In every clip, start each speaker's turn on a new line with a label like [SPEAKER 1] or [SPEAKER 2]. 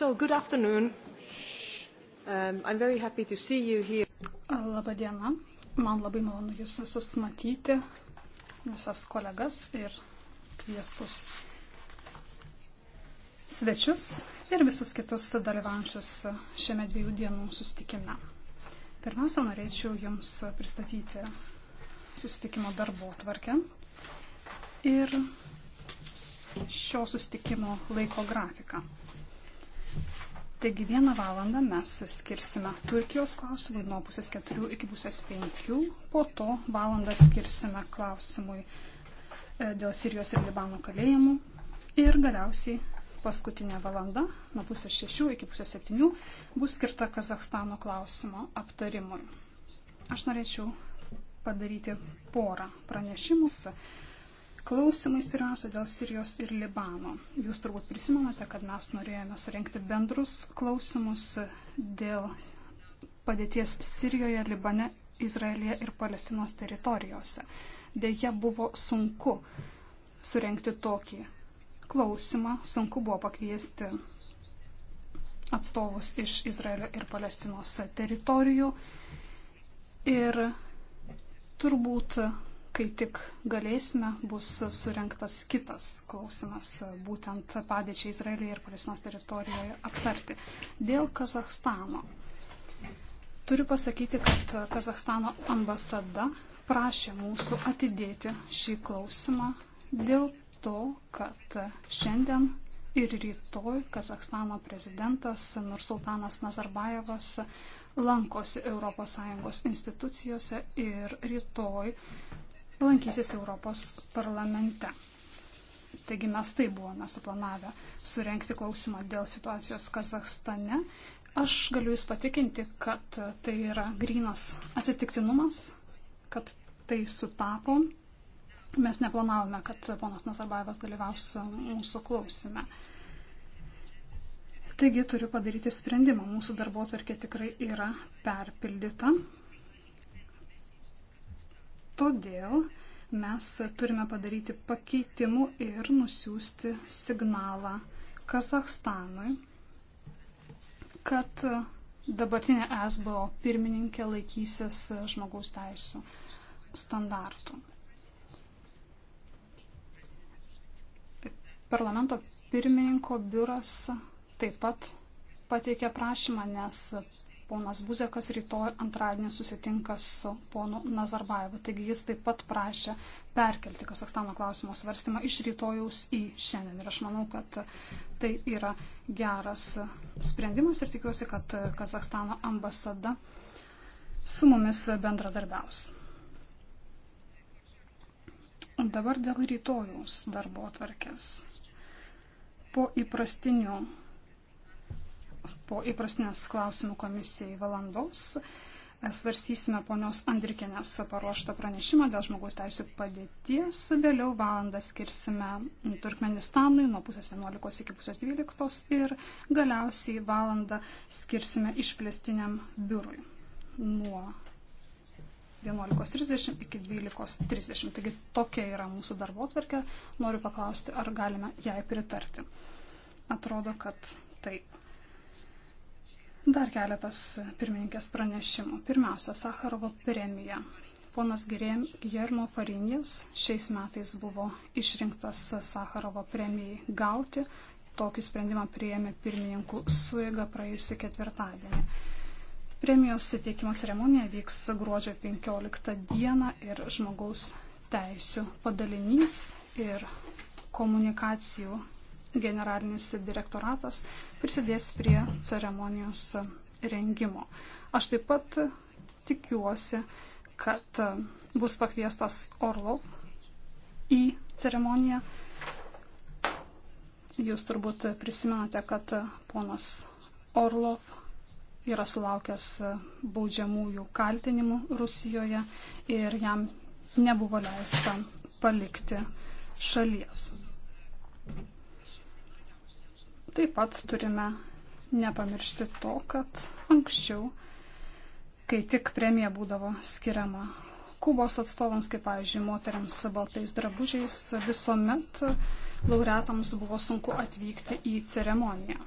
[SPEAKER 1] So, good afternoon. Um, I'm very happy to see you here.
[SPEAKER 2] Labą dieną. Man labai malonu jūs visus matyti, visas kolegas ir kviestus svečius ir visus kitus dalyvaujančius šiame dviejų dienų susitikime. Pirmiausia, norėčiau Jums pristatyti susitikimo darbo tvarkę ir šio susitikimo laiko grafiką. Taigi vieną valandą mes skirsime Turkijos klausimui nuo pusės keturių iki pusės penkių, po to valandą skirsime klausimui e, dėl Sirijos ir Libano kalėjimų ir galiausiai paskutinė valanda nuo pusės šešių iki pusės septynių bus skirta Kazakstano klausimo aptarimui. Aš norėčiau padaryti porą pranešimus klausimais, pirmiausia, dėl Sirijos ir Libano. Jūs turbūt prisimenate, kad mes norėjome surenkti bendrus klausimus dėl padėties Sirijoje, Libane, Izraelyje ir Palestinos teritorijose. Deja, buvo sunku surenkti tokį klausimą, sunku buvo pakviesti atstovus iš Izraelio ir Palestinos teritorijų. Ir turbūt kai tik galėsime, bus surinktas kitas klausimas, būtent padėčiai Izraelyje ir Palestinos teritorijoje aptarti. Dėl Kazahstano. Turiu pasakyti, kad Kazahstano ambasada prašė mūsų atidėti šį klausimą dėl to, kad šiandien ir rytoj Kazahstano prezidentas Nursultanas Nazarbajevas lankosi ES institucijose ir rytoj lankysis Europos parlamente. Taigi mes tai buvome suplanavę surenkti klausimą dėl situacijos Kazahstane. Aš galiu Jūs patikinti, kad tai yra grinas atsitiktinumas, kad tai sutapo. Mes neplanavome, kad ponas Nazarbaevas dalyvaus mūsų klausime. Taigi turiu padaryti sprendimą. Mūsų darbo tvarkė tikrai yra perpildyta. Todėl mes turime padaryti pakeitimų ir nusiųsti signalą Kazahstanui, kad dabartinė SBO pirmininkė laikysis žmogaus teisų standartų. Parlamento pirmininko biuras taip pat pateikė prašymą, nes ponas Buzekas rytoj antradienį susitinka su ponu Nazarbaevu. Taigi jis taip pat prašė perkelti Kazakstano klausimo svarstymą iš rytojaus į šiandien. Ir aš manau, kad tai yra geras sprendimas ir tikiuosi, kad Kazakstano ambasada su mumis bendradarbiaus. Dabar dėl rytojaus darbo atvarkės. Po įprastinių po įprastinės klausimų komisijai valandos svarstysime ponios Andrikinės paruoštą pranešimą dėl žmogaus teisų padėties. Vėliau valandą skirsime Turkmenistanui nuo pusės 11 iki pusės 12 ir galiausiai valandą skirsime išplėstiniam biurui nuo 11.30 iki 12.30. Taigi tokia yra mūsų darbo tvarkė. Noriu paklausti, ar galime jai pritarti. Atrodo, kad taip. Dar keletas pirmininkės pranešimų. Pirmiausia, Sakarovo premija. Ponas Giermo Farinės šiais metais buvo išrinktas Sakarovo premijai gauti. Tokį sprendimą prieėmė pirmininkų suiga praėjusį ketvirtadienį. Premijos suteikimo ceremonija vyks gruodžio 15 dieną ir žmogaus teisų padalinys ir komunikacijų generalinis direktoratas prisidės prie ceremonijos rengimo. Aš taip pat tikiuosi, kad bus pakviestas Orlov į ceremoniją. Jūs turbūt prisimenate, kad ponas Orlov yra sulaukęs baudžiamųjų kaltinimų Rusijoje ir jam nebuvo leista palikti šalies. Taip pat turime nepamiršti to, kad anksčiau, kai tik premija būdavo skiriama Kubos atstovams, kaip pavyzdžiui, moteriams baltais drabužiais, visuomet laureatams buvo sunku atvykti į ceremoniją.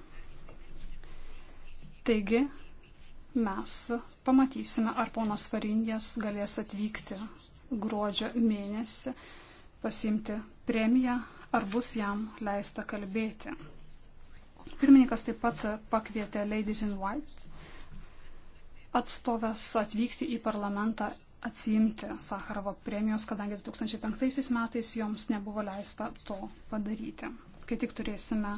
[SPEAKER 2] Taigi, mes pamatysime, ar ponas Farinės galės atvykti gruodžio mėnesį, pasimti premiją, ar bus jam leista kalbėti. Pirmininkas taip pat pakvietė Ladies in White atstovės atvykti į parlamentą atsiimti Sakarovo premijos, kadangi 2005 metais joms nebuvo leista to padaryti. Kai tik turėsime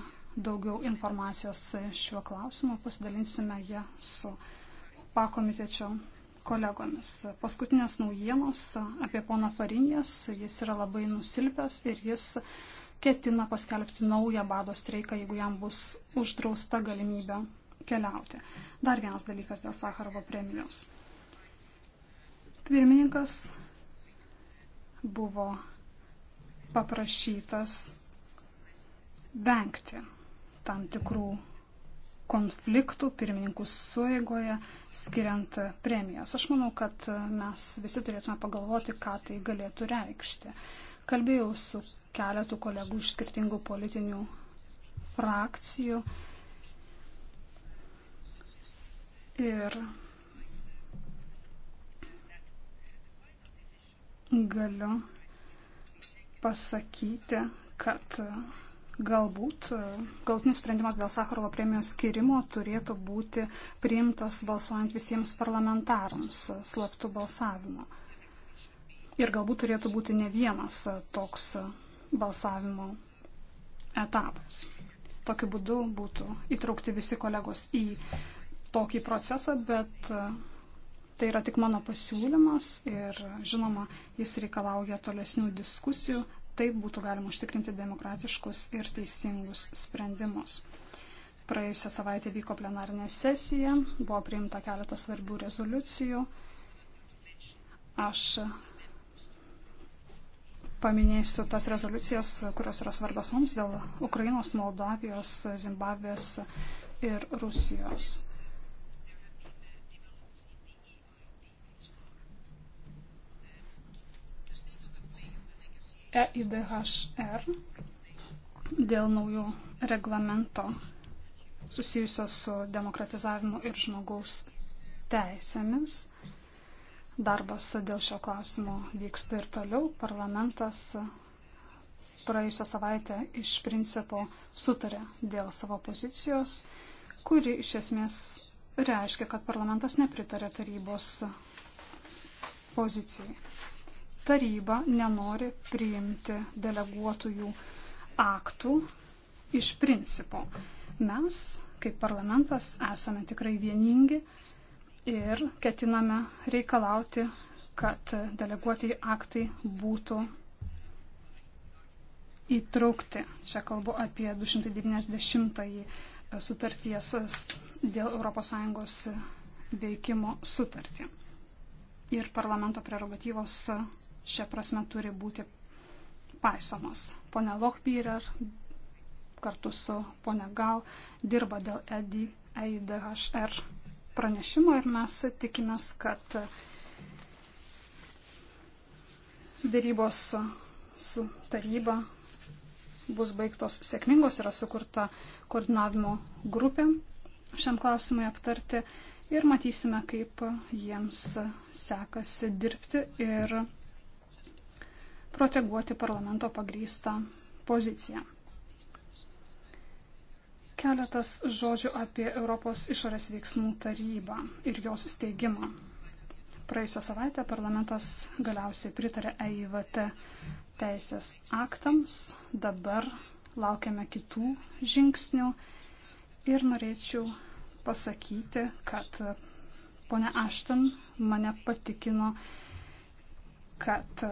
[SPEAKER 2] daugiau informacijos šiuo klausimu, pasidalinsime ją su pakomitečio kolegomis. Paskutinės naujienos apie poną Farinės, jis yra labai nusilpęs ir jis ketina paskelbti naują bado streiką, jeigu jam bus uždrausta galimybė keliauti. Dar vienas dalykas dėl Sakarovo premijos. Pirmininkas buvo paprašytas vengti tam tikrų konfliktų pirmininkų suėgoje skiriant premijas. Aš manau, kad mes visi turėtume pagalvoti, ką tai galėtų reikšti. Kalbėjau su keletų kolegų iš skirtingų politinių frakcijų. Ir galiu pasakyti, kad galbūt e, galtinis sprendimas dėl Sakarovo premijos skirimo turėtų būti priimtas balsuojant visiems parlamentarams e, slaptų balsavimo. Ir galbūt turėtų būti ne vienas e, toks balsavimo etapas. Tokiu būdu būtų įtraukti visi kolegos į tokį procesą, bet e, Tai yra tik mano pasiūlymas ir, žinoma, jis reikalauja tolesnių diskusijų, taip būtų galima užtikrinti demokratiškus ir teisingus sprendimus. Praėjusią savaitę vyko plenarinė sesija, buvo priimta keletas svarbių rezoliucijų. Aš paminėsiu tas rezoliucijas, kurios yra svarbios mums dėl Ukrainos, Moldavijos, Zimbabvės ir Rusijos. EIDHR dėl naujų reglamento susijusios su demokratizavimu ir žmogaus teisėmis. Darbas dėl šio klausimo vyksta ir toliau. Parlamentas praėjusią savaitę iš principo sutarė dėl savo pozicijos, kuri iš esmės reiškia, kad parlamentas nepritarė tarybos pozicijai. Taryba nenori priimti deleguotųjų aktų iš principo. Mes, kaip parlamentas, esame tikrai vieningi ir ketiname reikalauti, kad deleguotieji aktai būtų įtraukti. Čia kalbu apie 290-ąjį sutarties dėl ES veikimo sutartį. Ir parlamento prerogatyvos šia prasme turi būti paisomos. Pone Lochbierer kartu su pone Gal dirba dėl EIDHR pranešimo ir mes tikimės, kad dėrybos su taryba bus baigtos sėkmingos, yra sukurta koordinavimo grupė šiam klausimui aptarti ir matysime, kaip jiems sekasi dirbti ir proteguoti parlamento pagrystą poziciją. Keletas žodžių apie Europos išorės veiksmų tarybą ir jos steigimą. Praėjusią savaitę parlamentas galiausiai pritarė EIVT teisės aktams, dabar laukiame kitų žingsnių ir norėčiau pasakyti, kad ponia Ašton mane patikino, kad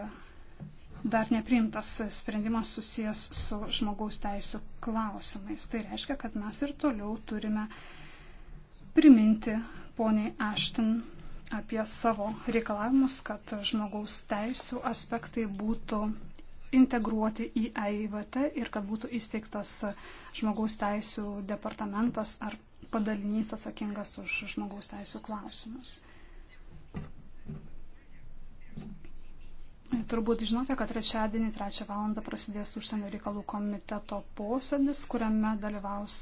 [SPEAKER 2] dar neprimtas sprendimas susijęs su žmogaus teisų klausimais. Tai reiškia, kad mes ir toliau turime priminti poniai Ashton apie savo reikalavimus, kad žmogaus teisų aspektai būtų integruoti į EIVT ir kad būtų įsteigtas žmogaus teisų departamentas ar padalinys atsakingas už žmogaus teisų klausimus. Turbūt žinote, kad trečiadienį 3 val. prasidės užsienio reikalų komiteto posėdis, kuriame dalyvaus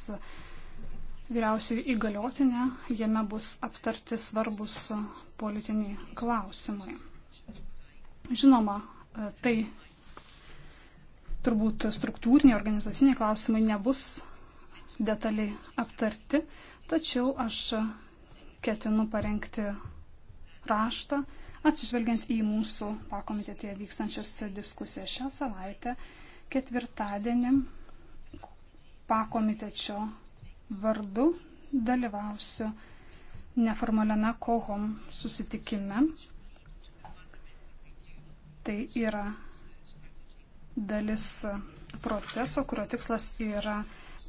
[SPEAKER 2] vyriausiai įgaliotinė, jame bus aptarti svarbus politiniai klausimai. Žinoma, tai turbūt struktūriniai, organizaciniai klausimai nebus detaliai aptarti, tačiau aš ketinu parengti raštą atsižvelgiant į mūsų pakomitetėje vykstančias diskusijas šią savaitę, ketvirtadienį pakomitečio vardu dalyvausiu neformaliame kohom susitikime. Tai yra dalis proceso, kurio tikslas yra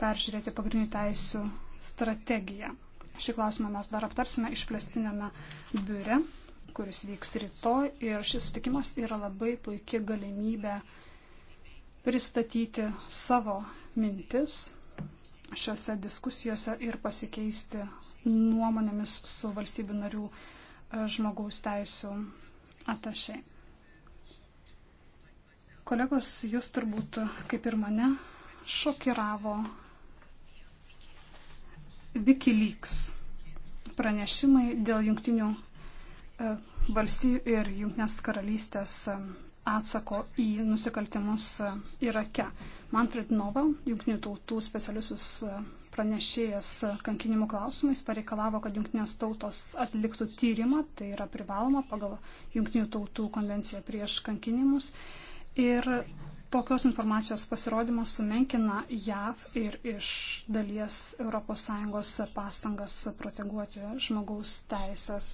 [SPEAKER 2] peržiūrėti pagrindinių teisių strategiją. Šį klausimą mes dar aptarsime išplėstinėme biure kuris vyks rytoj ir šis sutikimas yra labai puikia galimybė pristatyti savo mintis šiuose diskusijose ir pasikeisti nuomonėmis su valstybių narių e, žmogaus teisų atašiai. Kolegos, jūs turbūt, kaip ir mane, šokiravo Wikileaks pranešimai dėl jungtinių valstybių ir Junktinės karalystės e, atsako į nusikaltimus e, Irake. Manfred Nova, Junktinių tautų specialiusius e, pranešėjas kankinimų klausimais, pareikalavo, kad Junktinės tautos atliktų tyrimą, tai yra privaloma pagal Junktinių tautų konvenciją prieš kankinimus. Ir tokios informacijos pasirodymas sumenkina JAV ir iš dalies ES pastangas proteguoti žmogaus teisės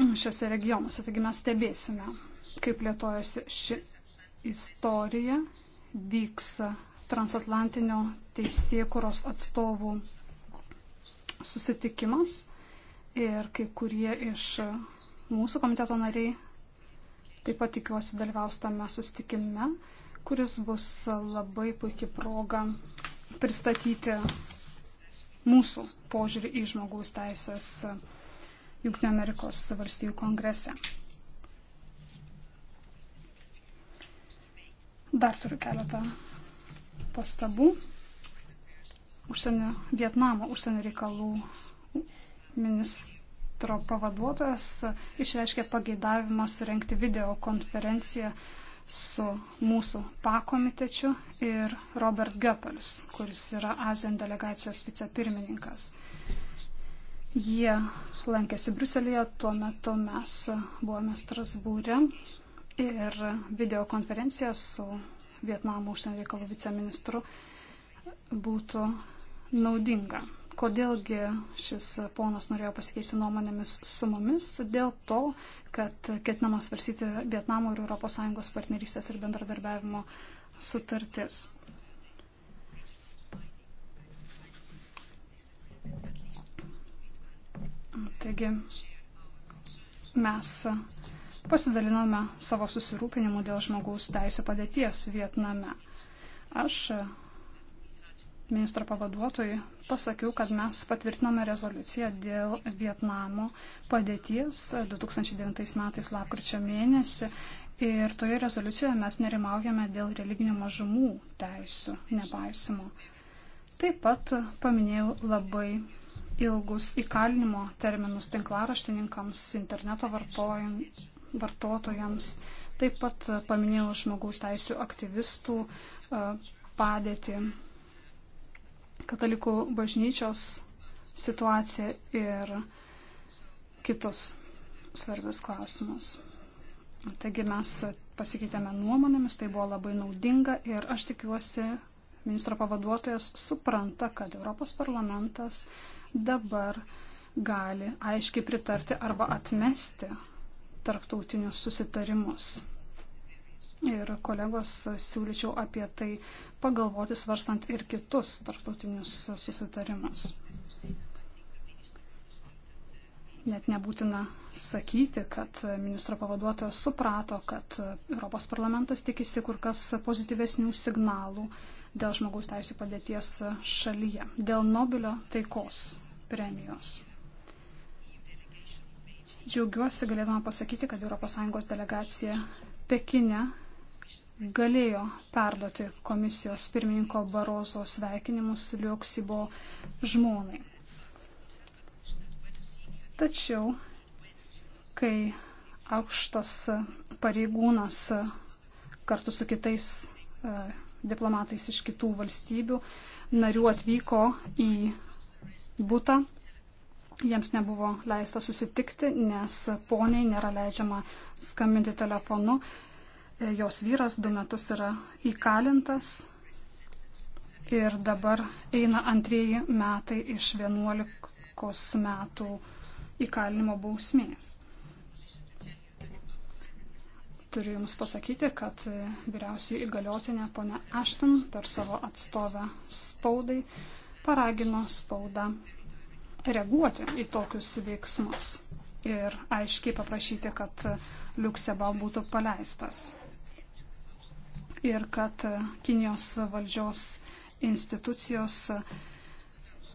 [SPEAKER 2] šiuose regionuose. Taigi mes stebėsime, kaip plėtojasi ši istorija, vyks transatlantinio teisėkuros atstovų susitikimas ir kai kurie iš mūsų komiteto nariai taip pat tikiuosi dalyvaus tame susitikime, kuris bus labai puikia proga pristatyti mūsų požiūrį į žmogaus teisės Junktinio Amerikos valstijų kongrese. Dar turiu keletą pastabų. Užsienio, Vietnamo užsienio reikalų ministro pavaduotojas išreiškė pageidavimą surenkti videokonferenciją su mūsų pakomitečiu ir Robert Goebbels, kuris yra ASEAN delegacijos vicepirmininkas. Jie lankėsi Bruselėje, tuo metu mes buvome Strasbūrė ir videokonferencija su Vietnamo užsienio reikalų viceministru būtų naudinga. Kodėlgi šis ponas norėjo pasikeisti nuomonėmis su mumis? Dėl to, kad ketinama svarsyti Vietnamo ir ES partnerystės ir bendradarbiavimo sutartis. Taigi mes pasidalinome savo susirūpinimu dėl žmogaus teisų padėties Vietname. Aš ministro pavaduotojui pasakiau, kad mes patvirtinome rezoliuciją dėl Vietnamo padėties 2009 metais lapkričio mėnesį ir toje rezoliucijoje mes nerimaujame dėl religinių mažumų teisų nepaisimo. Taip pat paminėjau labai ilgus įkalinimo terminus tinklaraštininkams, interneto vartotojams. Taip pat e, paminėjau žmogaus teisų aktyvistų e, padėtį, katalikų bažnyčios situaciją ir kitus svarbius klausimus. Taigi mes pasikeitėme nuomonėmis, tai buvo labai naudinga ir aš tikiuosi, ministro pavaduotojas supranta, kad Europos parlamentas uh, dabar gali aiškiai pritarti arba atmesti tarptautinius susitarimus. Ir kolegos siūlyčiau apie tai pagalvoti svarstant ir kitus tarptautinius susitarimus. Net nebūtina sakyti, kad ministro pavaduotojas suprato, kad Europos parlamentas tikisi kur kas pozityvesnių signalų dėl žmogaus teisų padėties šalyje, dėl Nobelio taikos premijos. Džiaugiuosi galėdama pasakyti, kad ES delegacija Pekine galėjo perduoti komisijos pirmininko Barozo sveikinimus Liuksibo žmonai. Tačiau, kai aukštas pareigūnas kartu su kitais e, diplomatais iš kitų valstybių narių atvyko į būtą. Jiems nebuvo leista susitikti, nes poniai nėra leidžiama skambinti telefonu. E, jos vyras du metus yra įkalintas ir dabar eina antrieji metai iš 11 metų įkalinimo bausmės. Turiu Jums pasakyti, kad vyriausiai įgaliotinė ponia Ashton per savo atstovę spaudai paragino spaudą reaguoti į tokius veiksmus ir aiškiai paprašyti, kad Liuksebal būtų paleistas. Ir kad Kinijos valdžios institucijos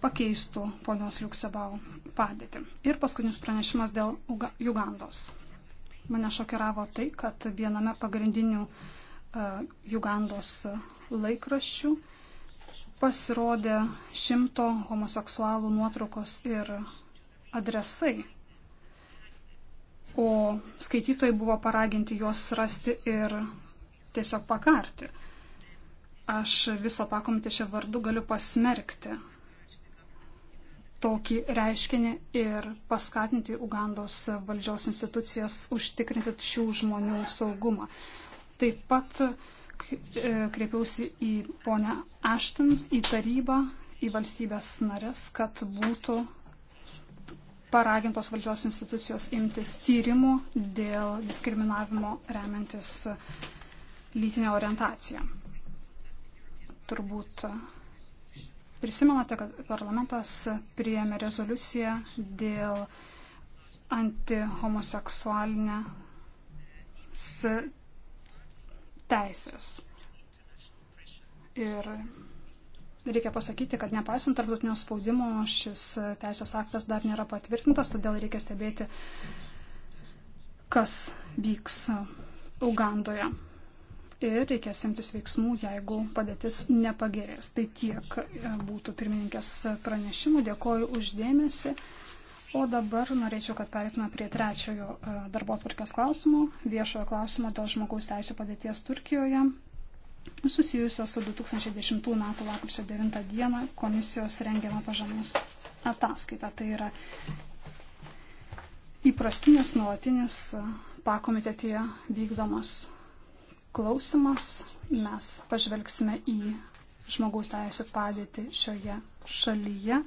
[SPEAKER 2] pakeistų ponios Liuksebal padėtį. Ir paskutinis pranešimas dėl Jugandos. Mane šokiravo tai, kad viename pagrindinių Jugandos e, laikraščių uh, pasirodė šimto homoseksualų nuotraukos ir adresai. O skaitytojai buvo paraginti juos rasti ir tiesiog pakarti. Aš viso pakomitečio vardu galiu pasmerkti tokį reiškinį ir paskatinti Ugandos valdžios institucijas užtikrinti šių žmonių saugumą. Taip pat kreipiausi į ponę Ashton, į tarybą, į valstybės narės, kad būtų paragintos valdžios institucijos imtis tyrimų dėl diskriminavimo remiantis lytinę orientaciją. Turbūt prisimenate, kad parlamentas priėmė rezoliuciją dėl antihomoseksualinę teisės. Ir reikia pasakyti, kad nepaisant tarptautinio spaudimo, šis teisės aktas dar nėra patvirtintas, todėl reikia stebėti, kas vyks Ugandoje. Ir reikės imtis veiksmų, jeigu padėtis nepagerės. Tai tiek būtų pirmininkės pranešimų. Dėkoju uždėmesi. O dabar norėčiau, kad perėtume prie trečiojo e, darbo atvarkės klausimo, viešojo klausimo dėl žmogaus teisų padėties Turkijoje, susijusio su 2010 m. lapkričio 9 d. komisijos rengiama pažamos ataskaita. Tai yra įprastinis, nuolatinis e, pakomitetėje vykdomas klausimas. Mes pažvelgsime į žmogaus teisų padėtį šioje šalyje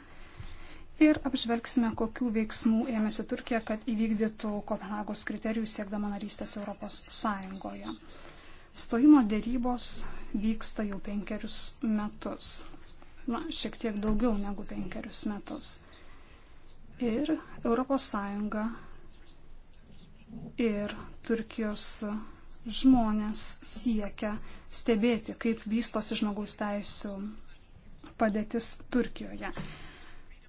[SPEAKER 2] ir apžvelgsime, kokių veiksmų ėmėsi Turkija, kad įvykdytų Kopenhagos kriterijų siekdama narystės Europos Sąjungoje. Stojimo dėrybos vyksta jau penkerius metus. Na, šiek tiek daugiau negu penkerius metus. Ir ES ir Turkijos žmonės siekia stebėti, kaip vystosi žmogaus teisų padėtis Turkijoje.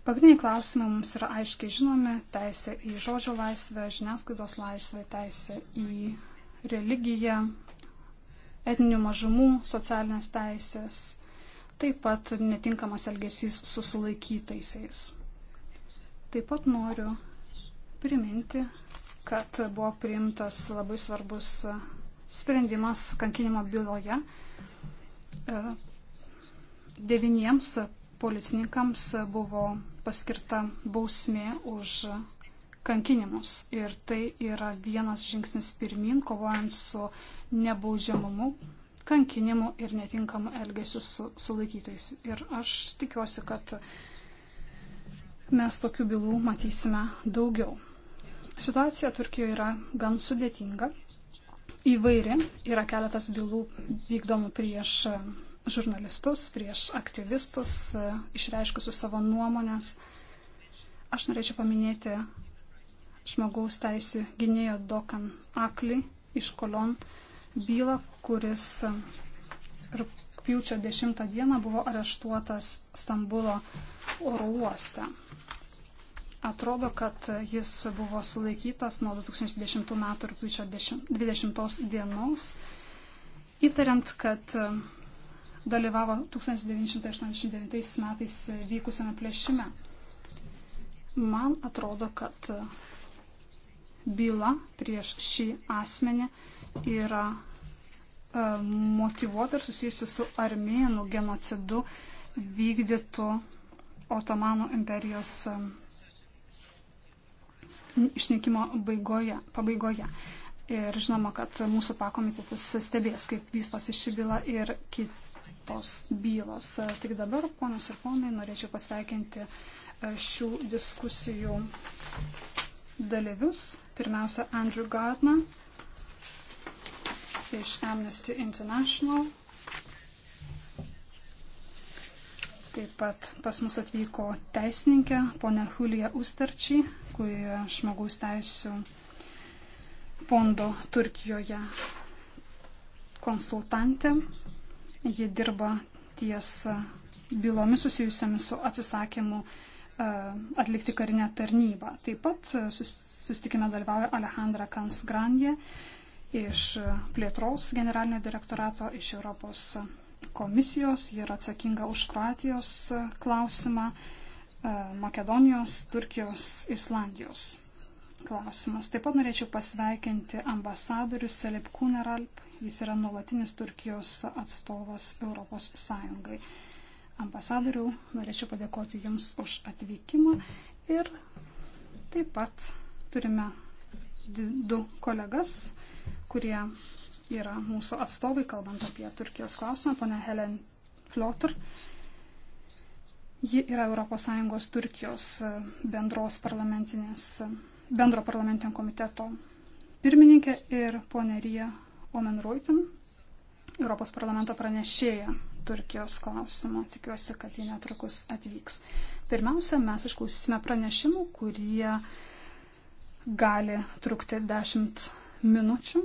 [SPEAKER 2] Pagrindiniai klausimai mums yra aiškiai žinomi - teisė į žodžio laisvę, žiniasklaidos laisvę, teisė į religiją, etninių mažumų socialinės teisės, taip pat netinkamas elgesys su sulaikytaisiais. Taip pat noriu priminti, kad buvo priimtas labai svarbus sprendimas kankinimo byloje e, devyniems policininkams buvo paskirta bausmė už kankinimus. Ir tai yra vienas žingsnis pirmin, kovojant su nebaudžiamumu, kankinimu ir netinkamu elgesiu su sulaikytais. Ir aš tikiuosi, kad mes tokių bylų matysime daugiau. Situacija Turkijoje yra gan sudėtinga, įvairi, yra keletas bylų vykdomų prieš žurnalistus, prieš aktyvistus, e, išreiškusius savo nuomonės. Aš norėčiau paminėti žmogaus teisų gynėjo Dokan Akli iš Kolon bylą, kuris rūpiučio 10 dieną buvo areštuotas Stambulo oro uoste. Atrodo, kad jis buvo sulaikytas nuo 2010 metų rūpiučio 20 dienos, įtariant, kad dalyvavo 1989 metais vykusiame plėšime. Man atrodo, kad byla prieš šį asmenį yra e, motivuota ir susijusi su armėnų genocidu vykdytų Otomanų imperijos e, išnykimo baigoje, pabaigoje. Ir žinoma, kad mūsų pakomitetis stebės, kaip vystosi ši byla ir kiti tos bylos. Tik dabar, ponios ir ponai, norėčiau pasveikinti e, šių diskusijų dalyvius. Pirmiausia, Andrew Gardner iš Amnesty International. Taip pat pas mus atvyko teisininkė, ponia Julija Ustarčiai, kuri žmogaus teisų fondo Turkijoje konsultantė. Ji dirba ties e, bylomis susijusiamis su atsisakymu e, atlikti karinę tarnybą. Taip pat e, susitikime dalyvauja Alejandra Kansgrandė iš plėtros generalinio direktorato iš Europos komisijos. Ji yra atsakinga už Kroatijos klausimą, Makedonijos, Turkijos, Islandijos klausimus. Taip pat norėčiau pasveikinti ambasadorių Selip Kuneralp Jis yra nuolatinis Turkijos atstovas Europos Sąjungai. Ambasadoriau, norėčiau padėkoti Jums už atvykimą ir taip pat turime du kolegas, kurie yra mūsų atstovai, kalbant apie Turkijos klausimą, ponia Helen Flotter. Ji yra ES Turkijos e, bendros parlamentinės, bendro parlamentinio komiteto pirmininkė ir ponia Rija Omen Ruitin, Europos parlamento pranešėja Turkijos klausimo. Tikiuosi, kad ji netrukus atvyks. Pirmiausia, mes išklausysime pranešimų, kurie gali trukti 10 minučių.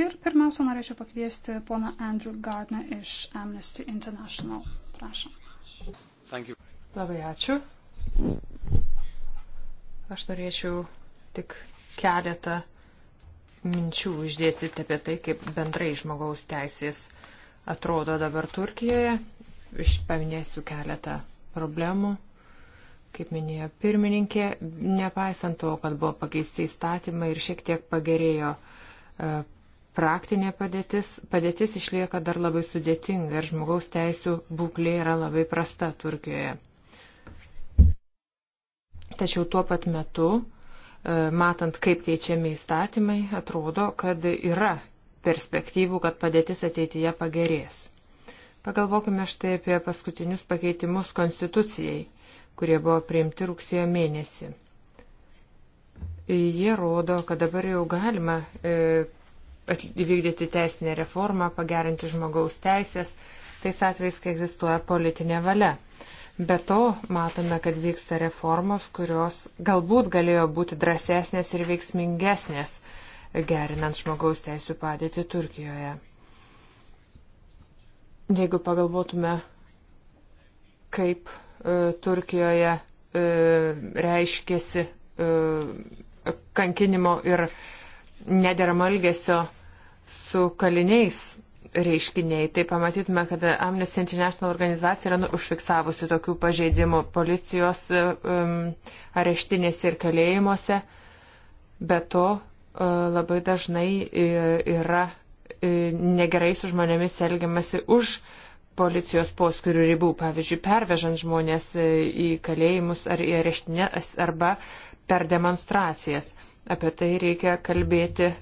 [SPEAKER 2] Ir pirmiausia, norėčiau pakviesti poną Andrew Gardner iš Amnesty International. Prašom. Labai ačiū.
[SPEAKER 3] Aš norėčiau tik keletą minčių išdėstyti apie tai, kaip bendrai žmogaus teisės atrodo dabar Turkijoje. Išpaminėsiu keletą problemų. Kaip minėjo pirmininkė, nepaisant to, kad buvo pakeisti įstatymai ir šiek tiek pagerėjo e, praktinė padėtis, padėtis išlieka dar labai sudėtinga ir žmogaus teisų būklė yra labai prasta Turkijoje. Tačiau tuo pat metu E, matant, kaip keičiami įstatymai, atrodo, kad yra perspektyvų, kad padėtis ateityje pagerės. Pagalvokime štai apie paskutinius pakeitimus konstitucijai, kurie buvo priimti rugsėjo mėnesį. Jie rodo, kad dabar jau galima e, įvykdyti teisinę reformą, pagerinti žmogaus teisės, tais atvejais, kai egzistuoja politinė valia. Be to, matome, kad vyksta reformos, kurios galbūt galėjo būti drąsesnės ir veiksmingesnės, gerinant žmogaus teisų padėtį Turkijoje. Jeigu pagalvotume, kaip e, Turkijoje e, reiškėsi e, kankinimo ir nederamo elgesio su kaliniais reiškiniai, tai pamatytume, kad Amnesty International organizacija yra nu, užfiksavusi tokių pažeidimų policijos um, areštinėse ir kalėjimuose. Be to uh, labai dažnai e, yra negerai su žmonėmis elgiamasi už policijos poskirių ribų, pavyzdžiui, pervežant žmonės į kalėjimus ar į areštinę arba per demonstracijas. Apie tai reikia kalbėti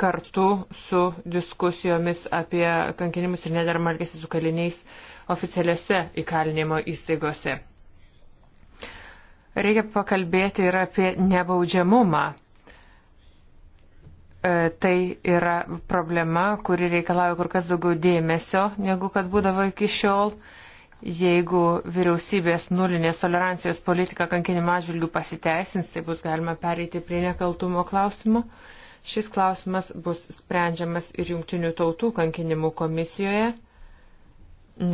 [SPEAKER 3] kartu su diskusijomis apie kankinimus ir nederamą elgesį su kaliniais oficialiose įkalinimo įstaigose. Reikia pakalbėti ir apie nebaudžiamumą. E, tai yra problema, kuri reikalauja kur kas daugiau dėmesio, negu kad būdavo iki šiol. Jeigu vyriausybės nulinės tolerancijos politika kankinimo atžvilgių pasiteisins, tai bus galima pereiti prie nekaltumo klausimo. E, Šis klausimas bus sprendžiamas ir jungtinių tautų kankinimų komisijoje,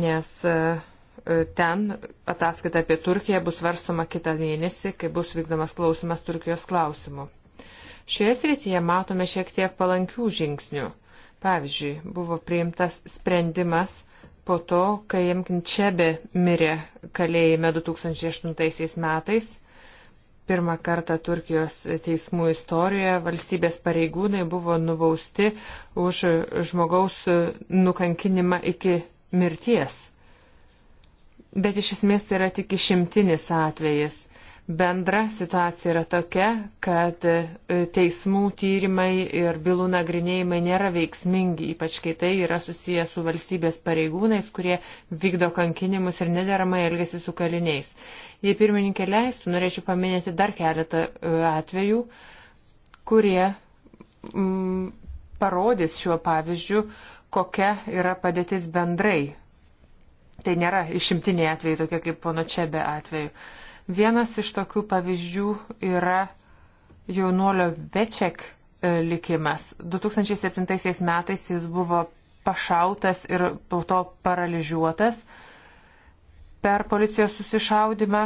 [SPEAKER 3] nes e, ten ataskaita apie Turkiją bus svarstoma kitą mėnesį, kai bus vykdomas klausimas Turkijos klausimu. Šioje srityje matome šiek tiek palankių žingsnių. Pavyzdžiui, buvo priimtas sprendimas po to, kai Jemkinčebė mirė kalėjime 2008 metais Pirmą kartą Turkijos teismų istorijoje valstybės pareigūnai buvo nubausti už žmogaus nukankinimą iki mirties. Bet iš esmės tai yra tik išimtinis atvejis. Bendra situacija yra tokia, kad e, teismų tyrimai ir bylų nagrinėjimai nėra veiksmingi, ypač kai tai yra susiję su valstybės pareigūnais, kurie vykdo kankinimus ir nederamai elgesi su kaliniais. Jei pirmininkė leistų, norėčiau paminėti dar keletą e, atvejų, kurie mm, parodys šiuo pavyzdžiu, kokia yra padėtis bendrai. Tai nėra išimtiniai atvejai, tokie kaip pono Čebe atveju. Vienas iš tokių pavyzdžių yra jaunuolio Veček e, likimas. 2007 metais jis buvo pašautas ir po to paralyžiuotas per policijos susišaudimą.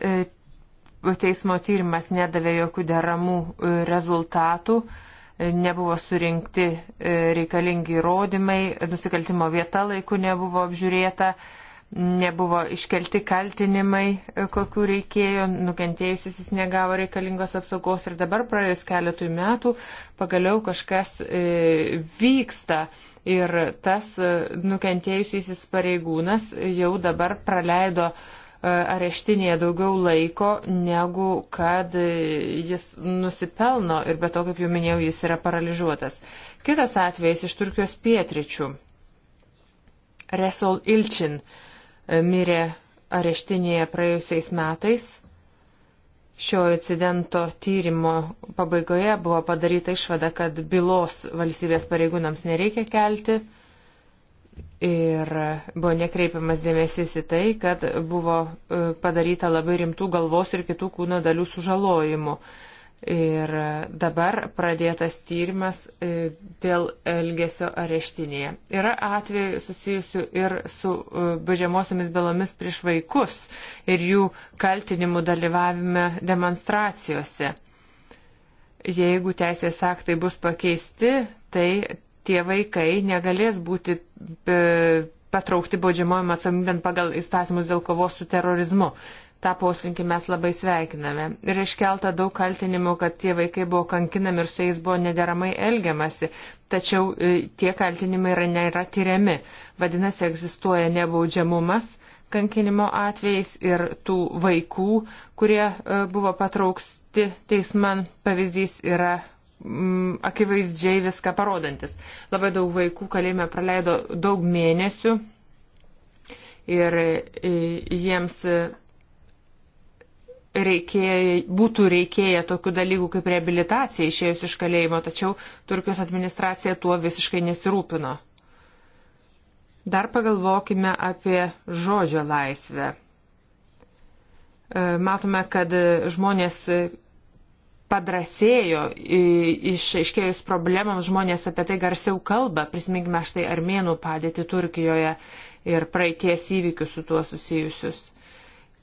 [SPEAKER 3] E, teismo tyrimas nedavė jokių deramų e, rezultatų, nebuvo surinkti reikalingi įrodymai, nusikaltimo vieta laiku nebuvo apžiūrėta nebuvo iškelti kaltinimai, e, kokiu reikėjo, nukentėjusis jis negavo reikalingos apsaugos ir dabar praėjus keletui metų pagaliau kažkas e, vyksta ir tas e, nukentėjusis pareigūnas jau dabar praleido e, areštinėje daugiau laiko, negu kad e, jis nusipelno ir be to, kaip jau minėjau, jis yra paralyžiuotas. Kitas atvejis iš Turkijos pietričių. Resol Ilčin. E, mirė areštinėje praėjusiais metais. Šio incidento tyrimo pabaigoje buvo padaryta išvada, kad bylos valstybės pareigūnams nereikia kelti ir buvo nekreipiamas dėmesys į tai, kad buvo e, padaryta labai rimtų galvos ir kitų kūno dalių sužalojimų. Ir dabar pradėtas tyrimas e, dėl elgesio areštinėje. Yra atvejų susijusių ir su e, bažiamosiomis bylomis prieš vaikus ir jų kaltinimų dalyvavime demonstracijose. Jeigu teisės aktai bus pakeisti, tai tie vaikai negalės būti e, patraukti baudžiamojom atsakomybėn pagal įstatymus dėl kovos su terorizmu tą poslinkį mes labai sveikiname. Ir iškelta daug kaltinimų, kad tie vaikai buvo kankinami ir su jais buvo nederamai elgiamasi, tačiau e, tie kaltinimai yra, nėra tyriami. Vadinasi, egzistuoja nebaudžiamumas kankinimo atvejais ir tų vaikų, kurie e, buvo patraukti teisman, pavyzdys yra mm, akivaizdžiai viską parodantis. Labai daug vaikų kalėjime praleido daug mėnesių ir e, jiems reikėja, būtų reikėję tokių dalykų kaip rehabilitacija išėjus iš kalėjimo, tačiau Turkijos administracija tuo visiškai nesirūpino. Dar pagalvokime apie žodžio laisvę. E, matome, kad žmonės padrasėjo, išaiškėjus problemams žmonės apie tai garsiau kalba, prisiminkime štai armėnų padėti Turkijoje ir praeities įvykius su tuo susijusius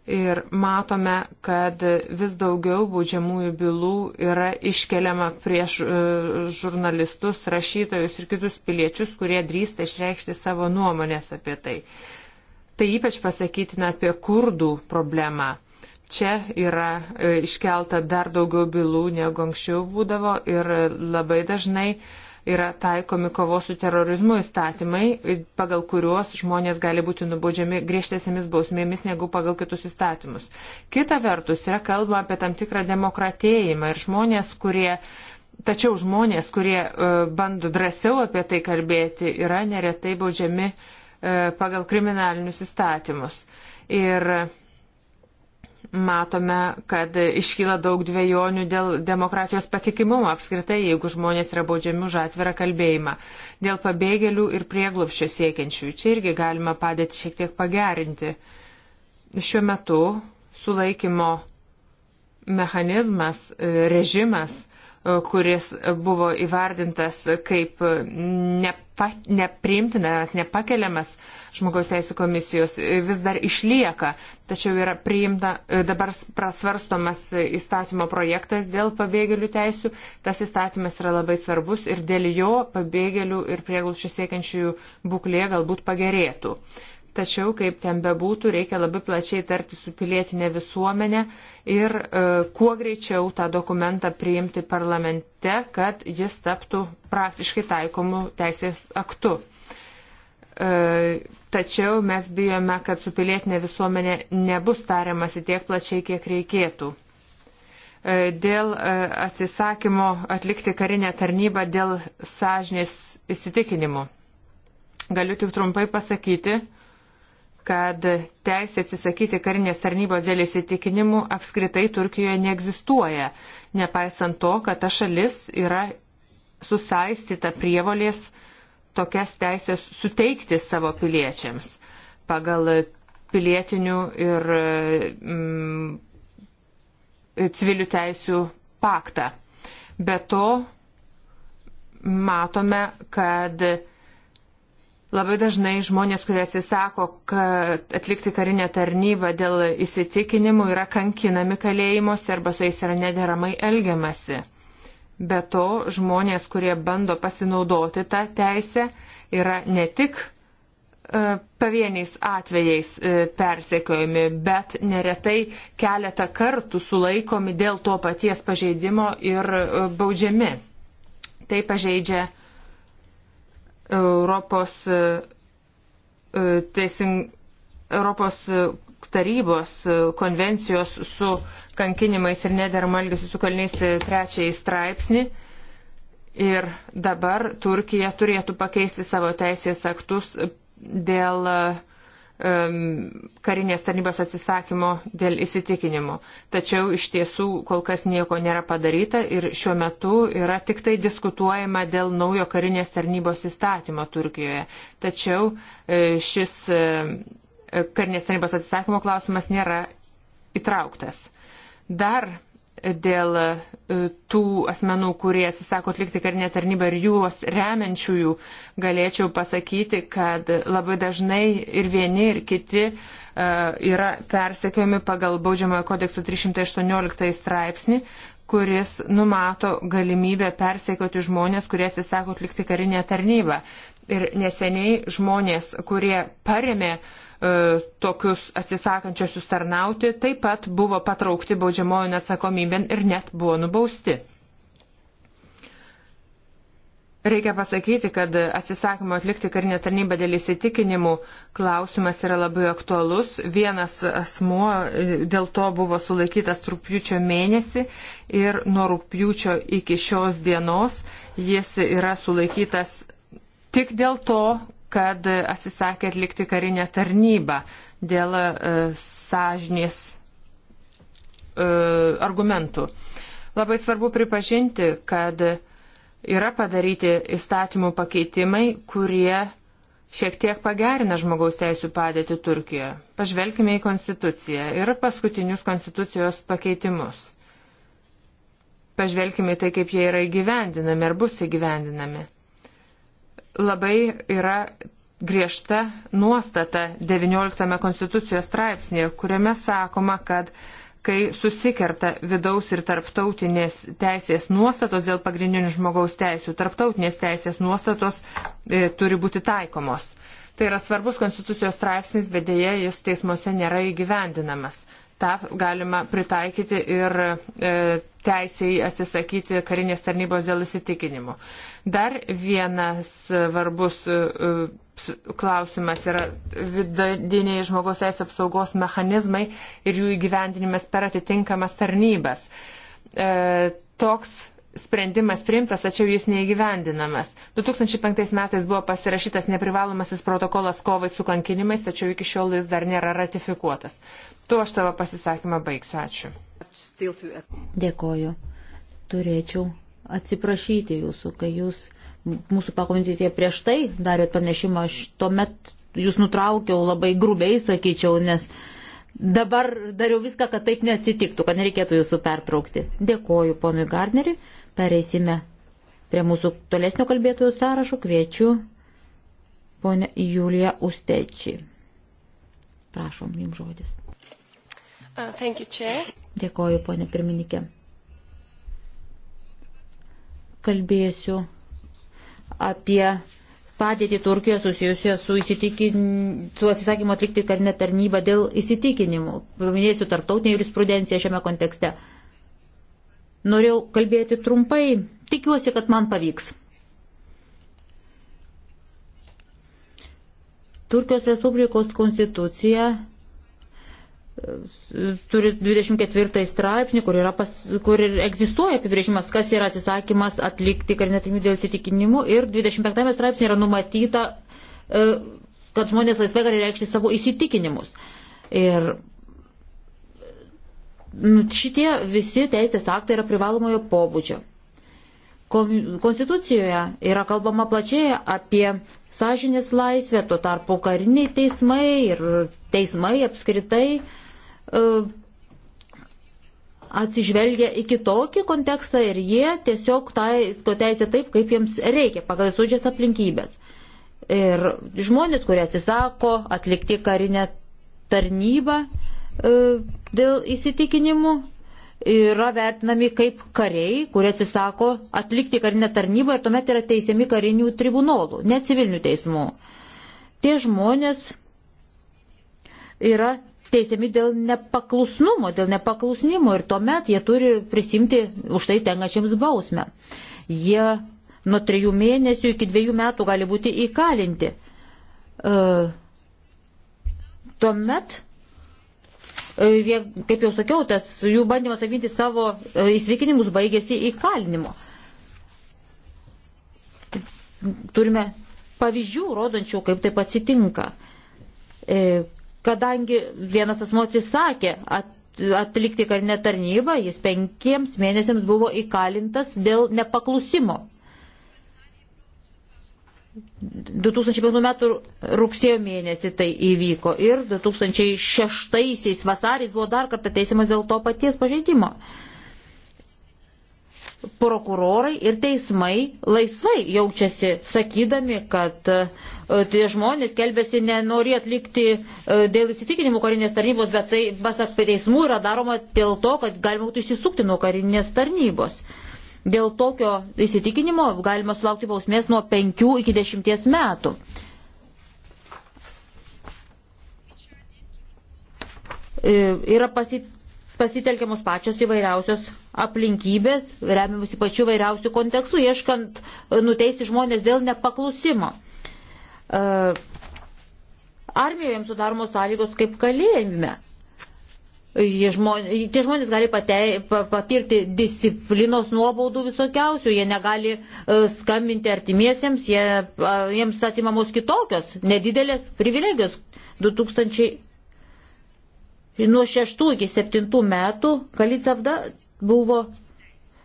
[SPEAKER 3] ir matome, kad vis daugiau baudžiamųjų bylų yra iškeliama prieš e, žurnalistus, rašytojus ir kitus piliečius, kurie drįsta išreikšti savo nuomonės apie tai. Tai ypač pasakytina apie kurdų problemą. Čia yra e, iškelta dar daugiau bylų negu anksčiau būdavo ir labai dažnai uh, yra taikomi kovos su terorizmu įstatymai, pagal kuriuos žmonės gali būti nubaudžiami griežtesėmis bausmėmis negu pagal kitus įstatymus. Kita vertus yra kalba apie tam tikrą demokratėjimą ir žmonės, kurie Tačiau žmonės, kurie e, bando drąsiau apie tai kalbėti, yra neretai baudžiami e, pagal kriminalinius įstatymus. Ir matome, kad iškyla daug dviejonių dėl demokratijos patikimumo apskritai, jeigu žmonės yra baudžiami už atvirą kalbėjimą. Dėl pabėgėlių ir prieglupščio siekiančių čia irgi galima padėti šiek tiek pagerinti. Šiuo metu sulaikymo mechanizmas, e, režimas, e, kuris buvo įvardintas kaip nepa, nepriimtinas, nepakeliamas, žmogaus teisų komisijos e, vis dar išlieka, tačiau yra priimta e, dabar prasvarstomas e, įstatymo projektas dėl pabėgėlių teisų. Tas įstatymas yra labai svarbus ir dėl jo pabėgėlių ir prieglūšių siekiančiųjų būklė galbūt pagerėtų. Tačiau, kaip ten bebūtų, reikia labai plačiai tarti su pilietinė visuomenė ir e, kuo greičiau tą dokumentą priimti parlamente, kad jis taptų praktiškai taikomų teisės aktu. E, tačiau mes bijome, kad su pilietinė visuomenė nebus tariamasi tiek plačiai, kiek reikėtų. E, dėl e, atsisakymo atlikti karinę tarnybą dėl sąžinės įsitikinimų. Galiu tik trumpai pasakyti, kad teisė atsisakyti karinės tarnybos dėl įsitikinimų apskritai Turkijoje neegzistuoja, nepaisant to, kad ta šalis yra susaistyta prievolės uh, tokias teisės suteikti savo piliečiams pagal pilietinių ir mm, civilių teisių paktą. Be to, matome, kad labai dažnai žmonės, kurie atsisako atlikti karinę tarnybą dėl įsitikinimų, yra kankinami kalėjimuose arba su jais yra nederamai elgiamasi. Be to, žmonės, kurie bando pasinaudoti tą teisę, yra ne tik e, pavieniais atvejais e, persekiojami, bet neretai keletą kartų sulaikomi dėl to paties pažeidimo ir e, baudžiami. Tai pažeidžia Europos, teising, Europos tarybos e, konvencijos su kankinimais ir nederamą elgesį su kalniais e, trečiąjį straipsnį. Ir dabar Turkija turėtų pakeisti savo teisės aktus dėl um, karinės tarnybos atsisakymo dėl įsitikinimo. Tačiau iš tiesų kol kas nieko nėra padaryta ir šiuo metu yra tik tai diskutuojama dėl naujo karinės tarnybos įstatymo Turkijoje. Tačiau šis karinės tarnybos atsisakymo klausimas nėra įtrauktas. Dar dėl e, tų asmenų, kurie atsisako atlikti karinę tarnybą ir juos remiančiųjų, galėčiau pasakyti, kad labai dažnai ir vieni, ir kiti e, yra persekiojami pagal Baudžiamojo kodekso 318 straipsnį, kuris numato galimybę persekioti žmonės, kurie atsisako atlikti karinę tarnybą. Ir neseniai žmonės, kurie paremė uh, E, tokius atsisakančiosius tarnauti taip pat buvo patraukti baudžiamojo neatsakomybėn ir net buvo nubausti. Reikia pasakyti, kad atsisakymo atlikti karinę tarnybą dėl įsitikinimų klausimas yra labai aktualus. Vienas asmuo e, dėl to buvo sulaikytas rūpjūčio mėnesį ir nuo rūpjūčio iki šios dienos jis yra sulaikytas tik dėl to, kad atsisakė atlikti karinę tarnybą dėl e, sąžinės e, argumentų. Labai svarbu pripažinti, kad yra padaryti įstatymų pakeitimai, kurie šiek tiek pagerina žmogaus teisų padėtį Turkijoje. Pažvelkime į konstituciją ir paskutinius konstitucijos pakeitimus. Pažvelkime į tai, kaip jie yra įgyvendinami ar bus įgyvendinami labai yra griežta nuostata 19 konstitucijos straipsnėje, kuriame sakoma, kad kai susikerta vidaus ir tarptautinės teisės nuostatos dėl pagrindinių žmogaus teisų, tarptautinės teisės nuostatos e, turi būti taikomos. Tai yra svarbus konstitucijos straipsnis, bet dėja jis teismuose nėra įgyvendinamas tą galima pritaikyti ir e, teisiai atsisakyti karinės tarnybos dėl įsitikinimų. Dar vienas svarbus e, e klausimas yra vidiniai žmogaus teisų apsaugos mechanizmai ir jų įgyvendinimas per atitinkamas tarnybas. E, toks sprendimas priimtas, tačiau jis neįgyvendinamas. 2005 metais buvo pasirašytas neprivalomasis protokolas kovai su kankinimais, tačiau iki šiol jis dar nėra ratifikuotas. Tuo aš savo pasisakymą baigsiu. Ačiū.
[SPEAKER 4] Dėkoju. Turėčiau atsiprašyti jūsų, kai jūs mūsų pakomitėtėje prieš tai darėt panešimą, aš tuomet jūs nutraukiau labai grubiai, sakyčiau, nes dabar dariau viską, kad taip neatsitiktų, kad nereikėtų jūsų pertraukti. Dėkoju ponui Gardneriui. Pereisime prie mūsų tolesnio kalbėtojų sąrašo. Kviečiu ponę Juliją Ustečiai. Prašom, jums žodis.
[SPEAKER 1] Uh, thank you, Chair.
[SPEAKER 4] Dėkoju, ponė pirmininkė. Kalbėsiu apie padėtį Turkijoje susijusią su, įsitikin... su atsisakymu atlikti karinę tarnybą dėl įsitikinimų. Paminėsiu tarptautinę jurisprudenciją šiame kontekste. Uh, Norėjau kalbėti trumpai, tikiuosi, kad man pavyks. Turkijos Respublikos konstitucija e, turi 24 straipsnį, kur, yra pas, kur egzistuoja apibrėžimas, kas yra atsisakymas atlikti karinę tarnybą dėl įsitikinimų ir 25 straipsnį yra numatyta, e, kad žmonės laisvai gali reikšti savo įsitikinimus. Ir Nu, šitie visi teisės aktai yra privalomojo pobūdžio. Konstitucijoje yra kalbama plačiai apie sąžinės laisvę, tuo tarpu kariniai teismai ir teismai apskritai uh, atsižvelgia į kitokį kontekstą ir jie tiesiog taisko teisę taip, kaip jiems reikia, pagal sudžias aplinkybės. Ir žmonės, kurie atsisako atlikti karinę tarnybą, uh, E, dėl įsitikinimų yra vertinami kaip kariai, kurie atsisako atlikti karinę tarnybą ir tuomet yra teisiami karinių tribunolų, ne civilinių teismų. Tie žmonės yra teisiami dėl nepaklusnumo, dėl nepaklusnimo ir tuomet jie turi prisimti už tai tenkačiams bausmę. Jie nuo trejų mėnesių iki dviejų metų gali būti įkalinti. E, tuomet jie, e, kaip jau sakiau, tas jų bandymas apginti savo e, įsitikinimus baigėsi įkalinimu. Turime pavyzdžių rodančių, kaip taip atsitinka. E, kadangi vienas asmo atsisakė atlikti karinę tarnybą, jis penkiems mėnesiams buvo įkalintas dėl nepaklusimo 2005 metų rugsėjo mėnesį tai įvyko ir 2006 vasarys buvo dar kartą teisimas dėl to paties pažeidimo. Prokurorai ir teismai laisvai jaučiasi, sakydami, kad e, tie žmonės kelbėsi nenori atlikti e, dėl įsitikinimų karinės tarnybos, bet tai pasak teismų yra daroma dėl to, kad galima būtų išsisukti nuo karinės tarnybos. Uh, Dėl tokio įsitikinimo galima sulaukti bausmės nuo 5 iki 10 metų. E, yra pasi, pasitelkiamos pačios įvairiausios aplinkybės, remiamasi pačių įvairiausių kontekstų, ieškant e, nuteisti žmonės dėl nepaklusimo. E, armijoje jiems sudaromos sąlygos kaip kalėjime žmonės, tie žmonės gali patei, patirti disciplinos nuobaudų visokiausių, jie negali e, skambinti artimiesiems, jie, jiems atimamos kitokios, nedidelės privilegijos. 2000, nuo 6 iki 7 metų Kalicavda buvo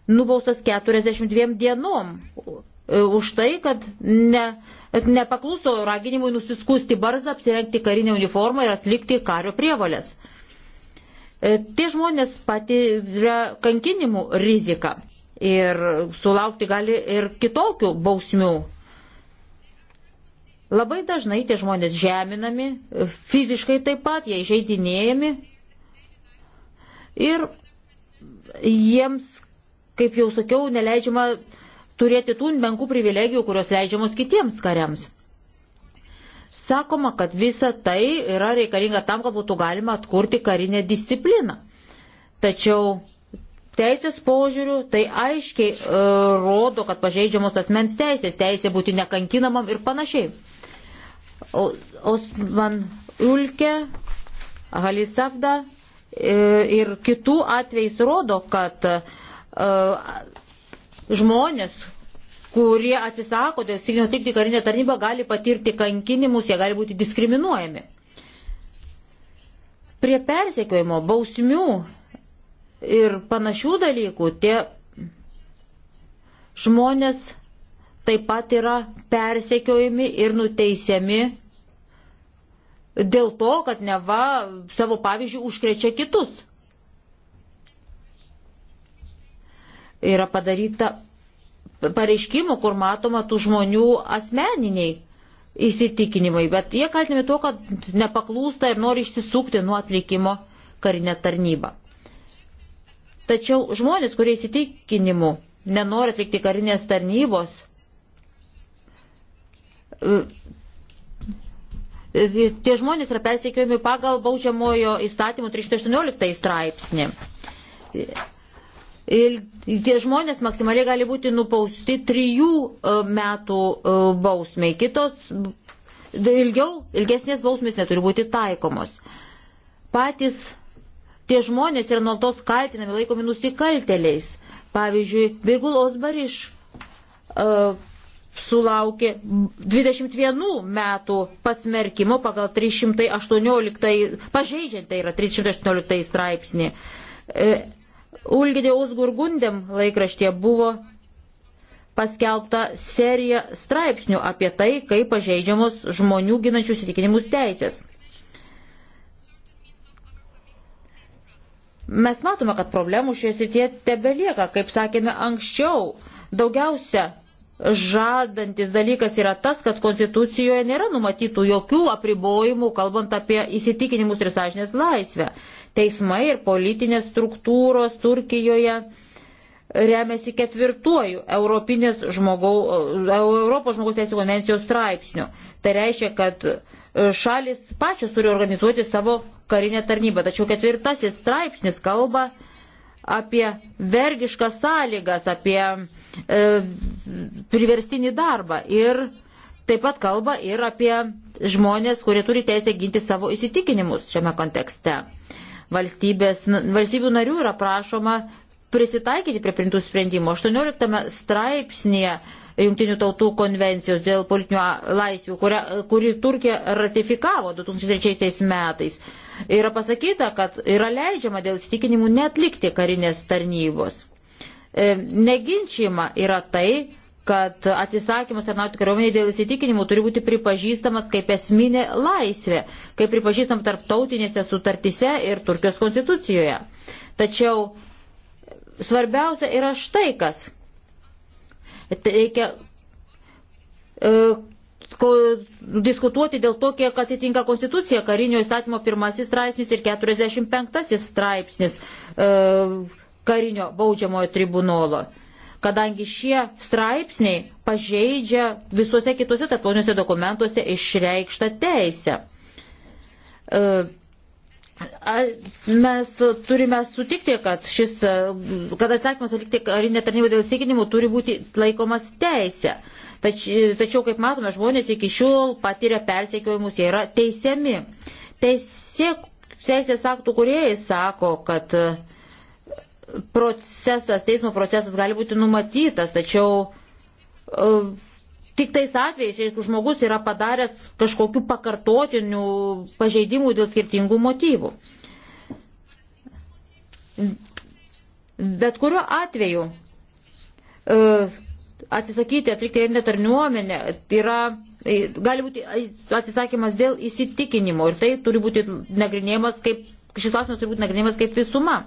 [SPEAKER 4] nubaustas 42 dienom e, už tai, kad ne, nepakluso raginimui nusiskusti barzdą, apsirengti karinę uniformą ir atlikti kario prievalės. E, tie žmonės patiria kankinimų riziką ir sulaukti gali ir kitokių bausmių. Labai dažnai tie žmonės žeminami, e, fiziškai taip pat jie žaidinėjami ir jiems, kaip jau sakiau, neleidžiama turėti tų menkų privilegijų, kurios leidžiamos kitiems kariams. Sakoma, kad visa tai yra reikalinga tam, kad būtų galima atkurti karinę discipliną. Tačiau teisės požiūrių tai aiškiai e, rodo, kad pažeidžiamos asmens teisės, teisė būti nekankinamam ir panašiai. O, Osman Ulke, Halisavda e, ir kitų atvejais rodo, kad e, žmonės, kurie atsisako tiesiog nutikti karinę tarnybą, gali patirti kankinimus, jie gali būti diskriminuojami. Prie persekiojimo, bausmių ir panašių dalykų tie žmonės taip pat yra persekiojami ir nuteisiami dėl to, kad neva savo pavyzdžių užkrečia kitus. Yra padaryta pareiškimų, kur matoma tų žmonių asmeniniai įsitikinimai, bet jie kaltinami tuo, kad nepaklūsta ir nori išsisukti nuo atlikimo karinę tarnybą. Tačiau žmonės, kurie įsitikinimu nenori atlikti karinės tarnybos, e, tie žmonės yra persekiojami pagal baudžiamojo įstatymų 318 straipsnį. Ir tie žmonės maksimaliai gali būti nupausti trijų e, metų e, bausmiai. Kitos ilgiau, ilgesnės bausmės neturi būti taikomos. Patys tie žmonės yra nuolatos kaltinami, laikomi nusikalteliais. Pavyzdžiui, Birgul Osbariš uh, sulaukė 21 metų pasmerkimo pagal 318, pažeidžiant tai yra 318 straipsnį. Uh, Ulgidėjaus Gurgundėm laikraštė buvo paskelbta serija straipsnių apie tai, kaip pažeidžiamos žmonių ginančių sitikinimus teisės. Mes matome, kad problemų šioje srityje tebelieka, kaip sakėme anksčiau. Daugiausia žadantis dalykas yra tas, kad Konstitucijoje nėra numatytų jokių apribojimų, kalbant apie įsitikinimus ir sąžinės laisvę. Teismai ir politinės struktūros Turkijoje remiasi ketvirtuoju Europinės žmogau, e, Europos žmogaus teisų konvencijos straipsniu. Tai reiškia, kad e, šalis pačios turi organizuoti savo karinę tarnybą. Tačiau ketvirtasis straipsnis kalba apie vergiškas sąlygas, apie e, priverstinį darbą ir taip pat kalba ir apie žmonės, kurie turi teisę ginti savo įsitikinimus šiame kontekste. Valstybės, valstybių narių yra prašoma prisitaikyti prie printų sprendimų. 18 straipsnėje Junktinių tautų konvencijos dėl politinių laisvių, kurią, kuri Turkija ratifikavo 2003 metais, yra pasakyta, kad yra leidžiama dėl įsitikinimų netlikti karinės tarnybos. E, neginčiama yra tai, kad atsisakymas tarnauti kariuomenėje dėl įsitikinimų turi būti pripažįstamas kaip esminė laisvė, kaip pripažįstam tarptautinėse sutartise ir Turkijos konstitucijoje. Tačiau svarbiausia yra štai kas. Tai reikia e, ko, diskutuoti dėl to, kiek atitinka konstitucija karinio įstatymo pirmasis straipsnis ir 45 straipsnis e, karinio baudžiamojo tribunolo kadangi šie straipsniai pažeidžia visuose kitose tarptautiniuose dokumentuose išreikštą teisę. E, mes turime sutikti, kad šis, e, kad atsakymas atlikti karinę tarnybą dėl įsitikinimų turi būti laikomas teisė. Tač, e, tačiau, kaip matome, žmonės iki šiol patiria persekiojimus, jie yra teisiami. Teisė, teisės aktų kuriejai sako, kad uh, procesas, teismo procesas gali būti numatytas, tačiau e, tik tais atvejais, jeigu žmogus yra padaręs kažkokių pakartotinių pažeidimų dėl skirtingų motyvų. Bet kuriuo atveju e, atsisakyti atlikti etinę tarniuomenę yra, e, gali būti atsisakymas dėl įsitikinimo ir tai turi būti nagrinėjimas kaip, šis klausimas turi būti nagrinėjimas kaip visuma.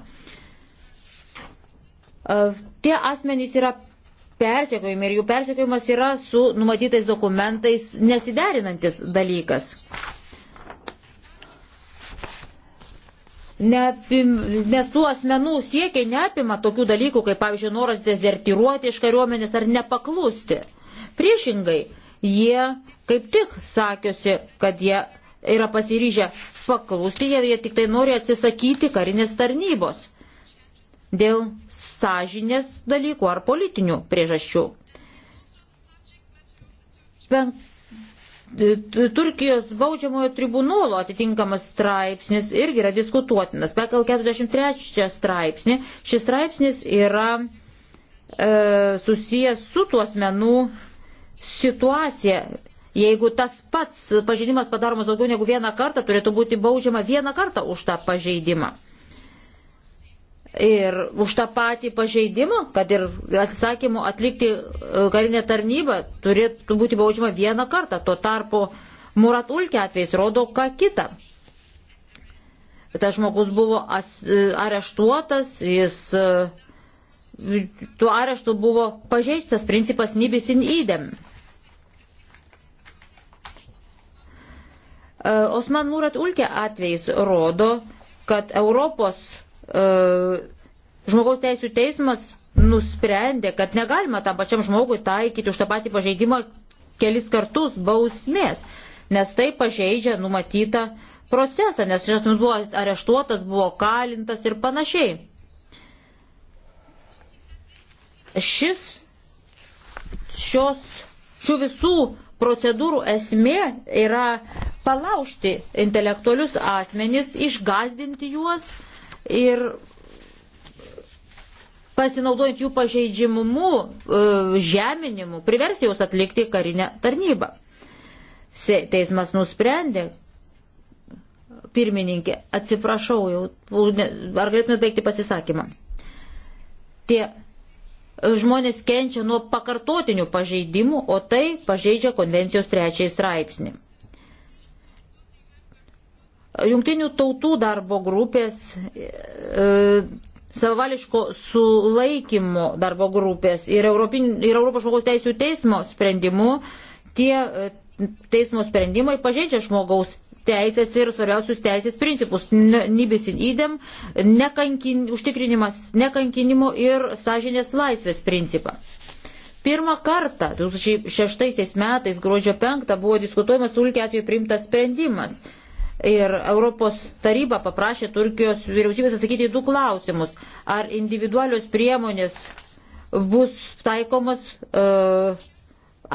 [SPEAKER 4] Tie asmenys yra persekiojami ir jų persekiojimas yra su numatytais dokumentais nesiderinantis dalykas. Neapim, nes tų asmenų siekiai neapima tokių dalykų, kaip pavyzdžiui noras dezertiruoti iš kariuomenės ar nepaklusti. Priešingai, jie kaip tik sakiusi, kad jie yra pasiryžę paklusti, jie, jie tik tai nori atsisakyti karinės tarnybos dėl sąžinės dalykų ar politinių priežasčių. Pen... Turkijos baudžiamojo tribunolo atitinkamas straipsnis irgi yra diskutuotinas. Pagal 43 straipsnį šis straipsnis yra e, susijęs su tuos menų situacija. Jeigu tas pats pažeidimas padaromas daugiau negu vieną kartą, turėtų būti baudžiama vieną kartą už tą pažeidimą ir už tą patį pažeidimą, kad ir atsisakymu atlikti e, karinę tarnybą, turėtų būti baudžiama vieną kartą. Tuo tarpu Murat Ulkė atvejs rodo ką kitą. Tas žmogus buvo e, areštuotas, jis e, tuo areštu buvo pažeistas principas nibis in idem. Osman Murat Ulkė atvejs rodo, kad Europos E, žmogaus teisų teismas nusprendė, kad negalima tam pačiam žmogui taikyti už tą patį pažeidimą kelis kartus bausmės, nes tai pažeidžia numatytą procesą, nes šis asmuo buvo areštuotas, buvo kalintas ir panašiai. Šis, šios, šių visų procedūrų esmė yra palaužti intelektualius asmenys, išgazdinti juos ir pasinaudojant jų pažeidžimumu, e, žeminimu, priversti juos atlikti karinę tarnybą. Teismas nusprendė, pirmininkė, atsiprašau, jau, ar galėtumėt baigti pasisakymą? Tie žmonės kenčia nuo pakartotinių pažeidimų, o tai pažeidžia konvencijos trečiai straipsnį. Jungtinių tautų darbo grupės, e, savališko sulaikymo darbo grupės ir, Europin, ir Europos žmogaus teisų teismo sprendimu tie e, teismo sprendimai pažeidžia žmogaus teisės ir svarbiausius teisės principus - nibis in idem, nekankin, užtikrinimas nekankinimo ir sąžinės laisvės principą. Pirmą kartą 2006 metais gruodžio 5 buvo diskutuojamas sulkė atveju priimtas sprendimas Ir Europos taryba paprašė Turkijos vyriausybės atsakyti į du klausimus. Ar individualios priemonės bus taikomas uh,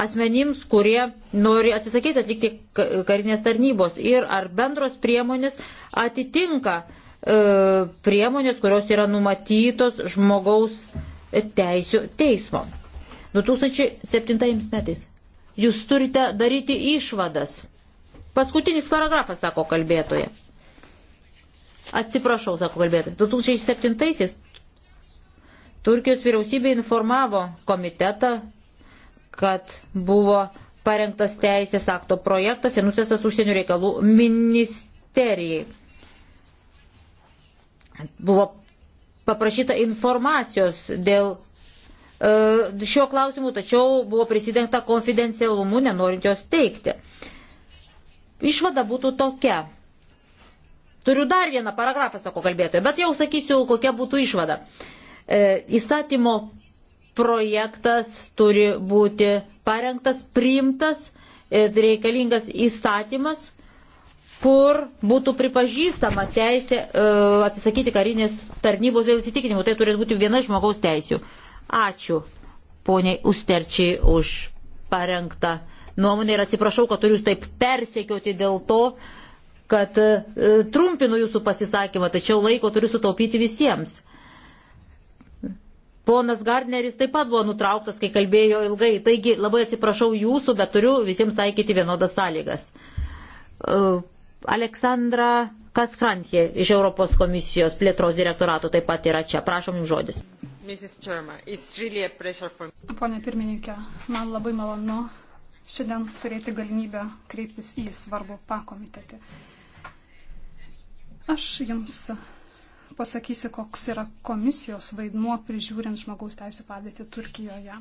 [SPEAKER 4] asmenims, kurie nori atsisakyti atlikti karinės tarnybos ir ar bendros priemonės atitinka uh, priemonės, kurios yra numatytos žmogaus teisų teismo. 2007 metais. Jūs turite daryti išvadas Paskutinis paragrafas, sako kalbėtoja. Atsiprašau, sako kalbėtoja. 2007-aisiais Turkijos vyriausybė informavo komitetą, kad buvo parengtas teisės akto projektas ir nusėstas užsienio reikalų ministerijai. Buvo paprašyta informacijos dėl e, šiuo klausimu, tačiau buvo prisidengta konfidencialumu, nenorint jos teikti. Išvada būtų tokia. Turiu dar vieną paragrafą, sako kalbėtoja, bet jau sakysiu, kokia būtų išvada. E, įstatymo projektas turi būti parengtas, priimtas, e, reikalingas įstatymas, kur būtų pripažįstama teisė e, atsisakyti karinės tarnybos dėl įsitikinimų. Tai turėtų būti viena žmogaus teisių. Ačiū poniai Usterčiai už parengtą nuomonę ir atsiprašau, kad turiu jūs taip persekioti dėl to, kad e, trumpinu jūsų pasisakymą, tačiau laiko turiu sutaupyti visiems. Ponas Gardneris taip pat buvo nutrauktas, kai kalbėjo ilgai, taigi labai atsiprašau jūsų, bet turiu visiems taikyti vienodas sąlygas. E, Aleksandra Kaskrantje iš Europos komisijos plėtros direktorato taip pat yra čia. Prašom jums žodis.
[SPEAKER 2] Really for... Pone pirmininkė, man labai malonu šiandien turėti galimybę kreiptis į svarbų pakomitetį. Aš jums pasakysiu, koks yra komisijos vaidmuo prižiūrint žmogaus teisų padėtį Turkijoje.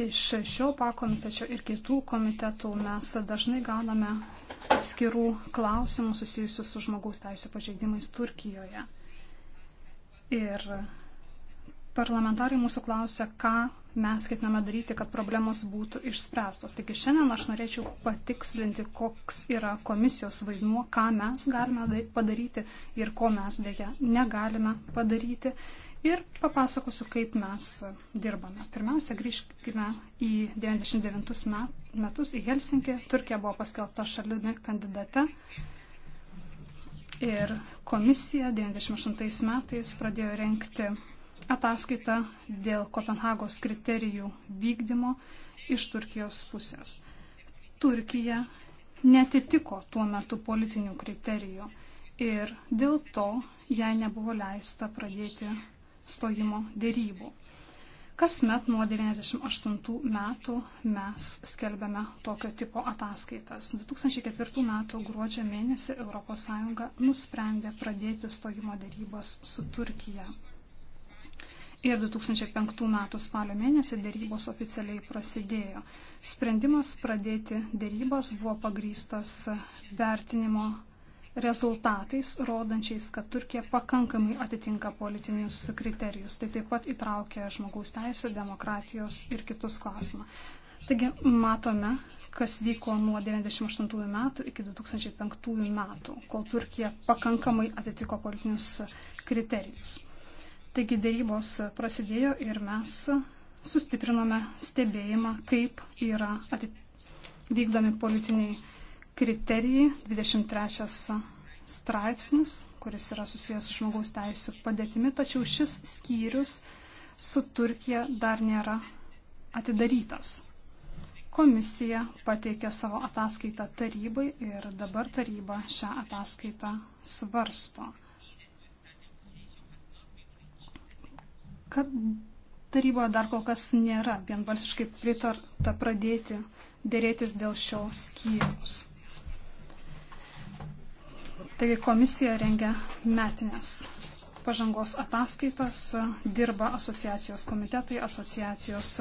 [SPEAKER 2] Iš šio pakomitečio ir kitų komitetų mes dažnai gauname atskirų klausimų susijusių su žmogaus teisų pažeidimais Turkijoje. Ir parlamentarai mūsų klausia, ką mes ketiname daryti, kad problemos būtų išspręstos. Taigi šiandien aš norėčiau patikslinti, koks yra komisijos vaidmuo, ką mes galime padaryti ir ko mes dėja negalime padaryti. Ir papasakosiu, kaip mes dirbame. Pirmiausia, grįžkime į 99 metus į Helsinkį. Turkija buvo paskelbta šalimi kandidate. Ir komisija 98 metais pradėjo renkti ataskaitą dėl Kopenhagos kriterijų vykdymo iš Turkijos pusės. Turkija netitiko tuo metu politinių kriterijų ir dėl to jai nebuvo leista pradėti stojimo dėrybų. Kasmet nuo 1998 metų mes skelbiame tokio tipo ataskaitas. 2004 metų gruodžio mėnesį ES nusprendė pradėti stojimo dėrybas su Turkija. Ir 2005 m. spalio mėnesį dėrybos oficialiai prasidėjo. Sprendimas pradėti dėrybas buvo pagrystas vertinimo rezultatais, rodančiais, kad Turkija pakankamai atitinka politinius kriterijus. Tai taip pat įtraukia žmogaus teisų, demokratijos ir kitus klausimą. Taigi matome, kas vyko nuo 1998 metų iki 2005 metų, kol Turkija pakankamai atitiko politinius kriterijus. Taigi dėrybos prasidėjo ir mes sustiprinome stebėjimą, kaip yra vykdomi politiniai kriterijai. 23 straipsnis, kuris yra susijęs su žmogaus teisų padėtimi, tačiau šis skyrius su Turkija dar nėra atidarytas. Komisija pateikė savo ataskaitą tarybai ir dabar taryba šią ataskaitą svarsto. kad taryboje dar kol kas nėra vienbalsiškai pritarta pradėti dėrėtis dėl šio skyriaus. Taigi komisija rengia metinės pažangos ataskaitas, dirba asociacijos komitetai, asociacijos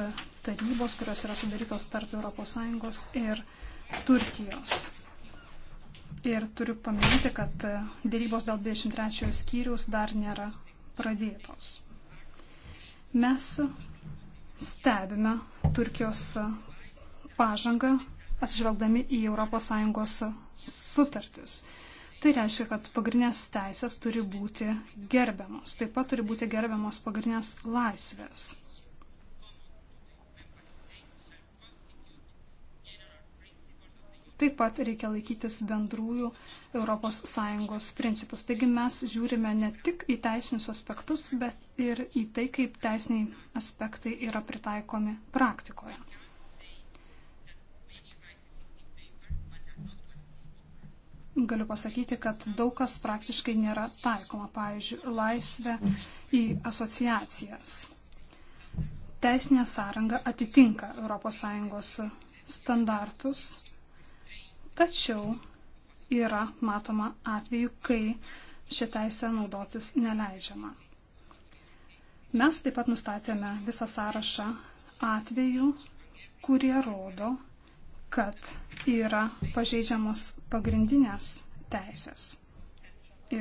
[SPEAKER 2] tarybos, kurios yra sudarytos tarp ES ir Turkijos. Ir turiu paminėti, kad dėrybos dėl 23 skyrius dar nėra pradėtos. Mes stebime Turkijos pažangą atsižvelgdami į ES sutartis. Tai reiškia, kad pagrindinės teisės turi būti gerbiamos. Taip pat turi būti gerbiamos pagrindinės laisvės. Taip pat reikia laikytis bendrųjų ES principus. Taigi mes žiūrime ne tik į teisinius aspektus, bet ir į tai, kaip teisiniai aspektai yra pritaikomi praktikoje. Galiu pasakyti, kad daug kas praktiškai nėra taikoma, pavyzdžiui, laisvė į asociacijas. Teisinė sąranga atitinka ES standartus Tačiau yra matoma atveju, kai ši teisė naudotis neleidžiama. Mes taip pat nustatėme visą sąrašą atvejų, kurie rodo, kad yra pažeidžiamos pagrindinės teisės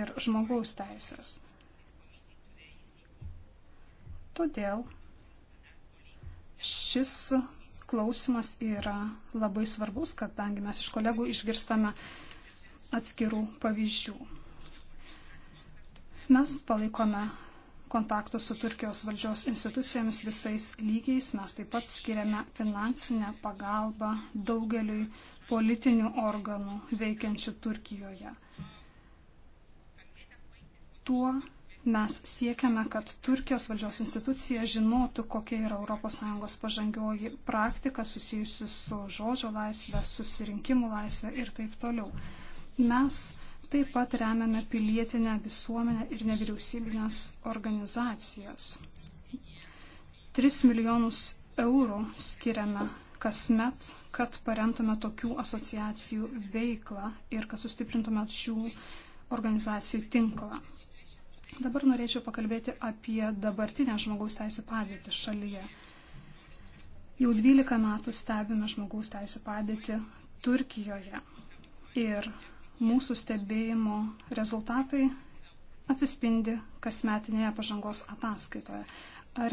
[SPEAKER 2] ir žmogaus teisės. Todėl šis klausimas yra labai svarbus, kadangi mes iš kolegų išgirstame atskirų pavyzdžių. Mes palaikome kontaktus su Turkijos valdžios institucijomis visais lygiais. Mes taip pat skiriame finansinę pagalbą daugeliui politinių organų veikiančių Turkijoje. Tuo Mes siekiame, kad Turkijos valdžios institucija žinotų, kokia yra ES pažangioji praktika susijusi su žodžio laisvė, susirinkimų laisvė ir taip toliau. Mes taip pat remiame pilietinę visuomenę ir nevyriausybinės organizacijas. 3 milijonus eurų skiriame kasmet, kad paremtume tokių asociacijų veiklą ir kad sustiprintume šių organizacijų tinklą. Dabar norėčiau pakalbėti apie dabartinę žmogaus teisų padėtį šalyje. Jau 12 metų stebime žmogaus teisų padėtį Turkijoje. Ir mūsų stebėjimo rezultatai atsispindi kasmetinėje pažangos ataskaitoje.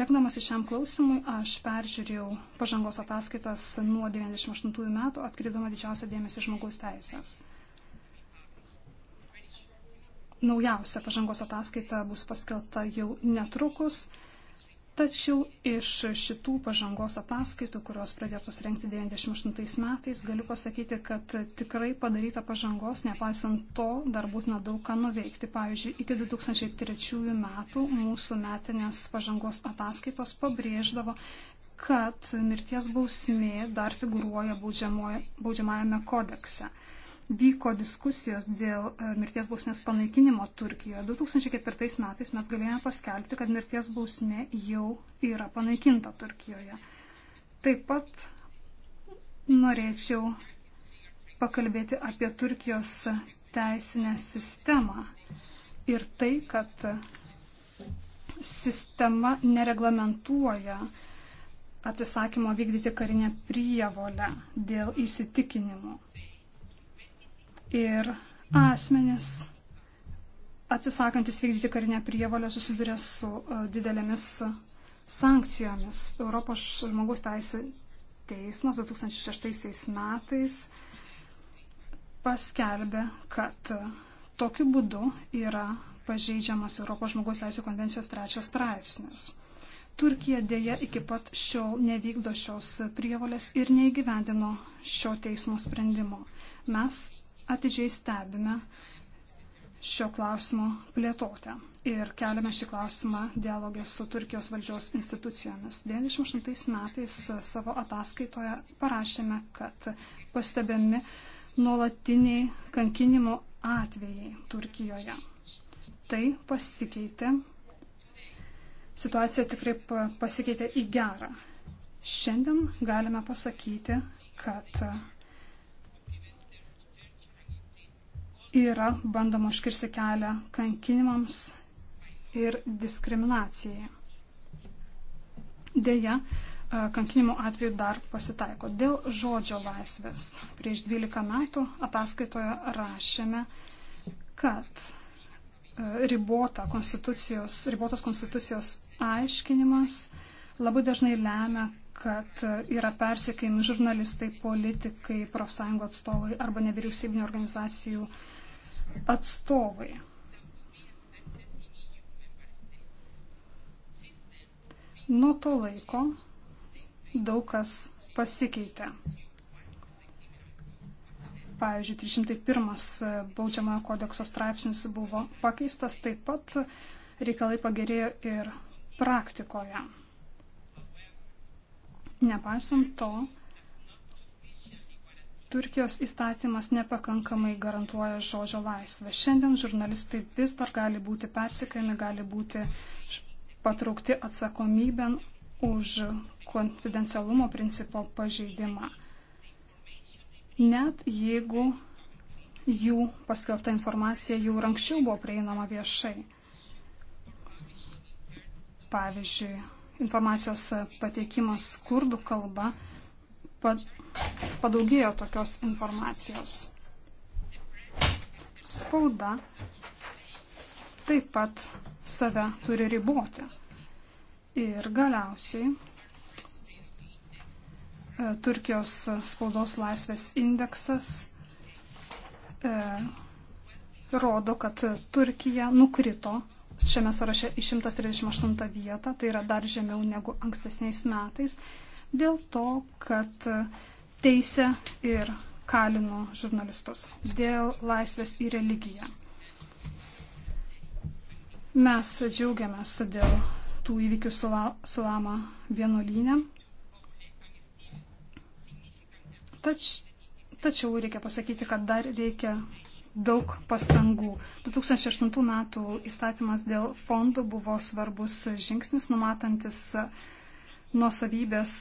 [SPEAKER 2] Rekdamas į šiam klausimui, aš peržiūrėjau pažangos ataskaitas nuo 98 metų, atkreipdama didžiausią dėmesį žmogaus teisės. Naujausia pažangos ataskaita bus paskelbta jau netrukus. Tačiau iš šitų pažangos ataskaitų, kurios pradėtos renkti 98 metais, galiu pasakyti, kad tikrai padaryta pažangos, nepaisant to, dar būtina daug ką nuveikti. Pavyzdžiui, iki 2003 metų mūsų metinės pažangos ataskaitos pabrėždavo, kad mirties bausmė dar figuruoja baudžiamajame kodekse vyko diskusijos dėl e, mirties bausmės panaikinimo Turkijoje. 2004 metais mes galėjome paskelbti, kad mirties bausmė jau yra panaikinta Turkijoje. Taip pat norėčiau pakalbėti apie Turkijos teisinę sistemą ir tai, kad sistema nereglamentuoja atsisakymo vykdyti karinę prievolę dėl įsitikinimų ir asmenys atsisakantis vykdyti karinę prievalę susiduria su e, didelėmis sankcijomis. Europos žmogaus teisų teismas 2006 metais paskelbė, kad tokiu būdu yra pažeidžiamas Europos žmogaus teisų konvencijos trečias straipsnis. Turkija dėja iki pat šiol nevykdo šios prievalės ir neįgyvendino šio teismo sprendimo. Mes atidžiai stebime šio klausimo plėtotę ir keliame šį klausimą dialogę su Turkijos valdžios institucijomis. 1998 metais savo ataskaitoje parašėme, kad pastebėmi nuolatiniai kankinimo atvejai Turkijoje. Tai pasikeitė. Situacija tikrai pasikeitė į gerą. Šiandien galime pasakyti, kad yra bandoma užkirsti kelią kankinimams ir diskriminacijai. Deja, kankinimo atveju dar pasitaiko. Dėl žodžio laisvės prieš 12 metų ataskaitoje rašėme, kad ribota konstitucijos, ribotas konstitucijos aiškinimas labai dažnai lemia, kad yra persiekėjami žurnalistai, politikai, profsąjungo atstovai arba nevyriausybinio organizacijų uh, atstovai. Nuo to laiko daug kas pasikeitė. Pavyzdžiui, 301 baudžiamojo kodekso straipsnis buvo pakeistas, taip pat reikalai pagerėjo ir praktikoje. Nepaisant to, Turkijos įstatymas nepakankamai garantuoja žodžio laisvę. Šiandien žurnalistai vis dar gali būti persikami, gali būti patraukti atsakomybėn už konfidencialumo principo pažeidimą. Net jeigu jų paskelbta informacija jau ir anksčiau buvo prieinama viešai. Pavyzdžiui, informacijos pateikimas kurdų kalba padaugėjo tokios informacijos. Spauda taip pat save turi riboti. Ir galiausiai e, Turkijos spaudos laisvės indeksas e, rodo, kad Turkija nukrito šiame sąraše į 138 vietą, tai yra dar žemiau negu ankstesniais metais dėl to, kad teisė ir kalino žurnalistus dėl laisvės į religiją. Mes džiaugiamės dėl tų įvykių Sulama vienuolynė. Tač, tačiau reikia pasakyti, kad dar reikia daug pastangų. 2008 metų įstatymas dėl fondų buvo svarbus žingsnis numatantis nuosavybės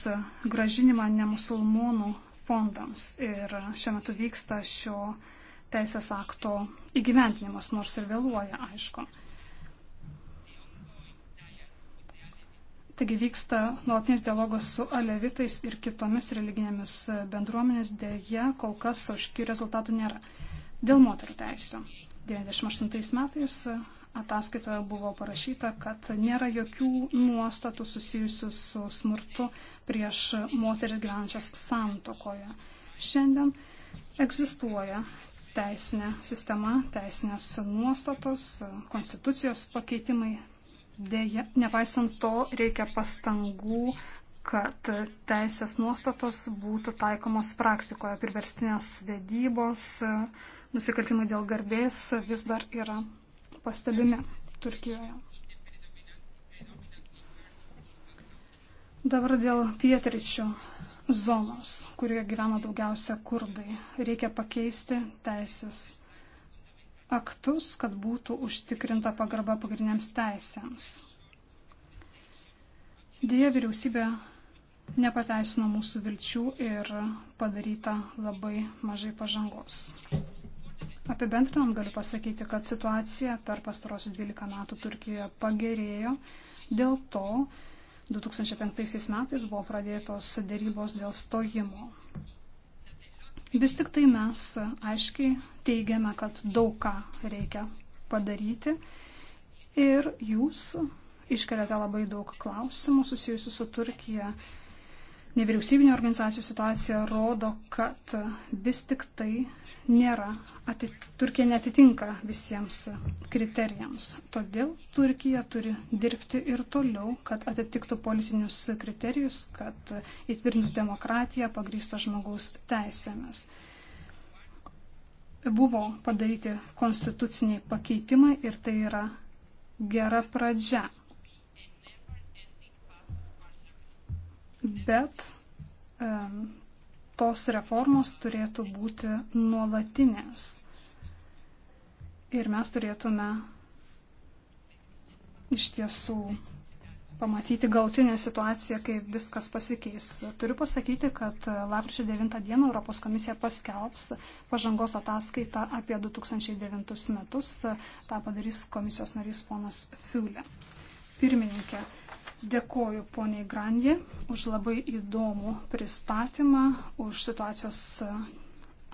[SPEAKER 2] gražinimą nemusulmonų fondams. Ir šiuo metu vyksta šio teisės akto įgyventinimas, nors ir vėluoja, aišku. Taigi vyksta nuolatinis dialogas su alevitais ir kitomis religinėmis bendruomenės, dėje kol kas aiškių rezultatų nėra. Dėl moterų teisų. 1998 metais Ataskaitoje buvo parašyta, kad nėra jokių nuostatų susijusių su smurtu prieš moteris gyvenančias santokoje. Šiandien egzistuoja teisinė sistema, teisinės nuostatos, konstitucijos pakeitimai. Deja, nepaisant to, reikia pastangų, kad teisės nuostatos būtų taikomos praktikoje. Priverstinės vedybos, nusikaltimai dėl garbės vis dar yra pastebimi Turkijoje. Dabar dėl pietričių zonos, kurioje gyvena daugiausia kurdai. Reikia pakeisti teisės aktus, kad būtų užtikrinta pagarba pagrindiniams teisėms. Dėja, vyriausybė nepateisino mūsų vilčių ir padaryta labai mažai pažangos. Apibendrinant galiu pasakyti, kad situacija per pastarosius 12 metų Turkijoje pagerėjo. Dėl to 2005 metais buvo pradėtos dėrybos dėl stojimo. Vis tik tai mes aiškiai teigiame, kad daug ką reikia padaryti. Ir jūs iškeliate labai daug klausimų susijusių su Turkija. Nevyriausybinio organizacijų situacija rodo, kad vis tik tai nėra, atit, Turkija netitinka visiems kriterijams. Todėl Turkija turi dirbti ir toliau, kad atitiktų politinius kriterijus, kad įtvirtintų demokratiją pagrįstą žmogaus teisėmis. Buvo padaryti konstituciniai pakeitimai ir tai yra gera pradžia. Bet um, tos reformos turėtų būti nuolatinės. Ir mes turėtume iš tiesų pamatyti gautinę situaciją, kai viskas pasikeis. Turiu pasakyti, kad lapkričio 9 dieną Europos komisija paskelbs pažangos ataskaitą apie 2009 metus. Ta padarys komisijos narys ponas Fiulė. Pirmininkė, Dėkoju poniai Grandė už labai įdomų pristatymą, už situacijos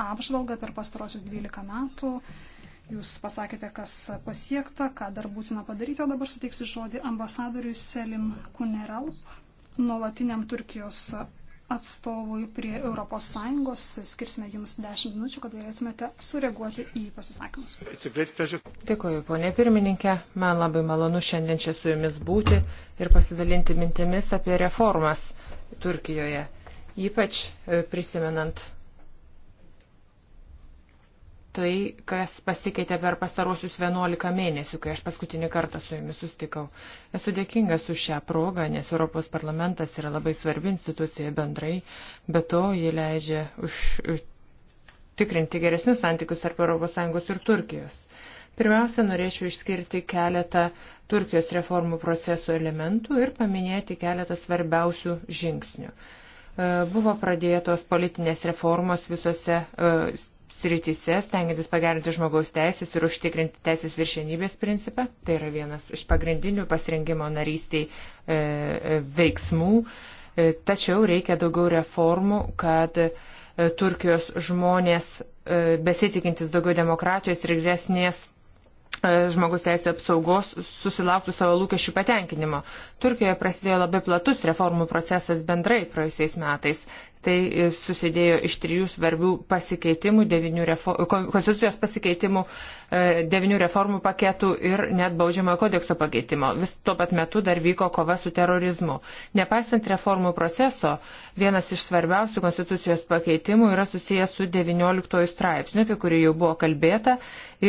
[SPEAKER 2] apžvalgą per pastarosius 12 metų. Jūs pasakėte, kas pasiekta, ką dar būtina padaryti, o dabar suteiksiu žodį ambasadoriui Selim Kuneralp, nuolatiniam Turkijos atstovui prie ES. Skirsime jums 10 minučių, kad galėtumėte sureaguoti į pasisakymus.
[SPEAKER 3] Dėkuoju, ponė pirmininkė. Man labai malonu šiandien čia su jumis būti ir pasidalinti mintimis apie reformas Turkijoje. Ypač e, prisimenant tai, kas pasikeitė per pastarosius 11 mėnesių, kai aš paskutinį kartą su jumis sustikau. Esu dėkingas už šią progą, nes Europos parlamentas yra labai svarbi institucija bendrai, bet to jie leidžia už, užtikrinti geresnius santykius tarp ES ir Turkijos. Pirmiausia, norėčiau išskirti keletą Turkijos reformų procesų elementų ir paminėti keletą svarbiausių žingsnių. E, buvo pradėtos politinės reformos visose e, sritise, stengiantis pagerinti žmogaus teisės ir užtikrinti teisės viršenybės principą. Tai yra vienas iš pagrindinių pasirengimo narystiai e, e, veiksmų. E, tačiau reikia daugiau reformų, kad e, Turkijos žmonės, e, besitikintis daugiau demokratijos ir grėsnės e, žmogus teisų apsaugos susilauktų savo lūkesčių patenkinimo. Turkijoje prasidėjo labai platus reformų procesas bendrai praėjusiais metais. Tai susidėjo iš trijų svarbių pasikeitimų, reform, konstitucijos pasikeitimų, e, devinių reformų paketų ir net baudžiamojo kodekso pakeitimo. Vis tuo pat metu dar vyko kova su terorizmu. Nepaisant reformų proceso, vienas iš svarbiausių konstitucijos pakeitimų yra susijęs su 19 straipsniu, apie kurį jau buvo kalbėta.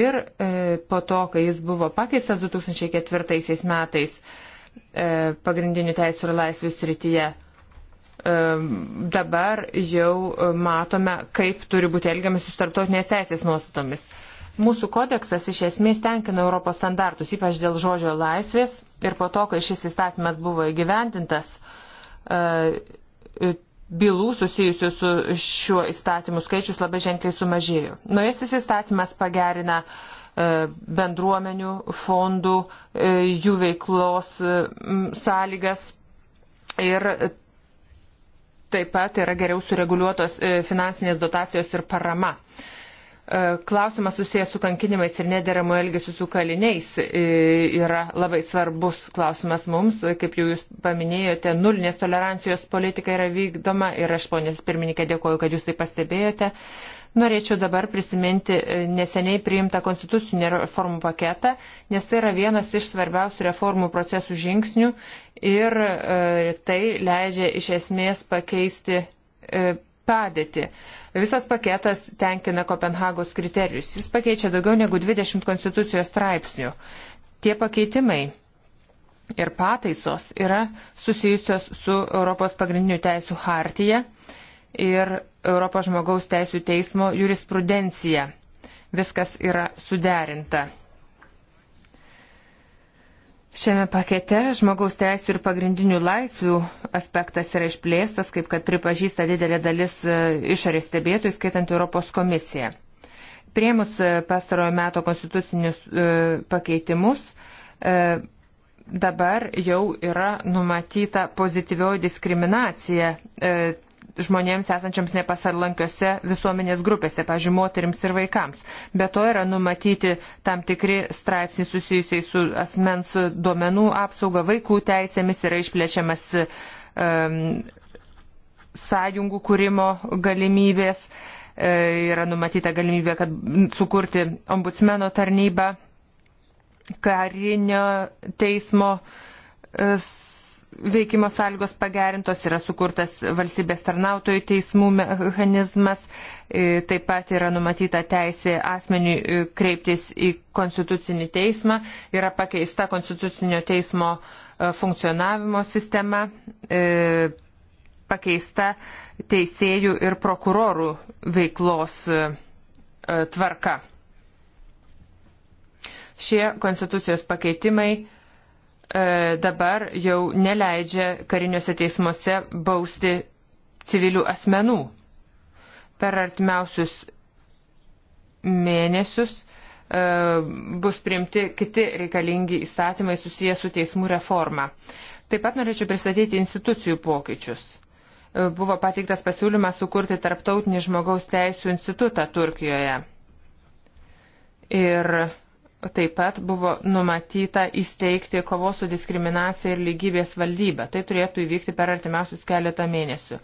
[SPEAKER 3] Ir e, po to, kai jis buvo pakeistas 2004 metais, e, pagrindinių teisų ir laisvių srityje E, dabar jau matome, kaip turi būti elgiamas su tarptautinės teisės nuostatomis. Mūsų kodeksas iš esmės tenkina Europos standartus, ypač dėl žodžio laisvės ir po to, kai šis įstatymas buvo įgyvendintas, e, e, bylų susijusių su šiuo įstatymu skaičius labai ženkliai sumažėjo. Naujasis įstatymas pagerina bendruomenių, fondų, jų veiklos sąlygas ir Taip pat yra geriau sureguliuotos e, finansinės dotacijos ir parama. E, E, klausimas susijęs su kankinimais ir nederamu elgesiu su kaliniais e, yra labai svarbus klausimas mums. Kaip jau jūs paminėjote, nulinės tolerancijos politika yra vykdoma ir aš, ponės pirmininkė, dėkoju, kad jūs tai pastebėjote. Norėčiau dabar prisiminti e, neseniai priimtą konstitucinį reformų paketą, nes tai yra vienas iš svarbiausių reformų procesų žingsnių ir tai leidžia iš esmės pakeisti padėtį. Visas paketas tenkina Kopenhagos kriterijus. Jis pakeičia daugiau negu 20 konstitucijos straipsnių. Tie pakeitimai ir pataisos yra susijusios su Europos pagrindinių teisų hartyje ir Europos žmogaus teisų teismo jurisprudencija. Viskas yra suderinta. Šiame pakete žmogaus teisų ir pagrindinių laisvių aspektas yra išplėstas, kaip kad pripažįsta didelė dalis e, išorės stebėtojų, skaitant Europos komisiją. Priemus e, pastarojo meto konstitucinius e, pakeitimus, dabar jau yra numatyta pozityvioji diskriminacija žmonėms esančiams nepasalankiose visuomenės grupėse, pavyzdžiui, moterims ir vaikams. Be to yra numatyti tam tikri straipsniai susijusiai su asmens duomenų apsauga, vaikų teisėmis yra išplėčiamas um, sąjungų kūrimo galimybės, e, yra numatyta galimybė, kad sukurti ombudsmeno tarnybą karinio teismo. E, veikimo sąlygos pagerintos, yra sukurtas valstybės tarnautojų teismų mechanizmas, e, taip pat yra numatyta teisė asmeniui e, kreiptis į konstitucinį teismą, yra pakeista konstitucinio teismo e, funkcionavimo sistema, pakeista teisėjų ir prokurorų veiklos tvarka. Šie konstitucijos pakeitimai E, dabar jau neleidžia kariniuose teismuose bausti civilių asmenų. Per artimiausius mėnesius e, bus priimti kiti reikalingi įstatymai susijęs su teismų reforma. Taip pat norėčiau pristatyti institucijų pokyčius. E, buvo pateiktas pasiūlymas sukurti tarptautinį žmogaus teisų institutą Turkijoje. Ir taip pat buvo numatyta įsteigti kovos su diskriminacija ir lygybės valdybą. Tai turėtų įvykti per artimiausius keletą mėnesių.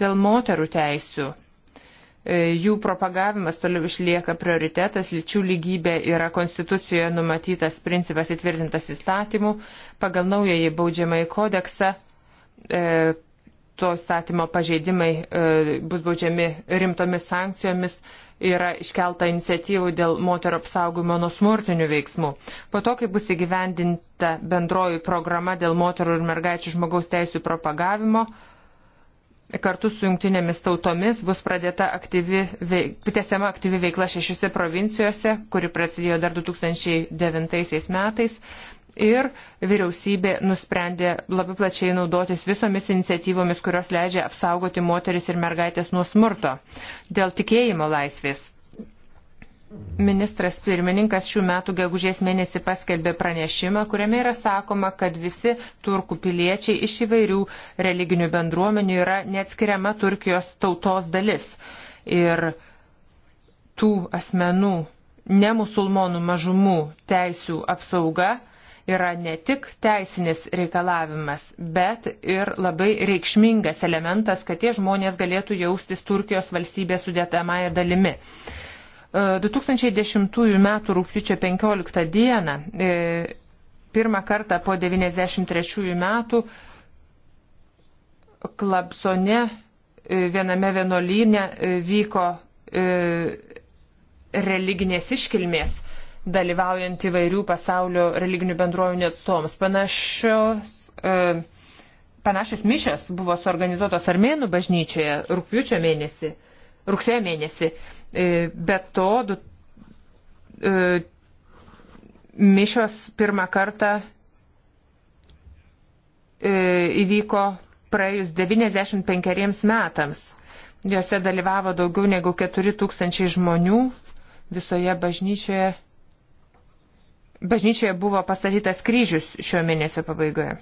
[SPEAKER 3] Dėl moterų teisių e, jų propagavimas toliau išlieka prioritetas, lyčių lygybė yra konstitucijoje numatytas principas įtvirtintas įstatymu, pagal naująjį baudžiamąjį kodeksą e, to statymo pažeidimai e, bus baudžiami rimtomis sankcijomis, yra iškelta iniciatyvų dėl moterų apsaugojimo nuo smurtinių veiksmų. Po to, kai bus įgyvendinta bendroji programa dėl moterų ir mergaičių žmogaus teisų propagavimo, kartu su jungtinėmis tautomis bus pradėta aktyvi, veik, tęsiama aktyvi veikla šešiose provincijose, kuri prasidėjo dar 2009 metais ir vyriausybė nusprendė labai plačiai naudotis visomis iniciatyvomis, kurios leidžia apsaugoti moteris ir mergaitės nuo smurto dėl tikėjimo laisvės. Ministras pirmininkas šių metų gegužės mėnesį paskelbė pranešimą, kuriame yra sakoma, kad visi turkų piliečiai iš įvairių religinių bendruomenių yra neatskiriama Turkijos tautos dalis. Ir tų asmenų, ne musulmonų mažumų teisių apsauga yra ne tik teisinis reikalavimas, bet ir labai reikšmingas elementas, kad tie žmonės galėtų jaustis Turkijos valstybės sudėtamąją dalimi. 2010 m. rūpsičio 15 d. pirmą kartą po 93 metų Klapsone e, viename vienolyne e, vyko e, religinės iškilmės dalyvaujant įvairių pasaulio religinių bendruomenių atstovams. Panašios, e, panašios mišės buvo suorganizuotos armėnų bažnyčioje rūpjūčio mėnesį, rugsėjo mėnesį. E, bet to du, e, mišos pirmą kartą e, įvyko praėjus 95 metams. Jose dalyvavo daugiau negu 4000 žmonių visoje bažnyčioje bažnyčioje buvo pastatytas kryžius šio mėnesio pabaigoje.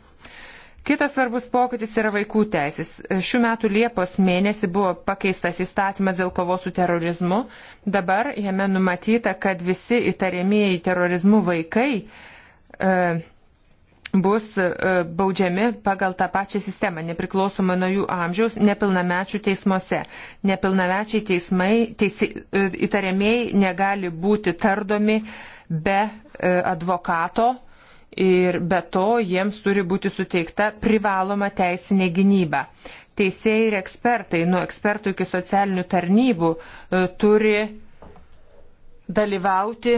[SPEAKER 3] Kitas svarbus pokytis yra vaikų teisės. Šių metų Liepos mėnesį buvo pakeistas įstatymas dėl kovos su terorizmu. Dabar jame numatyta, kad visi įtariamieji terorizmų vaikai e, bus e, baudžiami pagal tą pačią sistemą, nepriklausomai nuo jų amžiaus, nepilnamečių teismuose. Nepilnamečiai teismai, teisi, e, įtariamieji negali būti tardomi. E, be e, advokato ir be to jiems turi būti suteikta privaloma teisinė gynyba. Teisėjai ir ekspertai, nuo ekspertų iki socialinių tarnybų, e, turi dalyvauti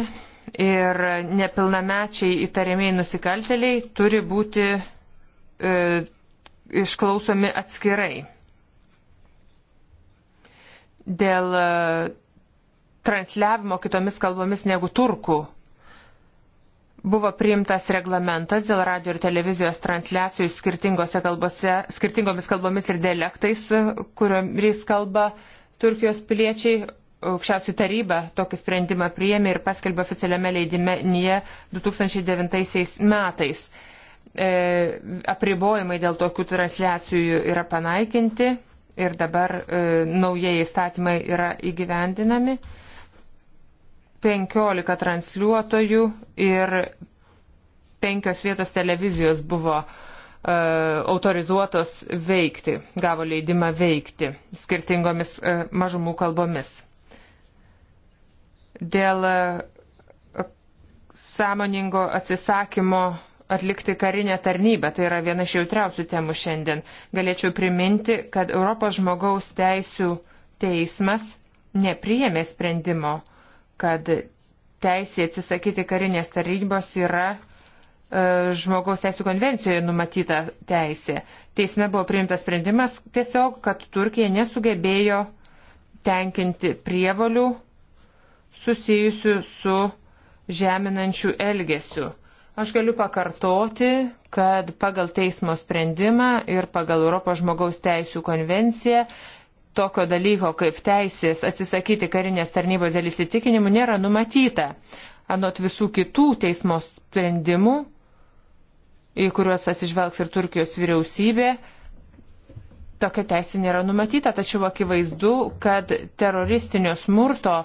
[SPEAKER 3] ir nepilnamečiai įtariamiai nusikalteliai turi būti e, išklausomi atskirai. Dėl e, transliavimo kitomis kalbomis negu turkų Buvo priimtas reglamentas dėl radio ir televizijos transliacijų kalbose, skirtingomis kalbomis ir dialektais, kuriomis kalba Turkijos piliečiai. Aukščiausių taryba tokį sprendimą priėmė ir paskelbė oficialiame leidime NIE 2009 metais e, apribojimai dėl tokių transliacijų yra panaikinti ir dabar e, naujieji įstatymai yra įgyvendinami. E, 15 transliuotojų ir 5 vietos televizijos buvo uh, autorizuotos veikti, gavo leidimą veikti skirtingomis uh, mažumų kalbomis. Dėl uh, sąmoningo atsisakymo atlikti karinę tarnybę. Tai yra viena iš jautriausių temų šiandien. Galėčiau priminti, kad Europos žmogaus teisų teismas nepriėmė sprendimo kad teisė atsisakyti karinės tarnybos yra e, žmogaus teisų konvencijoje numatyta teisė. Teisme buvo priimtas sprendimas tiesiog, kad Turkija nesugebėjo tenkinti prievalių susijusių su žeminančių elgesiu. Aš galiu pakartoti, kad pagal teismo sprendimą ir pagal Europos žmogaus teisų konvenciją tokio dalyko kaip teisės atsisakyti karinės tarnybos dėl įsitikinimų nėra numatyta. Anot visų kitų teismo sprendimų, į kuriuos atsižvelgs ir Turkijos vyriausybė, tokia teisė nėra numatyta, tačiau akivaizdu, kad teroristinio smurto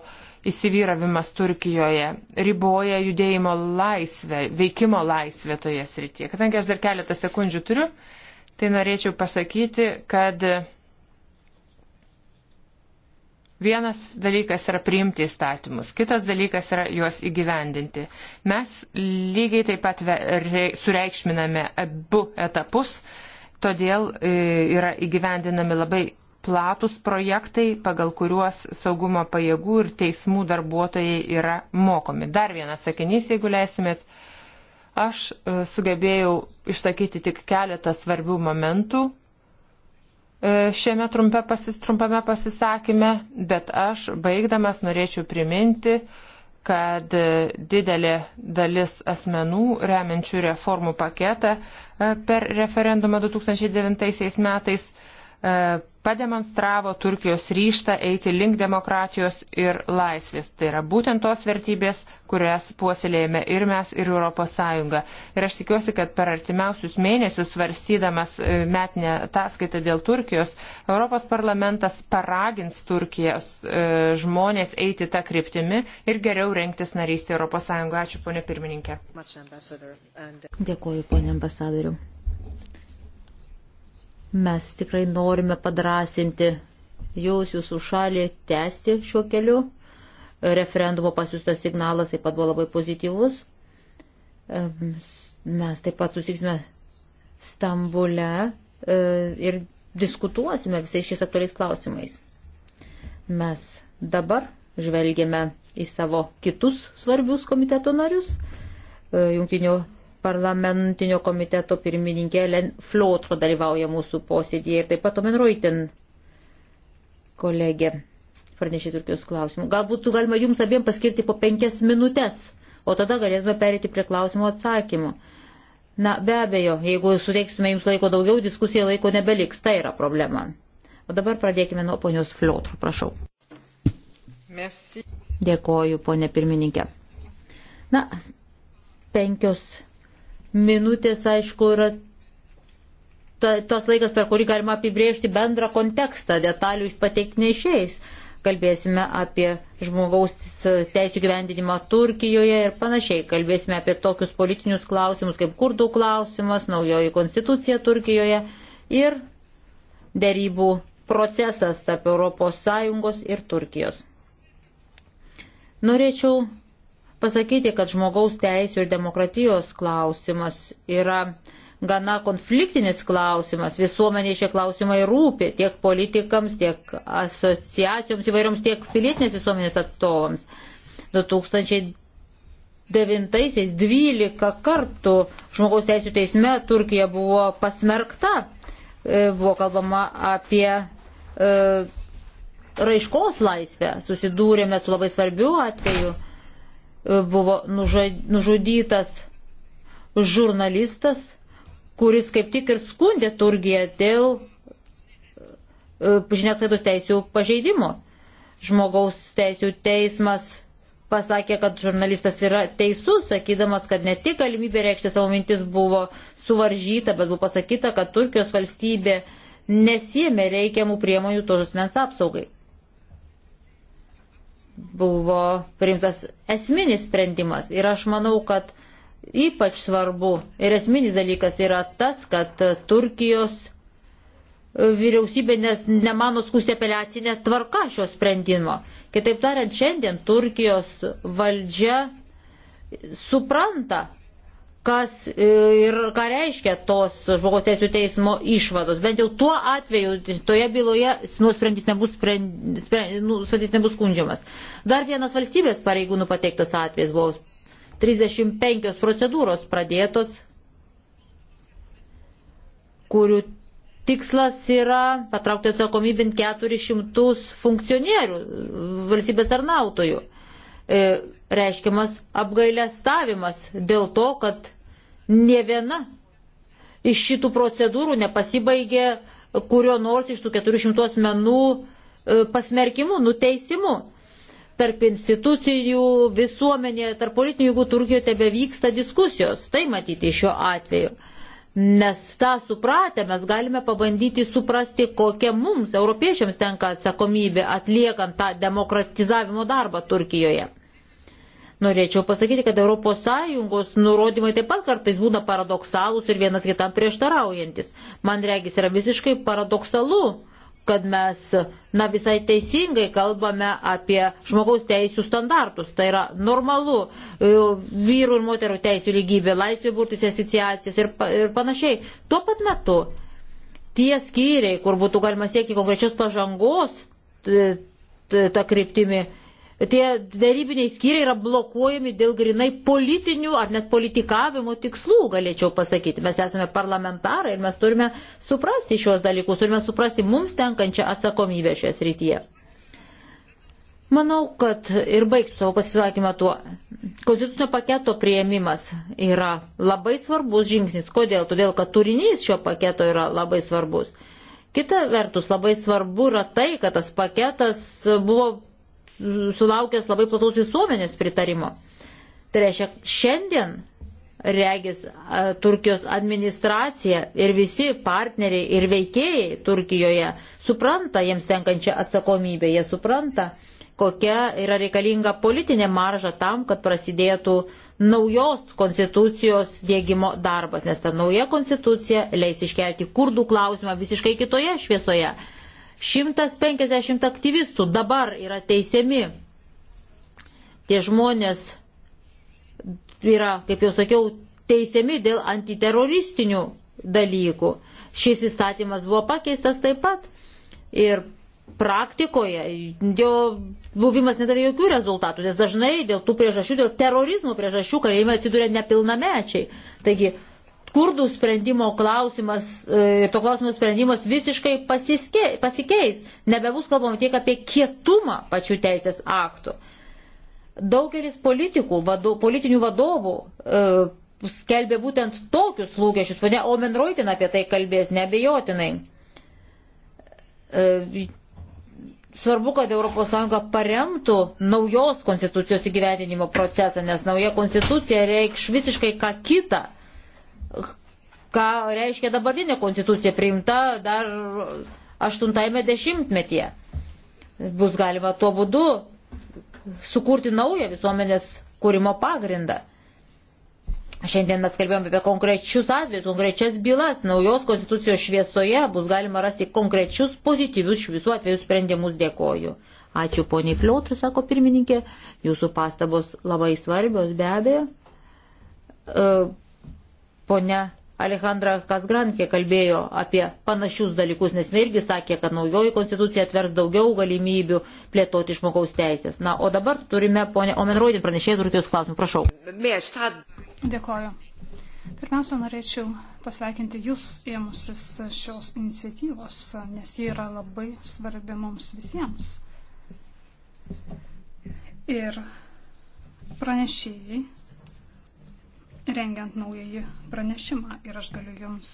[SPEAKER 3] įsivyravimas Turkijoje riboja judėjimo laisvę, veikimo laisvę toje srityje. Kadangi aš dar keletą sekundžių turiu, tai norėčiau pasakyti, kad Vienas dalykas yra priimti įstatymus, kitas dalykas yra juos įgyvendinti. Mes lygiai taip pat sureikšminame abu etapus, todėl e, yra įgyvendinami labai platus projektai, pagal kuriuos saugumo pajėgų ir teismų darbuotojai yra mokomi. Dar vienas sakinys, jeigu leisimėt. Aš e, sugebėjau išsakyti tik keletą svarbių momentų, E, šiame trumpe pasis, trumpame pasisakyme, bet aš baigdamas norėčiau priminti, kad e, didelė dalis asmenų remiančių reformų paketą e, per referendumą 2009 metais E, pademonstravo Turkijos ryštą eiti link demokratijos ir laisvės. Tai yra būtent tos vertybės, kurias puoselėjame ir mes, ir ES. Ir aš tikiuosi, kad per artimiausius mėnesius, svarstydamas e, metinę ataskaitą dėl Turkijos, Europos parlamentas paragins Turkijos e, žmonės eiti tą kryptimį ir geriau renktis narystį ES. Ačiū, ponė pirmininkė.
[SPEAKER 4] Dėkuoju, ponė ambasadoriu. Mes tikrai norime padrasinti jūs, jūsų šalį, tęsti šiuo keliu. Referendumo pasiūstas signalas taip pat buvo labai pozityvus. Mes taip pat susitiksime Stambule e, ir diskutuosime visais šiais aktualiais klausimais. Mes dabar žvelgiame į savo kitus svarbius komiteto narius, e, jungtinių parlamentinio komiteto pirmininkė Len Flotro dalyvauja mūsų posėdėje ir taip pat Omen Reutin kolegė pranešė Turkijos klausimų. Galbūt galima jums abiem paskirti po penkias minutės, o tada galėtume perėti prie klausimų atsakymų. Na, be abejo, jeigu suteiksime jums laiko daugiau, diskusija laiko nebeliks, tai yra problema. O dabar pradėkime nuo ponios Fliotrų, prašau. Merci. Dėkoju, ponė pirmininkė. Na, penkios minutės, aišku, yra ta, tas laikas, per kurį galima apibriežti bendrą kontekstą, detalių pateikti neišėjęs. Kalbėsime apie žmogaus teisų gyvendinimą Turkijoje ir panašiai. Kalbėsime apie tokius politinius klausimus kaip kurdų klausimas, naujoji konstitucija Turkijoje ir dėrybų procesas tarp ES ir Turkijos. Norėčiau pasakyti, kad žmogaus teisų ir demokratijos klausimas yra gana konfliktinis klausimas. Visuomeniai šie klausimai rūpi tiek politikams, tiek asociacijoms įvairioms, tiek pilietinės visuomenės atstovams. 2009 12 kartų žmogaus teisų teisme Turkija buvo pasmerkta. E, buvo kalbama apie e, raiškos laisvę. Susidūrėme su labai svarbiu atveju buvo nužudytas žurnalistas, kuris kaip tik ir skundė Turgiją dėl e, žiniasklaidos teisų pažeidimo. Žmogaus teisų teismas pasakė, kad žurnalistas yra teisus, sakydamas, kad ne tik galimybė reikšti savo mintis buvo suvaržyta, bet buvo pasakyta, kad Turkijos valstybė nesėmė reikiamų priemonių tos asmens apsaugai buvo priimtas esminis sprendimas. Ir aš manau, kad ypač svarbu ir esminis dalykas yra tas, kad Turkijos vyriausybė nemano skusti apeliacinę tvarką šio sprendimo. Kitaip tariant, šiandien Turkijos valdžia supranta, kas e, ir ką reiškia tos žmogaus teisų teismo išvados. Bent jau tuo atveju toje byloje nuosprendis nebus, sprend, sprend, nu, nuosprendis nebus skundžiamas. Dar vienas valstybės pareigūnų pateiktas atvejis buvo 35 procedūros pradėtos, kurių tikslas yra patraukti atsakomybint 400 funkcionierių, valstybės tarnautojų. E, reiškiamas apgailestavimas dėl to, kad ne viena iš šitų procedūrų nepasibaigė kurio nors iš tų 400 asmenų e, pasmerkimu, nuteisimu. Tarp institucijų, visuomenėje, tarp politinių jėgų Turkijoje tebe vyksta diskusijos. Tai matyti šiuo atveju. Nes tą supratę mes galime pabandyti suprasti, kokia mums, europiečiams, tenka atsakomybė atliekant tą demokratizavimo darbą Turkijoje. Norėčiau pasakyti, kad ES nurodymai taip pat kartais būna paradoksalūs ir vienas kitam prieštaraujantis. Man regis yra visiškai paradoksalu, kad mes, na visai teisingai kalbame apie žmogaus teisų standartus. Tai yra normalu, e, vyrų ir moterų teisų lygybė, laisvė būtis asociacijas ir, ir panašiai. Tuo pat metu tie skyriai, kur būtų galima siekti konkrečios pažangos, ta kryptimi tie darybiniai skyriai yra blokuojami dėl grinai politinių ar net politikavimo tikslų, galėčiau pasakyti. Mes esame parlamentarai ir mes turime suprasti šios dalykus, turime suprasti mums tenkančią atsakomybę šioje srityje. Manau, kad ir baigsiu savo pasisakymą tuo. Konstitucinio paketo prieimimas yra labai svarbus žingsnis. Kodėl? Todėl, kad turinys šio paketo yra labai svarbus. Kita vertus, labai svarbu yra tai, kad tas paketas buvo sulaukęs labai plataus visuomenės pritarimo. Tai reiškia, šiandien regis Turkijos administracija ir visi partneriai ir veikėjai Turkijoje supranta jiems tenkančią atsakomybę, jie supranta, kokia yra reikalinga politinė marža tam, kad prasidėtų naujos konstitucijos dėgymo darbas, nes ta nauja konstitucija leis iškelti kurdų klausimą visiškai kitoje šviesoje 150 aktyvistų dabar yra teisiami. Tie žmonės yra, kaip jau sakiau, teisiami dėl antiteroristinių dalykų. Šis įstatymas buvo pakeistas taip pat ir praktikoje jo buvimas nedavė jokių rezultatų, nes dažnai dėl tų priežasčių, dėl terorizmo priežasčių kalėjime atsiduria nepilnamečiai. Taigi skurdų sprendimo klausimas, e, to klausimo sprendimas visiškai pasiske, pasikeis. Nebebus kalbama tiek apie kietumą pačių teisės aktų. Daugelis politikų, vado, politinių vadovų e, skelbė būtent tokius lūkesčius, ponia Omen Reutin apie tai kalbės nebejotinai. E, svarbu, kad ES paremtų naujos konstitucijos įgyvendinimo procesą, nes nauja konstitucija reikš visiškai ką kitą ką reiškia dabartinė konstitucija priimta dar 80-ame dešimtmetyje. Bus galima tuo būdu sukurti naują visuomenės kūrimo pagrindą. Šiandien mes kalbėjome apie konkrečius atvejus, konkrečias bylas. Naujos konstitucijos šviesoje bus galima rasti konkrečius pozityvius šių visų atvejų sprendimus. Dėkoju. Ačiū poniai Fliotri, sako pirmininkė. Jūsų pastabos labai svarbios, be abejo. Uh, Pone Alejandra Kasgrankė kalbėjo apie panašius dalykus, nes jis irgi sakė, kad naujoji konstitucija atvers daugiau galimybių plėtoti žmogaus teisės. Na, o dabar turime, ponė Omenroidin, pranešėjai, turite jūsų klausimų, prašau.
[SPEAKER 2] Dėkoju. Pirmiausia, norėčiau pasveikinti Jūs ėmusis šios iniciatyvos, nes jie yra labai svarbi mums visiems. Ir pranešėjai rengiant naująjį pranešimą ir aš galiu Jums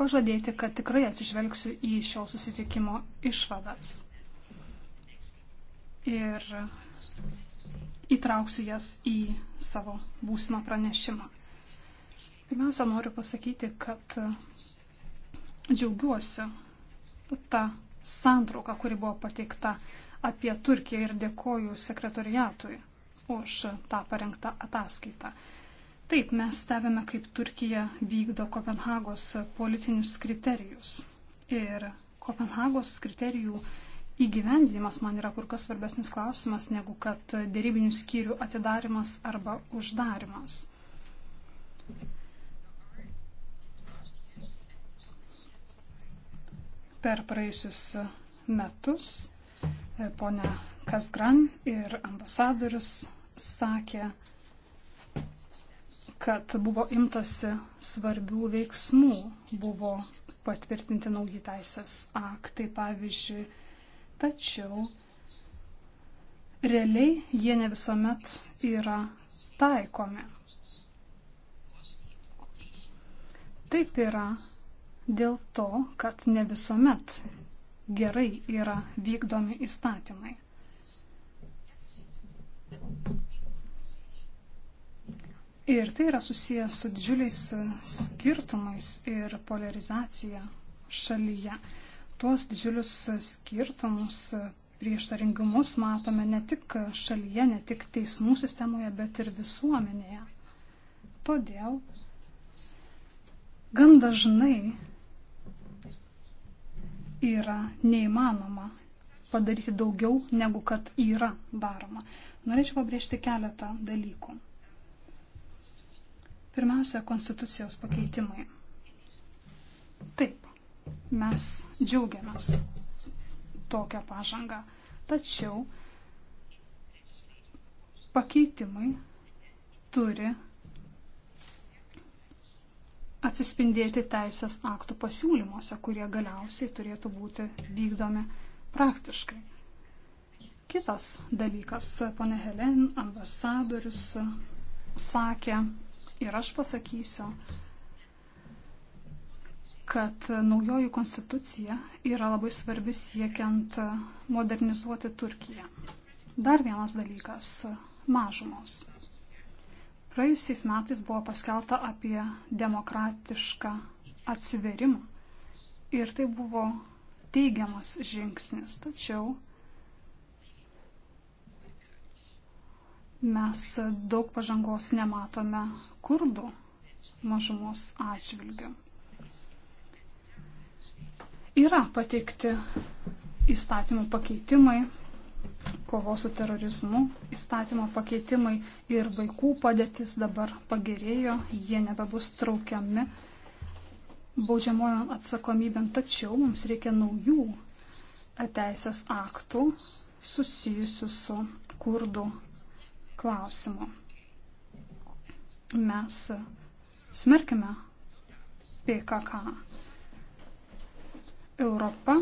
[SPEAKER 2] pažadėti, kad tikrai atsižvelgsiu į šio susitikimo išvadas ir įtrauksiu jas į savo būsimą pranešimą. Pirmiausia, noriu pasakyti, kad džiaugiuosi tą santrauką, kuri buvo pateikta apie Turkiją ir dėkoju sekretoriatui už tą parengtą ataskaitą. Taip, mes stebime, kaip Turkija vykdo Kopenhagos politinius kriterijus. Ir Kopenhagos kriterijų įgyvendinimas man yra kur kas svarbesnis klausimas negu kad dėrybinių skyrių atidarimas arba uždarimas. Per praėjusius metus E, ponia Kasgran ir ambasadorius sakė, kad buvo imtasi svarbių veiksmų, buvo patvirtinti nauji teisės aktai, pavyzdžiui, tačiau realiai jie ne visuomet yra taikomi. Taip yra dėl to, kad ne visuomet gerai yra vykdomi įstatymai. Ir tai yra susijęs su didžiuliais skirtumais ir polarizacija šalyje. Tuos didžiulius skirtumus prieštaringumus matome ne tik šalyje, ne tik teismų sistemoje, bet ir visuomenėje. Todėl gan dažnai yra neįmanoma padaryti daugiau, negu kad yra daroma. Norėčiau pabrėžti keletą dalykų. Pirmiausia, konstitucijos pakeitimai. Taip, mes džiaugiamės tokią pažangą, tačiau pakeitimai turi atsispindėti teisės aktų pasiūlymuose, kurie galiausiai turėtų būti vykdomi praktiškai. Kitas dalykas, ponė Helen, ambasadorius sakė ir aš pasakysiu, kad naujoji konstitucija yra labai svarbi siekiant modernizuoti Turkiją. Dar vienas dalykas - mažumos. Praėjusiais metais buvo paskelbta apie demokratišką atsiverimą ir tai buvo teigiamas žingsnis, tačiau mes daug pažangos nematome kurdų mažumos atžvilgių. Yra pateikti įstatymų pakeitimai, kovos su terorizmu įstatymo pakeitimai ir vaikų padėtis dabar pagerėjo, jie nebebus traukiami baudžiamojom atsakomybėm, tačiau mums reikia naujų e, teisės aktų susijusių su kurdų klausimu. Mes e, smerkime PKK. Europa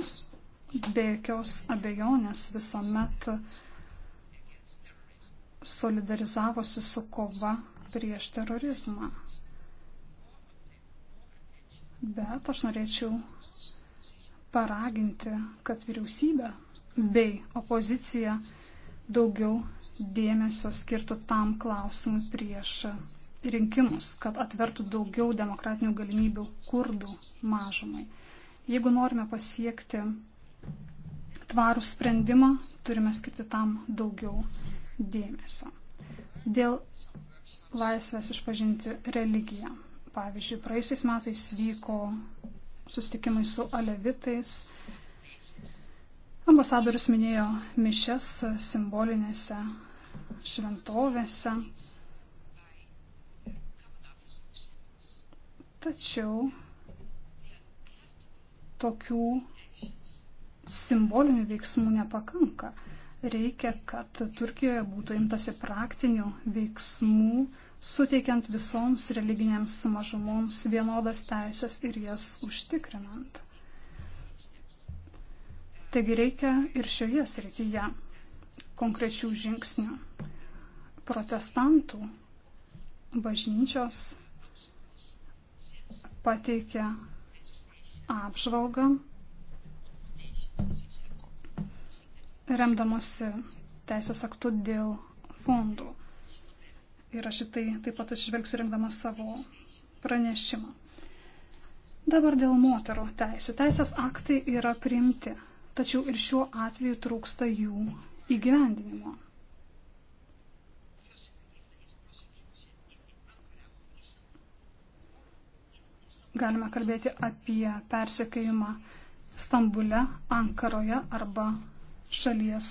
[SPEAKER 2] be jokios abejonės visuomet solidarizavosi su kova prieš terorizmą. Bet aš norėčiau paraginti, kad vyriausybė bei opozicija daugiau dėmesio skirtų tam klausimui prieš rinkimus, kad atvertų daugiau demokratinių galimybių kurdų mažumai. Jeigu norime pasiekti tvarų sprendimą, turime skirti tam daugiau dėmesio. Dėl laisvės išpažinti religiją. Pavyzdžiui, praėjusiais metais vyko susitikimai su alevitais. Ambasadorius minėjo mišes simbolinėse šventovėse. Tačiau tokių simbolinių veiksmų nepakanka. Reikia, kad Turkijoje būtų imtasi praktinių veiksmų, suteikiant visoms religinėms mažumoms vienodas teisės ir jas užtikrinant. Taigi reikia ir šioje srityje konkrečių žingsnių. Protestantų bažnyčios pateikia apžvalgą remdamosi teisės aktų dėl fondų. Ir aš šitai taip pat išvelgsiu rinkdamas savo pranešimą. Dabar dėl moterų teisų. Teisės aktai yra priimti, tačiau ir šiuo atveju trūksta jų įgyvendinimo. Galime kalbėti apie persekėjimą Stambule, Ankaroje arba šalies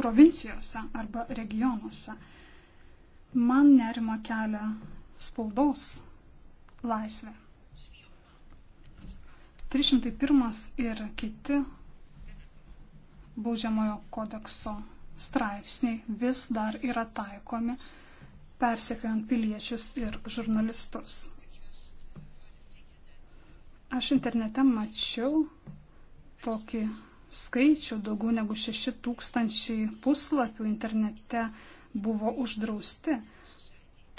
[SPEAKER 2] provincijose arba regionuose. Man nerima kelia spaudos laisvė. 301 ir kiti baudžiamojo kodekso straipsniai vis dar yra taikomi persekiojant piliečius ir žurnalistus. Aš internete mačiau tokį skaičių, daugiau negu 6 tūkstančiai puslapių internete buvo uždrausti.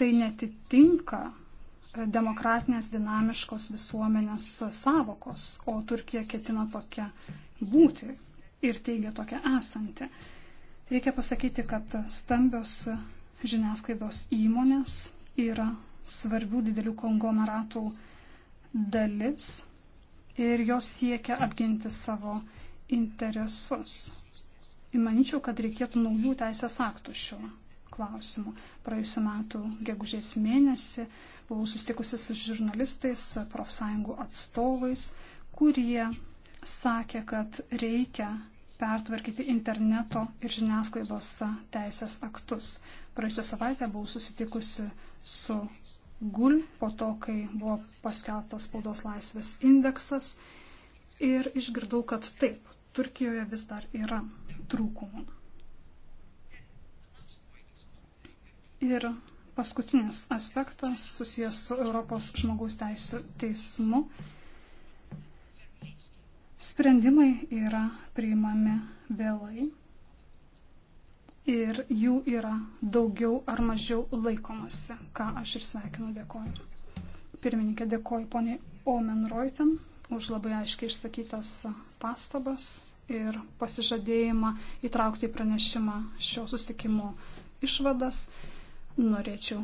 [SPEAKER 2] Tai netitinka e, demokratinės dinamiškos visuomenės savokos, o Turkija ketina tokia būti ir teigia tokia esanti. Reikia pasakyti, kad stambios žiniasklaidos įmonės yra svarbių didelių konglomeratų dalis ir jos siekia apginti savo interesus. Ir manyčiau, kad reikėtų naujų teisės aktų šiuo klausimu. Praėjusiu metu gegužės mėnesį buvau sustikusi su žurnalistais, profsąjungų atstovais, kurie sakė, kad reikia pertvarkyti interneto ir žiniasklaidos teisės aktus. Praėjusią savaitę buvau susitikusi su Gul po to, kai buvo paskelbtas spaudos laisvės indeksas ir išgirdau, kad taip, Turkijoje vis dar yra trūkumų. Ir paskutinis aspektas susijęs su Europos žmogaus teisų teismu. Sprendimai yra priimami vėlai ir jų yra daugiau ar mažiau laikomasi, ką aš ir sveikinu, dėkoju. Pirmininkė, dėkoju poniai Omen Reuten už labai aiškiai išsakytas pastabas ir pasižadėjimą įtraukti į pranešimą šio sustikimo išvadas. Norėčiau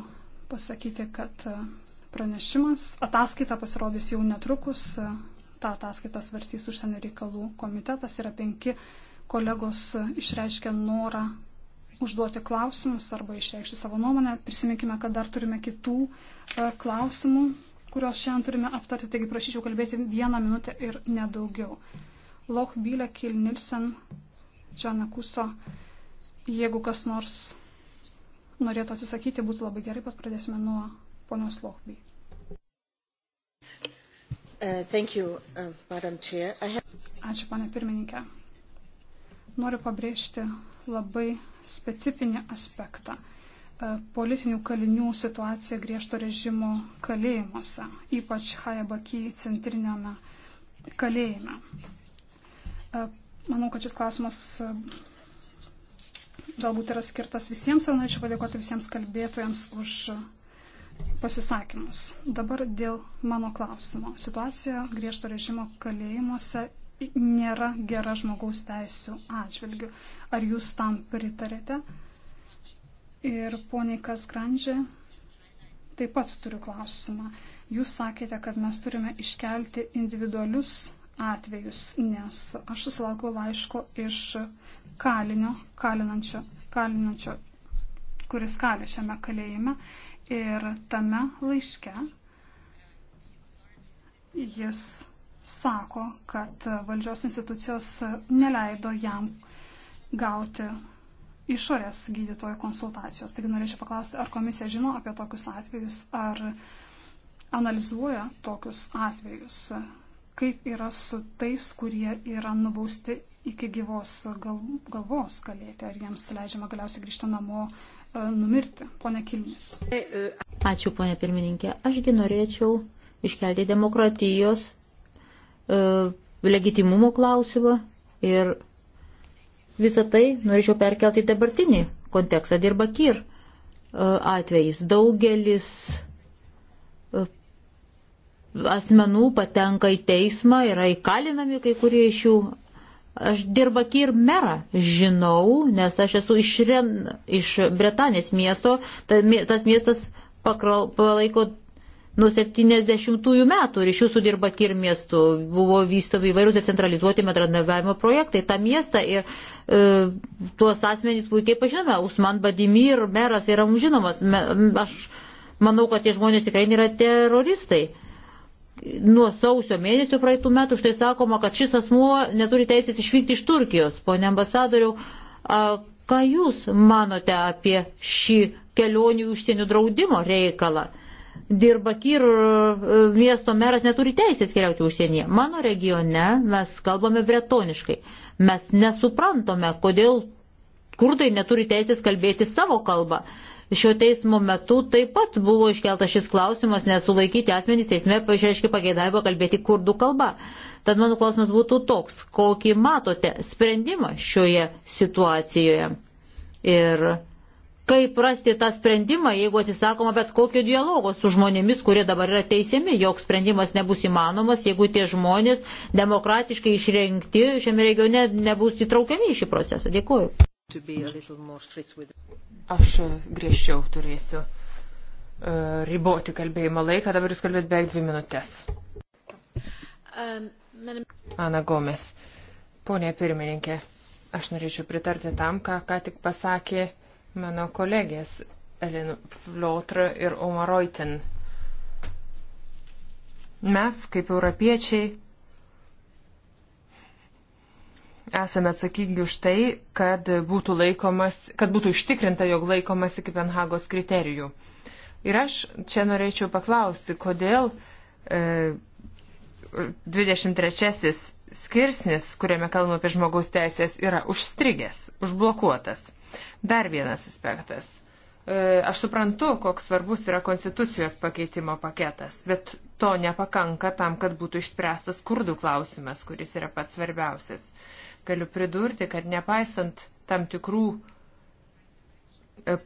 [SPEAKER 2] pasakyti, kad pranešimas, ataskaita pasirodys jau netrukus, tą ataskaitą svarstys užsienio reikalų komitetas, yra penki kolegos išreiškę norą užduoti klausimus arba išreikšti savo nuomonę. Prisiminkime, kad dar turime kitų e, klausimų, kuriuos šiandien turime aptarti, taigi prašyčiau kalbėti vieną minutę ir nedaugiau. Loch Bylė, Kil Nilsen, Džanakuso, jeigu kas nors norėtų atsisakyti, būtų labai gerai, bet pradėsime nuo ponios Loch Bylė. Uh, you, uh, have... Ačiū, ponė pirmininkė. Noriu pabrėžti labai specifinį aspektą e, - politinių kalinių situaciją griežto režimo kalėjimuose, ypač Hajabaki centrinėme kalėjime. E, manau, kad šis klausimas e, galbūt yra skirtas visiems ir norėčiau padėkoti visiems kalbėtojams už pasisakymus. Dabar dėl mano klausimo. Situacija griežto režimo kalėjimuose nėra gera žmogaus teisų atžvilgių. Ar jūs tam pritarėte? Ir poniai Kasgrandžė, taip pat turiu klausimą. Jūs sakėte, kad mes turime iškelti individualius atvejus, nes aš susilaukiau laiško iš kalinio, kalinančio, kalinančio, kuris kali šiame kalėjime. Ir tame laiške jis sako, kad valdžios institucijos neleido jam gauti išorės gydytojų konsultacijos. Taigi norėčiau paklausti, ar komisija žino apie tokius atvejus, ar analizuoja tokius atvejus, kaip yra su tais, kurie yra nubausti iki gyvos gal, galvos kalėti, ar jiems leidžiama galiausiai grįžti namo e, numirti, ponė Kilnis.
[SPEAKER 4] Ačiū, ponė pirmininkė. Ašgi norėčiau iškelti demokratijos E, legitimumo klausimą ir visą tai norėčiau perkelti į dabartinį kontekstą. Dirba Kyr e, atvejais. Daugelis e, asmenų patenka į teismą, yra įkalinami kai kurie iš jų. Aš dirba Kyr merą, žinau, nes aš esu iš, Ren, iš Bretanės miesto, tas miestas pakral, palaiko nuo 70-ųjų metų ir iš jūsų dirba Kir miestu. Buvo vystomi įvairūs decentralizuoti metradarbiavimo projektai. Ta miesta ir e, tuos asmenys puikiai pažinome. Usman Badimir, meras yra mums žinomas. Me, aš manau, kad tie žmonės tikrai nėra teroristai nuo sausio mėnesio praeitų metų štai sakoma, kad šis asmuo neturi teisės išvykti iš Turkijos. Pone ambasadoriu, ką Jūs manote apie šį kelionių užsienio draudimo reikalą? dirba Kyrų e, miesto meras neturi teisės keliauti užsienyje. Mano regione mes kalbame bretoniškai. Mes nesuprantame, kodėl kurdai neturi teisės kalbėti savo kalbą. Šio teismo metu taip pat buvo iškeltas šis klausimas, nes sulaikyti asmenys teisme pareiškė pageidavimą kalbėti kurdų kalba. Tad mano klausimas būtų toks, kokį matote sprendimą šioje situacijoje. Ir kaip rasti tą sprendimą, jeigu atsisakoma bet kokio dialogo su žmonėmis, kurie dabar yra teisiami, jog sprendimas nebus įmanomas, jeigu tie žmonės demokratiškai išrinkti šiame regione nebus įtraukiami į šį procesą. Dėkuoju.
[SPEAKER 3] Aš griežčiau turėsiu uh, riboti kalbėjimo laiką, dabar jūs kalbėt beveik dvi minutės. Um, Ana Gomes, ponė pirmininkė, aš norėčiau pritarti tam, ką ką tik pasakė mano kolegės Elin Flotra ir Omaroitin. Mes, kaip europiečiai, esame atsakingi už tai, kad būtų, laikomas, kad būtų užtikrinta, jog laikomasi Kipenhagos kriterijų. Ir aš čia norėčiau paklausti, kodėl e, 23 skirsnis, kuriame kalbame apie žmogaus teisės, yra užstrigęs, užblokuotas. Dar vienas aspektas. E, aš suprantu, koks svarbus yra konstitucijos pakeitimo paketas, bet to nepakanka tam, kad būtų išspręstas kurdų klausimas, kuris yra pats svarbiausias. Galiu pridurti, kad nepaisant tam tikrų e,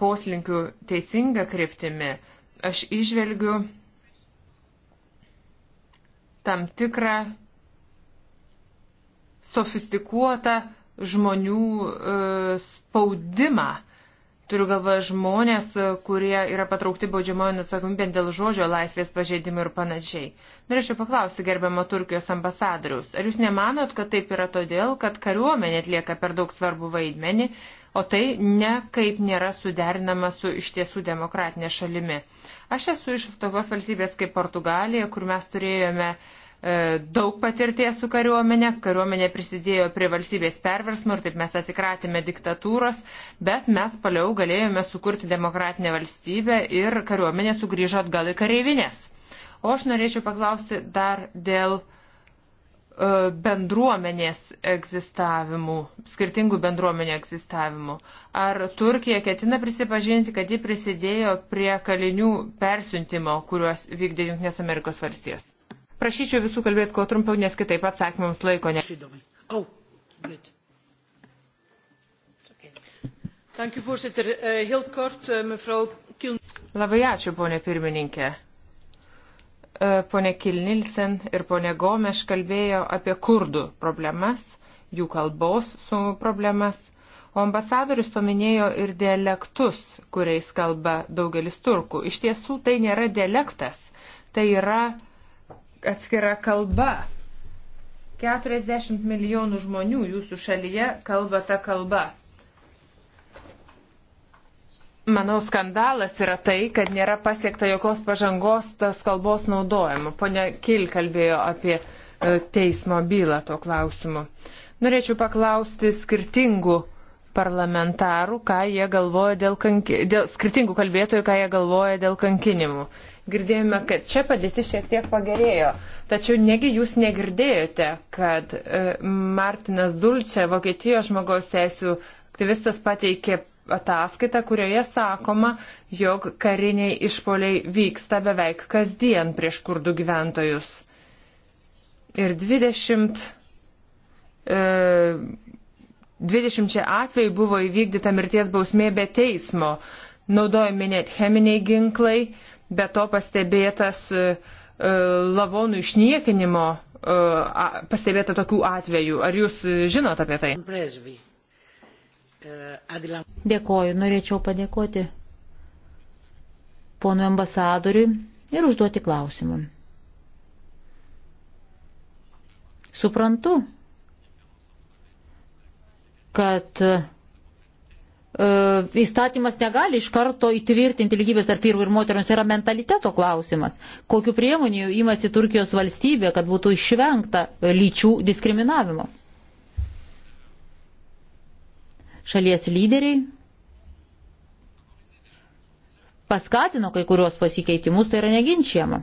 [SPEAKER 3] poslinkių teisinga kryptimi, aš išvelgiu tam tikrą sofistikuotą žmonių e, spaudimą. Turiu galvoje žmonės, kurie yra patraukti baudžiamojo atsakomybė dėl žodžio laisvės pažeidimų ir panašiai. Norėčiau paklausti gerbiamo Turkijos ambasadoriaus, ar jūs nemanot, kad taip yra todėl, kad kariuomenė atlieka per daug svarbų vaidmenį, o tai nekaip nėra suderinama su iš tiesų demokratinė šalimi? Aš esu iš tokios valstybės kaip Portugalija, kur mes turėjome uh, E, daug patirties su kariuomenė, kariuomenė prisidėjo prie valstybės perversmų ir taip mes atsikratėme diktatūros, bet mes paliau galėjome sukurti demokratinę valstybę ir kariuomenė sugrįžo atgal į kareivinės. O aš norėčiau paklausti dar dėl e, bendruomenės egzistavimu, skirtingų bendruomenė egzistavimu. Ar Turkija ketina prisipažinti, kad ji prisidėjo prie kalinių persiuntimo, kuriuos vykdė Junktinės Amerikos valstijas? Prašyčiau visų kalbėti kuo trumpiau, nes kitaip atsakymams laiko ne. Eh, eh, Labai ačiū, ponė pirmininkė. Eh, Pone Kilnilsen ir ponė Gomeš kalbėjo apie kurdų problemas, jų kalbos problemas. O ambasadorius paminėjo ir dialektus, kuriais kalba daugelis turkų. Iš tiesų tai nėra dialektas, tai yra atskira kalba. 40 milijonų žmonių jūsų šalyje kalba tą kalbą. Manau, skandalas yra tai, kad nėra pasiekta jokios pažangos tos kalbos naudojimo. Pone Kil kalbėjo apie e, teismo bylą tuo klausimu. Norėčiau paklausti skirtingų parlamentarų, ką jie galvoja dėl, kanki... dėl skirtingų kalbėtojų, ką jie galvoja dėl kankinimų girdėjome, kad čia padėtis šiek tiek pagerėjo. Tačiau negi jūs negirdėjote, kad e, Martinas Dulce, Vokietijos žmogaus teisų aktyvistas, pateikė ataskaitą, kurioje sakoma, jog kariniai išpoliai vyksta beveik kasdien prieš kurdų gyventojus. Ir 20. E, 20 atvejų buvo įvykdyta mirties bausmė be teismo. Naudojami net cheminiai ginklai, e, Be to pastebėtas e, e, lavonų išniekinimo, e, pastebėta tokių atvejų. Ar jūs žinot apie tai?
[SPEAKER 4] Dėkoju, norėčiau padėkoti ponui ambasadoriui ir užduoti klausimą. Suprantu, kad E, įstatymas negali iš karto įtvirtinti lygybės tarp vyrų ir moterų, nes yra mentaliteto klausimas. Kokiu priemoniu imasi Turkijos valstybė, kad būtų išvengta lyčių diskriminavimo? Šalies lyderiai paskatino kai kurios pasikeitimus, tai yra neginčiama.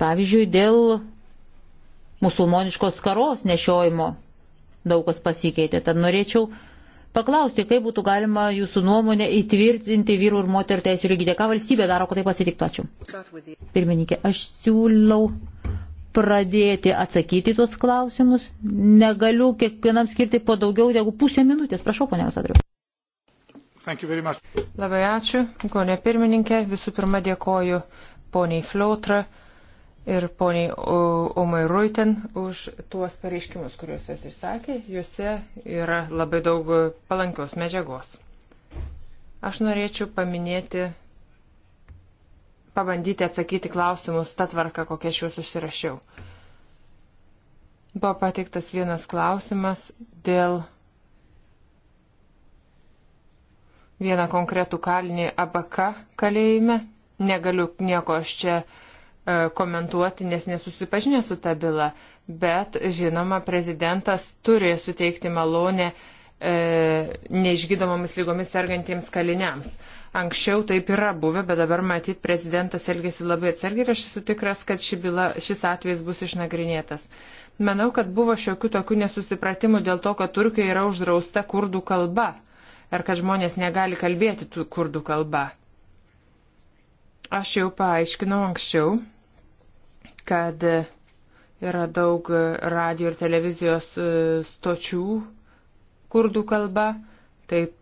[SPEAKER 4] Pavyzdžiui, dėl musulmoniškos karos nešiojimo daug kas pasikeitė. Tad norėčiau paklausti, kaip būtų galima jūsų nuomonę įtvirtinti vyrų ir moterų teisų lygybę. Ką valstybė daro, kad taip atsitiktų? Ačiū. Pirmininkė, aš siūlau pradėti atsakyti tuos klausimus. Negaliu kiekvienam skirti po daugiau negu pusę minutės. Prašau, ponia Vasadriu.
[SPEAKER 3] Labai ačiū, ponė pirmininkė. Visų pirma dėkoju poniai Fliotra ir poniai Umai Ruiten už tuos pareiškimus, kuriuos jis išsakė. Juose yra labai daug palankios medžiagos. Aš norėčiau paminėti, pabandyti atsakyti klausimus tą tvarką, kokią aš juos užsirašiau. Buvo pateiktas vienas klausimas dėl vieną konkretų kalinį abaka kalėjime. Negaliu nieko aš čia uh, E, komentuoti, nes nesusipažinė su ta byla, bet žinoma, prezidentas turi suteikti malonę e, neišgydomomis lygomis sergantiems kaliniams. Anksčiau taip yra buvę, bet dabar matyt, prezidentas elgėsi labai atsargiai ir aš esu tikras, kad ši byla, šis atvejis bus išnagrinėtas. Manau, kad buvo šiokių tokių nesusipratimų dėl to, kad Turkija yra uždrausta kurdų kalba ir kad žmonės negali kalbėti kurdų kalba. Aš jau paaiškinau anksčiau, kad e, yra daug e, radio ir televizijos e, stočių kurdų kalba, taip,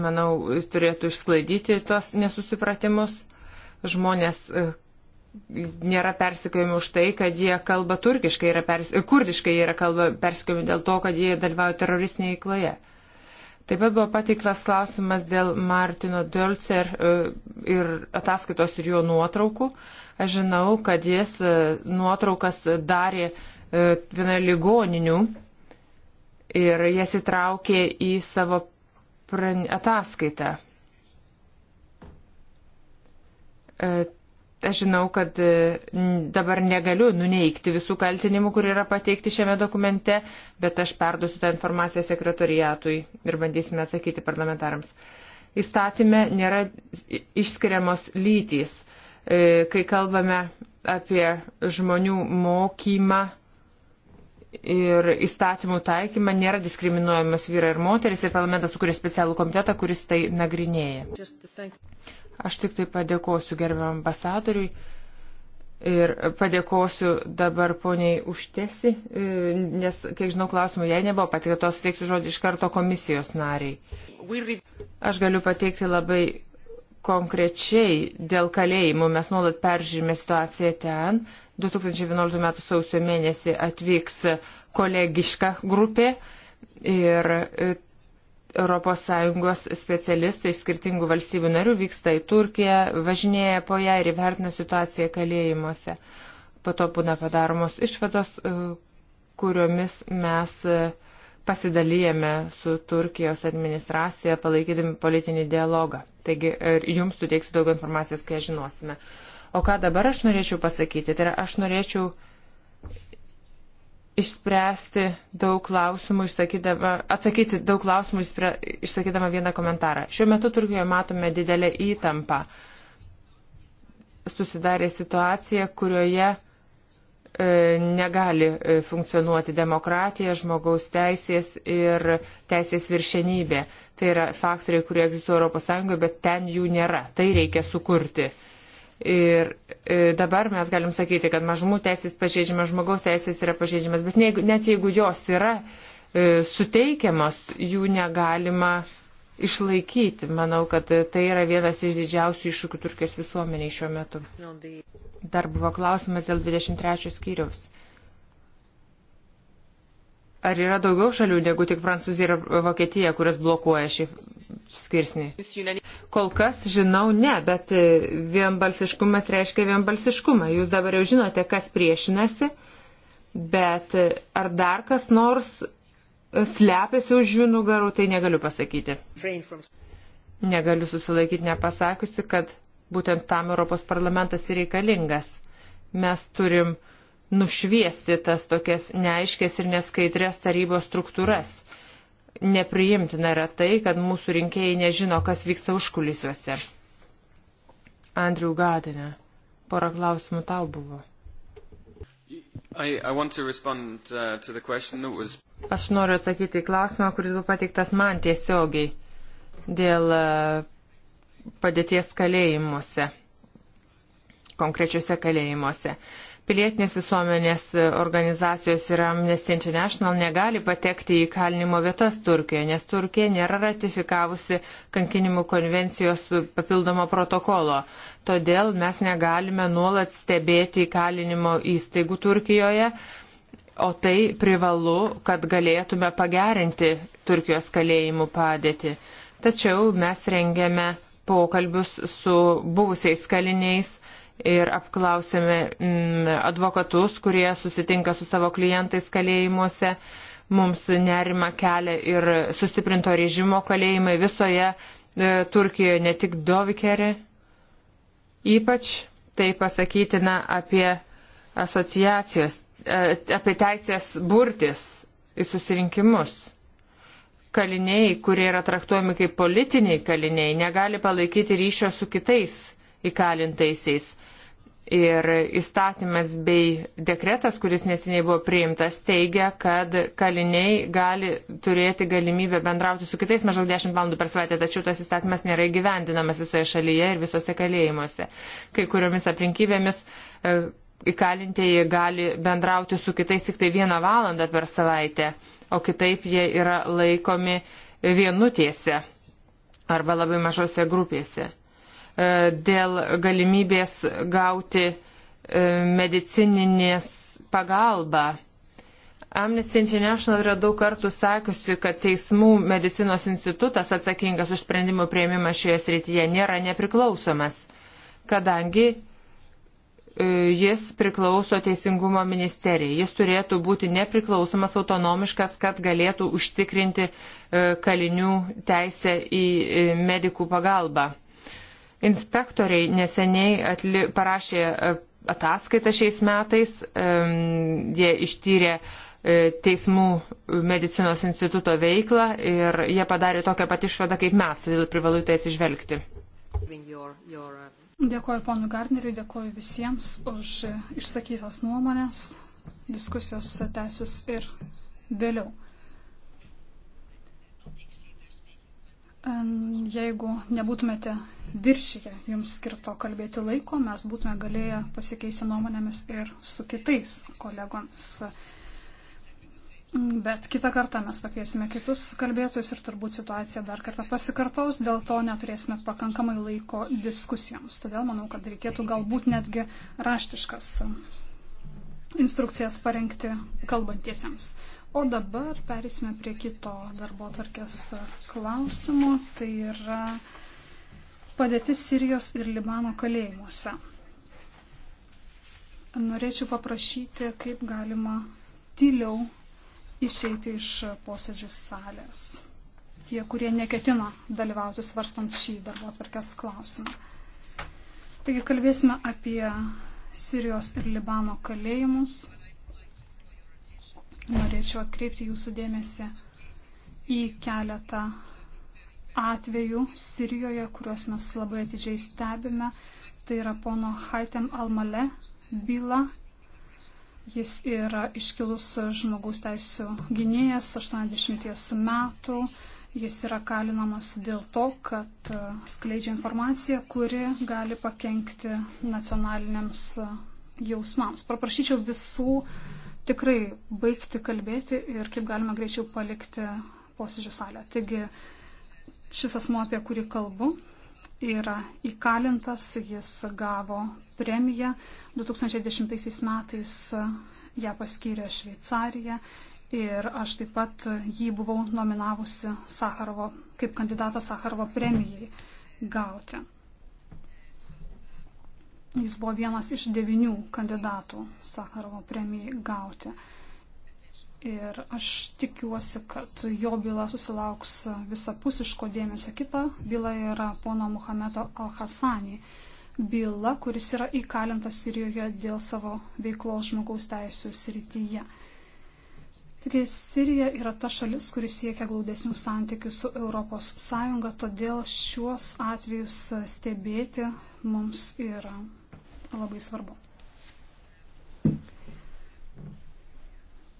[SPEAKER 3] manau, jis turėtų išsklaidyti tos nesusipratimus. Žmonės nėra persikėjami už tai, kad jie kalba turkiškai, yra pers... kurdiškai yra kalba persikėjami dėl to, kad jie dalyvauja teroristinėje įkloje. Taip pat buvo pateiktas klausimas dėl Martino Dölcer e, ir ataskaitos ir jo nuotraukų. Aš žinau, kad jis e, nuotraukas darė e, viena ligoninių ir jas įtraukė į savo ataskaitą. Aš žinau, kad e, dabar negaliu nuneikti visų kaltinimų, kur yra pateikti šiame dokumente, bet aš perduosiu tą informaciją sekretoriatui ir bandysime atsakyti parlamentarams. Įstatymė nėra išskiriamos lytys. E, kai kalbame apie žmonių mokymą ir įstatymų taikymą nėra diskriminuojamos vyrai ir moteris ir parlamentas sukūrė specialų komitetą, kuris tai nagrinėja. Aš tik tai padėkosiu gerbiam ambasadoriui ir padėkosiu dabar poniai užtesi, e, nes, kiek žinau, klausimų jai nebuvo patikėtos, teiksiu žodį iš karto komisijos nariai. Aš galiu pateikti labai konkrečiai dėl kalėjimų mes nuolat peržiūrime situaciją ten. 2011 m. sausio mėnesį atvyks kolegiška grupė ir e, ES specialistai iš skirtingų valstybių narių vyksta į Turkiją, važinėja po ją ir įvertina situaciją kalėjimuose. Po to būna padaromos išvados, e, kuriomis mes e, pasidalyjame su Turkijos administracija, palaikydami politinį dialogą. Taigi e, jums suteiksiu daug informacijos, kai žinosime. O ką dabar aš norėčiau pasakyti? Tai yra, aš norėčiau išspręsti daug klausimų, atsakyti daug klausimų, išspre, išsakydama vieną komentarą. Šiuo metu Turkijoje matome didelę įtampą. Susidarė situacija, kurioje e, negali e, funkcionuoti demokratija, žmogaus teisės ir teisės viršenybė. Tai yra faktoriai, kurie egzistuoja ES, bet ten jų nėra. Tai reikia sukurti. E, Ir e, dabar mes galim sakyti, kad mažumų teisės pažeidžiamas, žmogaus teisės yra pažeidžiamas, bet ne, net jeigu jos yra e, suteikiamos, jų negalima išlaikyti. Manau, kad tai yra vienas iš didžiausių iššūkių Turkijos visuomeniai šiuo metu. Dar buvo klausimas dėl 23 skyriaus. Ar yra daugiau šalių negu tik Prancūzija ir Vokietija, kurios blokuoja šį skirsnį? Kol kas žinau ne, bet vienbalsiškumas reiškia vienbalsiškumą. Jūs dabar jau žinote, kas priešinasi, bet ar dar kas nors slepiasi už jų nugarų, tai negaliu pasakyti. Negaliu susilaikyti nepasakiusi, kad būtent tam Europos parlamentas ir reikalingas. Mes turim uh, nušviesti tas tokias neaiškės ir neskaidrės tarybos struktūras. Nepriimtina yra tai, kad mūsų rinkėjai nežino, kas vyksta užkulisiuose. Andriu Gadinė, pora klausimų tau buvo.
[SPEAKER 1] I, I respond, uh, was... Aš noriu
[SPEAKER 3] atsakyti į klausimą, kuris buvo pateiktas man tiesiogiai dėl uh, padėties kalėjimuose, konkrečiuose kalėjimuose. Uh, Pilietinės visuomenės organizacijos ir Amnesty International negali patekti į kalinimo vietas Turkijoje, nes Turkija nėra ratifikavusi kankinimų konvencijos papildomo protokolo. Todėl mes negalime nuolat stebėti įkalinimo įstaigų Turkijoje, o tai privalu, kad galėtume pagerinti Turkijos kalėjimų padėtį. Tačiau mes rengiame pokalbius su buvusiais kaliniais ir apklausėme mm, advokatus, kurie susitinka su savo klientais kalėjimuose. Mums nerima kelia ir susiprinto režimo kalėjimai visoje e, Turkijoje, ne tik Dovikere. Ypač tai pasakytina apie asociacijos, e, apie teisės burtis į susirinkimus kaliniai, kurie yra traktuojami kaip politiniai kaliniai, negali palaikyti ryšio su kitais įkalintaisiais. Ir įstatymas bei dekretas, kuris nesiniai buvo priimtas, teigia, kad kaliniai gali turėti galimybę bendrauti su kitais maždaug 10 valandų per savaitę, tačiau tas įstatymas nėra įgyvendinamas visoje šalyje ir visose kalėjimuose. Kai kuriomis aplinkybėmis e, įkalintieji gali bendrauti su kitais tik tai vieną valandą per savaitę, o kitaip jie yra laikomi vienutėse arba labai mažose grupėse. E, dėl galimybės gauti e, medicininės pagalbą. Amnesty International yra daug kartų sakiusi, kad teismų medicinos institutas atsakingas už sprendimų prieimimą šioje srityje nėra nepriklausomas, kadangi e, jis priklauso Teisingumo ministerijai. Jis turėtų būti nepriklausomas, autonomiškas, kad galėtų užtikrinti kalinių teisę į medikų pagalbą. Inspektoriai neseniai atli, parašė e, ataskaitą šiais metais, jie ištyrė e, teismų medicinos instituto veiklą ir jie padarė tokią pat išvadą kaip mes, todėl privalu tai atsižvelgti.
[SPEAKER 2] Dėkuoju ponui Gardneriui, dėkuoju visiems už išsakytas nuomonės. Diskusijos tęsis ir vėliau. Jeigu nebūtumėte viršyje jums skirto kalbėti laiko, mes būtume galėję pasikeisti nuomonėmis ir su kitais kolegomis. Bet kitą kartą mes pakviesime kitus kalbėtojus ir turbūt situacija dar kartą pasikartaus, dėl to neturėsime pakankamai laiko diskusijoms. Todėl manau, kad reikėtų galbūt netgi raštiškas instrukcijas parengti kalbantiesiems. O dabar perėsime prie kito darbo tarkės klausimo, tai yra padėtis Sirijos ir Libano kalėjimuose. Norėčiau paprašyti, kaip galima tyliau išeiti iš posėdžių salės. Tie, kurie neketina dalyvauti svarstant šį darbo atvarkės klausimą. Taigi kalbėsime apie Sirijos ir Libano kalėjimus. Norėčiau atkreipti jūsų dėmesį į keletą atvejų Sirijoje, kuriuos mes labai atidžiai stebime. Tai yra pono Haitem Almale byla. Jis yra iškilus žmogaus teisų gynėjas 80 metų. Jis yra kalinamas dėl to, kad skleidžia informaciją, kuri gali pakengti nacionaliniams jausmams. Paprašyčiau visų uh, tikrai baigti kalbėti ir kaip galima greičiau palikti posėdžių salę. Taigi šis asmo, apie kurį kalbu, yra įkalintas, jis gavo premiją 2010 metais ją paskyrė Šveicarija ir aš taip pat jį buvau nominavusi Sakarovo, kaip kandidatą Sakarovo premijai gauti. Jis buvo vienas iš devinių kandidatų Sakarovo premijai gauti. Ir aš tikiuosi, kad jo byla susilauks visapusiško dėmesio. Kita byla yra pono Muhameto Al-Hasani byla, kuris yra įkalintas Sirijoje dėl savo veiklos žmogaus teisų srityje. Taigi Sirija yra ta šalis, kuris siekia glaudesnių santykių su ES, todėl šiuos atvejus stebėti mums yra labai svarbu.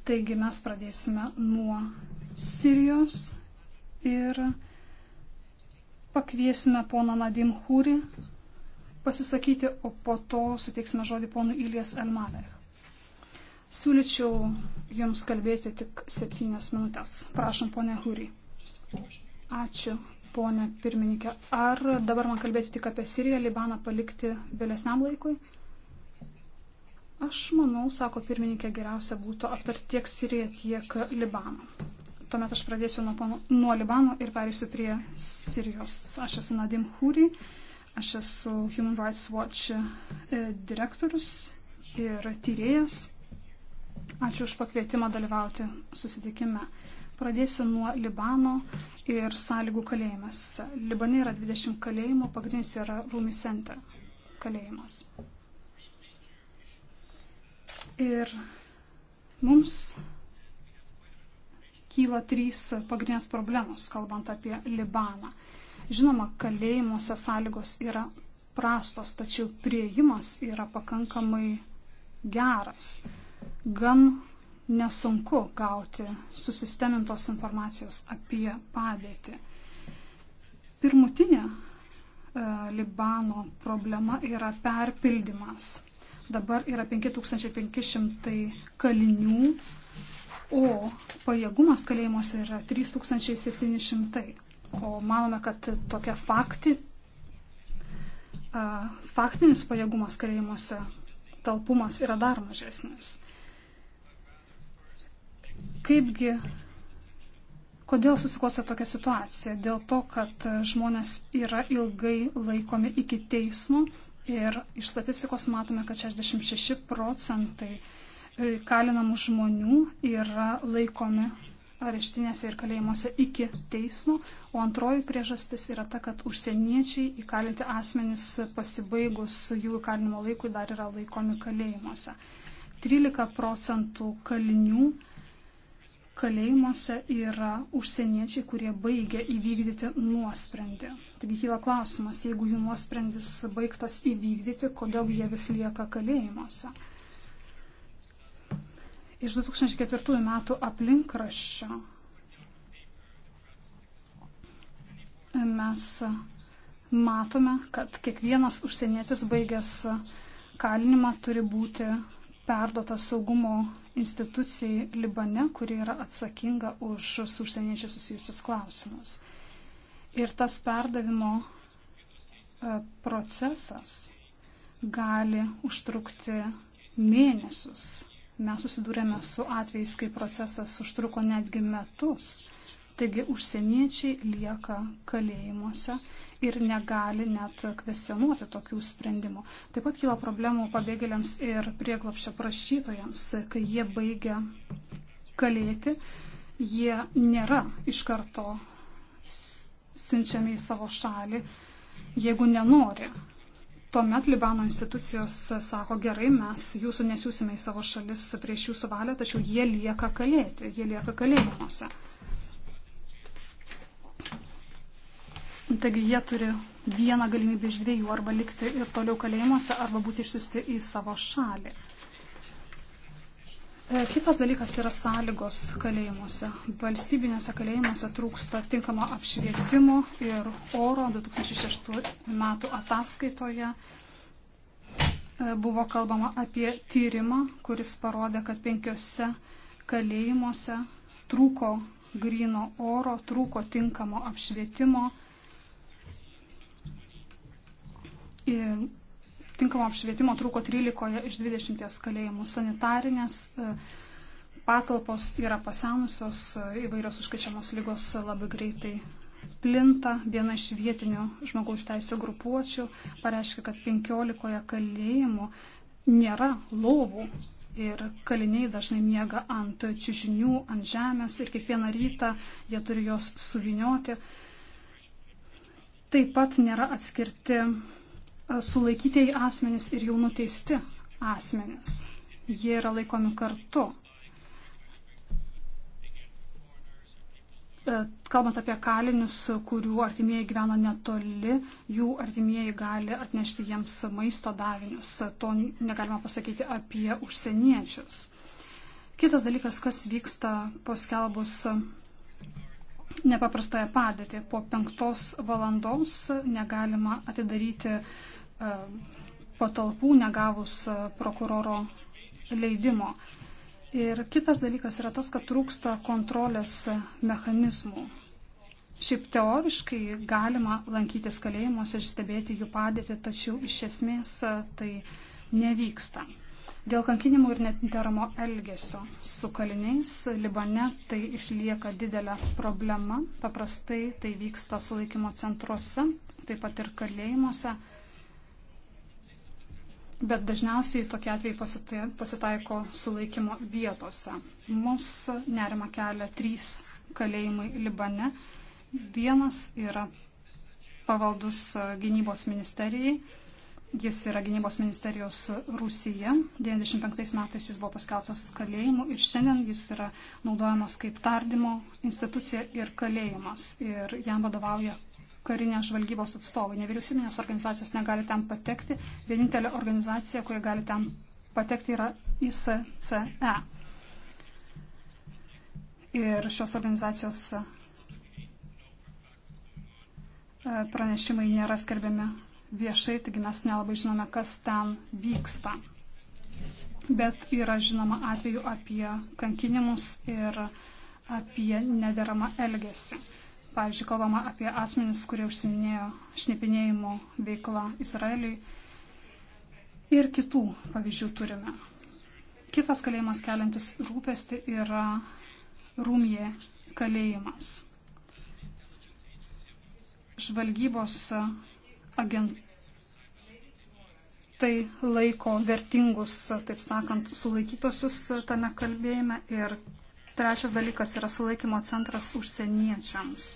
[SPEAKER 2] Taigi mes pradėsime nuo Sirijos ir pakviesime poną Nadim Hūrį pasisakyti, o po to suteiksime žodį ponui Ilijas Elmalech. Siūlyčiau Jums kalbėti tik septynias minutės. Prašom, ponė Hūrį. Ačiū, ponė pirmininkė. Ar dabar man kalbėti tik apie Siriją, Libaną palikti vėlesniam laikui? Aš manau, sako pirmininkė, geriausia būtų aptarti tiek Siriją, tiek Libaną. Tuomet aš pradėsiu nuo, nuo Libano ir perėsiu prie Sirijos. Aš esu Nadim Hūry, aš esu Human Rights Watch e, direktorius ir tyrėjas. Ačiū už pakvietimą dalyvauti susitikime. Pradėsiu nuo Libano ir sąlygų kalėjimas. Libane yra 20 kalėjimų, pagrindinis yra Rumi Center kalėjimas. Ir mums kyla trys pagrindinės problemos, kalbant apie Libaną. Žinoma, kalėjimuose sąlygos yra prastos, tačiau prieimas yra pakankamai geras. Gan nesunku gauti susistemintos informacijos apie padėtį. Pirmutinė e, Libano problema yra perpildymas. Dabar yra 5500 kalinių, o pajėgumas kalėjimuose yra 3700. O manome, kad tokia fakti, e, faktinis pajėgumas kalėjimuose talpumas yra dar mažesnis. Kaipgi, kodėl susiklosi tokia situacija? Dėl to, kad žmonės yra ilgai laikomi iki teismo ir iš statistikos matome, kad 66 procentai e, kalinamų žmonių yra laikomi areštinėse ir kalėjimuose iki teismo, o antroji priežastis yra ta, kad užsieniečiai įkalinti asmenys pasibaigus jų įkalinimo laikui dar yra laikomi kalėjimuose. 13 procentų kalinių kalėjimuose yra užsieniečiai, kurie baigia įvykdyti nuosprendį. Taigi kyla klausimas, jeigu jų nuosprendis baigtas įvykdyti, kodėl jie vis lieka kalėjimuose. Iš 2004 metų aplinkraščio mes matome, kad kiekvienas užsienietis baigęs kalinimą turi būti perduotas saugumo institucijai Libane, kuri yra atsakinga už su užsieniečiai susijusius klausimus. Ir tas perdavimo e, procesas gali užtrukti mėnesius. Mes susidūrėme su atvejais, kai procesas užtruko netgi metus. Taigi užsieniečiai lieka kalėjimuose ir negali net kvesionuoti tokių sprendimų. Taip pat kyla problemų pabėgėliams ir prieglapščio prašytojams, kai jie baigia kalėti, jie nėra iš karto siunčiami į savo šalį, jeigu nenori. Tuomet Libano institucijos sako, gerai, mes jūsų nesiūsime į savo šalis prieš jūsų valią, tačiau jie lieka kalėti, jie lieka kalėjimuose. Taigi jie turi vieną galimybę iš dviejų arba likti ir toliau kalėjimuose, arba būti išsiusti į savo šalį. E, kitas dalykas yra sąlygos kalėjimuose. Valstybinėse kalėjimuose trūksta tinkamo apšvietimo ir oro 2006 metų ataskaitoje e, buvo kalbama apie tyrimą, kuris parodė, kad penkiose kalėjimuose trūko grino oro, trūko tinkamo apšvietimo tinkamo apšvietimo trūko 13 iš 20 kalėjimų. Sanitarinės e, patalpos yra pasenusios, e, įvairios užkaičiamos lygos labai greitai plinta. Viena iš vietinių žmogaus teisų grupuočių pareiškia, kad 15 kalėjimų nėra lovų ir kaliniai dažnai miega ant čiužinių, ant žemės ir kiekvieną rytą jie turi juos suvinioti. Taip pat nėra atskirti sulaikytieji asmenys ir jau nuteisti asmenys. Jie yra laikomi kartu. E, kalbant apie kalinius, kurių artimieji gyvena netoli, jų artimieji gali atnešti jiems maisto davinius. To negalima pasakyti apie užsieniečius. Kitas dalykas, kas vyksta paskelbus nepaprastąją padėtį. Po penktos valandos negalima atidaryti uh, E, patalpų negavus e, prokuroro leidimo. Ir kitas dalykas yra tas, kad trūksta kontrolės mechanizmų. Šiaip teoriškai galima lankytis kalėjimuose ir stebėti jų padėtį, tačiau iš esmės e, tai nevyksta. Dėl kankinimų ir netinteramo elgesio su kaliniais Libane tai išlieka didelė problema. Paprastai tai vyksta sulaikymo centruose, taip pat ir kalėjimuose bet dažniausiai tokie atvejai pasitaiko sulaikymo vietose. Mums nerima kelia trys kalėjimai Libane. Vienas yra pavaldus e, gynybos ministerijai. Jis yra gynybos ministerijos Rusija. 95 metais jis buvo paskeltas kalėjimu ir šiandien jis yra naudojamas kaip tardymo institucija ir kalėjimas. Ir jam vadovauja karinės žvalgybos atstovai. Nevyriausybinės organizacijos negali ten patekti. Vienintelė organizacija, kuri gali ten patekti, yra ICCE. Ir šios organizacijos e, pranešimai nėra skelbiami viešai, taigi mes nelabai žinome, kas ten vyksta. Bet yra žinoma atveju apie kankinimus ir apie nederamą elgesį. Pavyzdžiui, kalbama apie asmenis, kurie užsiminėjo šnipinėjimo veiklą Izraeliui. Ir kitų pavyzdžių turime. Kitas kalėjimas keliantis rūpesti yra Rūmie kalėjimas. Žvalgybos agentų tai laiko vertingus, taip sakant, sulaikytosius tame kalbėjime ir Trečias dalykas yra sulaikymo centras užsieniečiams.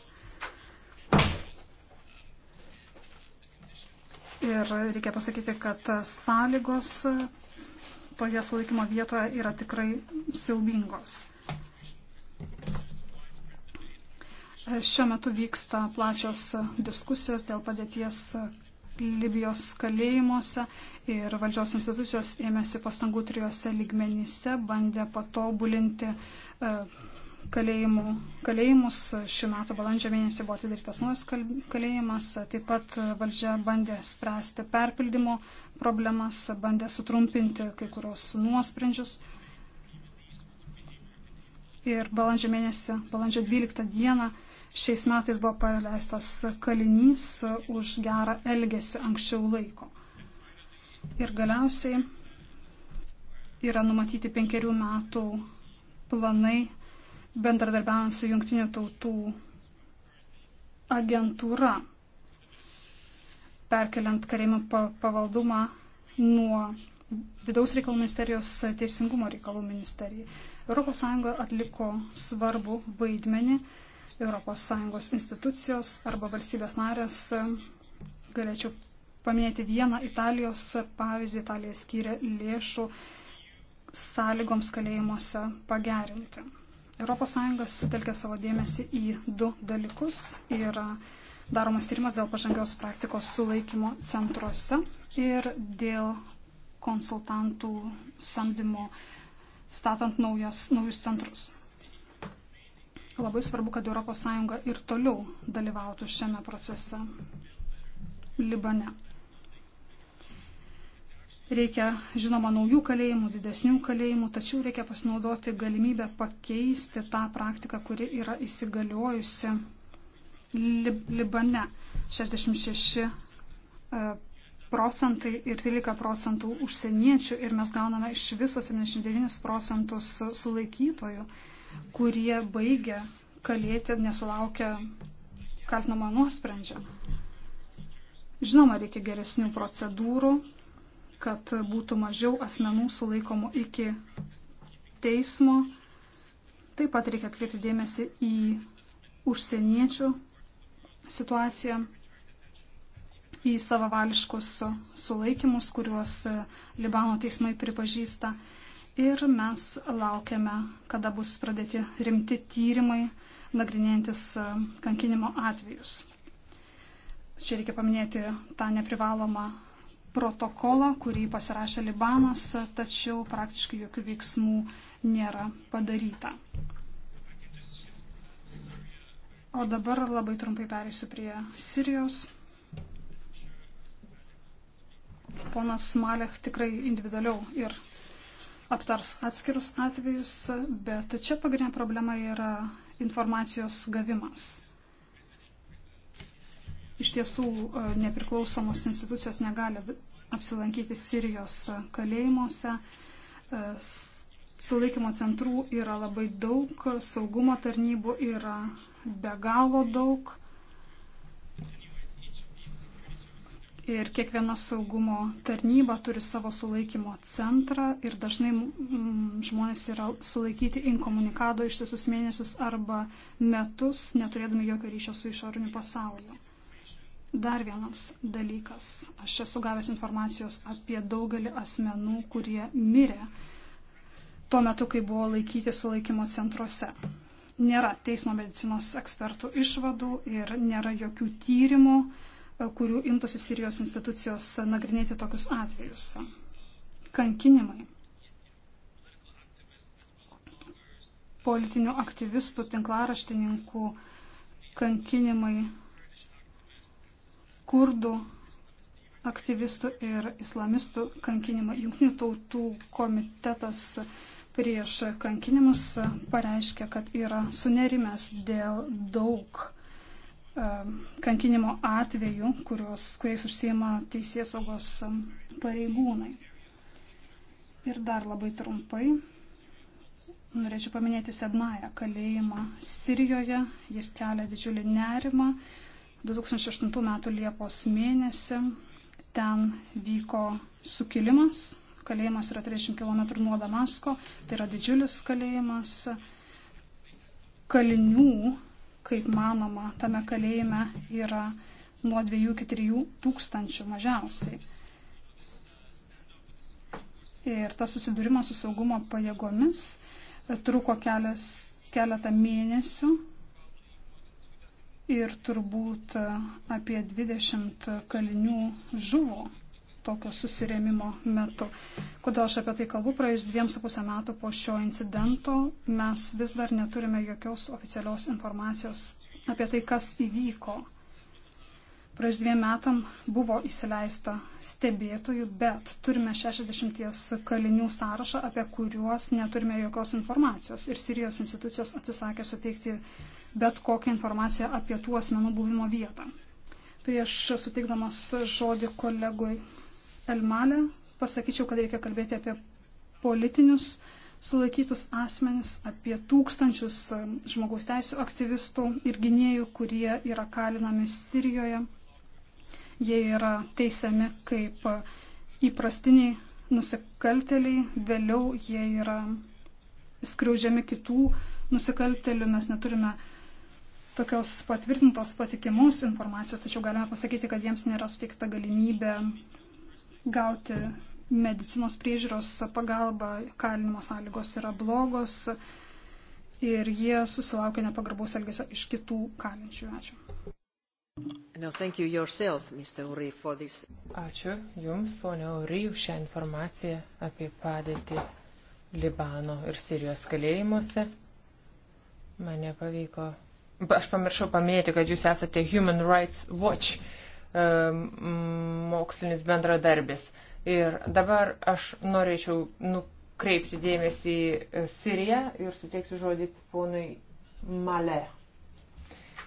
[SPEAKER 2] Ir reikia pasakyti, kad sąlygos toje sulaikymo vietoje yra tikrai siaubingos. Šiuo metu vyksta plačios diskusijos dėl padėties Libijos kalėjimuose ir valdžios institucijos ėmėsi pastangų trijose lygmenyse, bandė patobulinti e, kalėjimų, kalėjimus. Šiuo metu balandžio mėnesį buvo atidarytas naujas kalėjimas, taip pat valdžia bandė spręsti perpildymo problemas, bandė sutrumpinti kai kurios nuosprendžius. Ir balandžio mėnesį, balandžio 12 dieną Šiais metais buvo paleistas kalinys už gerą elgesį anksčiau laiko. Ir galiausiai yra numatyti penkerių metų planai bendradarbiaujant su jungtinių tautų agentūra, perkeliant kareimų pavaldumą nuo vidaus reikalų ministerijos teisingumo reikalų ministerijai. ES atliko svarbų vaidmenį ES institucijos arba valstybės narės. Galėčiau paminėti vieną Italijos pavyzdį. Italija skyrė lėšų sąlygoms kalėjimuose pagerinti. ES sutelkė savo dėmesį į du dalykus. Yra daromas tyrimas dėl pažangios praktikos sulaikymo centruose ir dėl konsultantų samdymo statant naujos, naujus centrus. Labai svarbu, kad ES ir toliau dalyvautų šiame procese Libane. Reikia, žinoma, naujų kalėjimų, didesnių kalėjimų, tačiau reikia pasinaudoti galimybę pakeisti tą praktiką, kuri yra įsigaliojusi Lib Libane. 66 e, procentai ir 13 procentų užsieniečių ir mes gauname iš viso 79 procentus sulaikytojų. Su kurie baigia kalėti ir nesulaukia kaltinamo nuosprendžio. Žinoma, reikia geresnių procedūrų, kad būtų mažiau asmenų sulaikomų iki teismo. Taip pat reikia atkreipti dėmesį į užsieniečių situaciją, į savavališkus sulaikimus, kuriuos Libano teismai pripažįsta ir mes laukiame, kada bus pradėti rimti tyrimai, nagrinėjantis e, kankinimo atvejus. Čia reikia paminėti tą neprivalomą protokolą, kurį pasirašė Libanas, tačiau praktiškai jokių veiksmų nėra padaryta. O dabar labai trumpai perėsiu prie Sirijos. Ponas Malek tikrai individualiau ir aptars atskirus atvejus, bet čia pagrindinė problema yra informacijos gavimas. Iš tiesų, e, nepriklausomos institucijos negali apsilankyti Sirijos kalėjimuose. E, sulaikymo centrų yra labai daug, saugumo tarnybų yra be galo daug. Ir kiekviena saugumo tarnyba turi savo sulaikymo centrą ir dažnai mm, žmonės yra sulaikyti inkomunikado ištisus mėnesius arba metus, neturėdami jokio ryšio su išoriniu pasauliu. Dar vienas dalykas. Aš esu gavęs informacijos apie daugelį asmenų, kurie mirė tuo metu, kai buvo laikyti sulaikymo centruose. Nėra teismo medicinos ekspertų išvadų ir nėra jokių tyrimų E, kurių imtųsi Sirijos institucijos nagrinėti tokius atvejus. Kankinimai. Politinių aktyvistų, tinklaraštininkų kankinimai, kurdų aktyvistų ir islamistų kankinimai. Junktinių tautų komitetas prieš kankinimus pareiškia, kad yra sunerimęs dėl daug Um, kankinimo atvejų, kurios, kuriais užsieima teisėsaugos um, pareigūnai. Ir dar labai trumpai norėčiau paminėti Sednają kalėjimą Sirijoje. Jis kelia didžiulį nerimą. 2008 m. Liepos mėnesį ten vyko sukilimas. Kalėjimas yra 30 km nuo Damasko. Tai yra didžiulis kalėjimas. Kalinių kaip manoma, tame kalėjime yra nuo 2 iki 3 tūkstančių mažiausiai. Ir tas susidūrimas su saugumo pajėgomis e, truko kelias, keletą mėnesių ir turbūt e, apie 20 kalinių žuvo tokio susirėmimo metu. Kodėl aš apie tai kalbu? Praėjus dviem su pusę metų po šio incidento mes vis dar neturime jokios oficialios informacijos apie tai, kas įvyko. Praėjus dviem metam buvo įsileista stebėtojų, bet turime 60 kalinių sąrašą, apie kuriuos neturime jokios informacijos. Ir Sirijos institucijos atsisakė suteikti bet kokią informaciją apie tų asmenų buvimo vietą. Prieš suteikdamas žodį kolegui Elmalę, pasakyčiau, kad reikia kalbėti apie politinius sulaikytus asmenis, apie tūkstančius um, žmogaus teisų aktyvistų ir gynėjų, kurie yra kalinami Sirijoje. Jie yra teisiami kaip uh, įprastiniai nusikalteliai, vėliau jie yra skriaužiami kitų nusikaltelių, mes neturime tokios patvirtintos patikimos informacijos, tačiau galime pasakyti, kad jiems nėra suteikta galimybė gauti medicinos priežiūros pagalbą, kalinimo sąlygos yra blogos ir jie susilaukia nepagarbaus elgesio iš kitų kalinčių. Ačiū.
[SPEAKER 1] No, you yourself,
[SPEAKER 3] Uri, Ačiū Jums, ponia Uri, už šią informaciją apie padėtį Libano ir Sirijos kalėjimuose. Mane pavyko. Aš pamiršau paminėti, kad Jūs esate Human Rights Watch mokslinis bendradarbis. Ir dabar aš norėčiau nukreipti dėmesį į Siriją ir suteiksiu žodį ponui Male.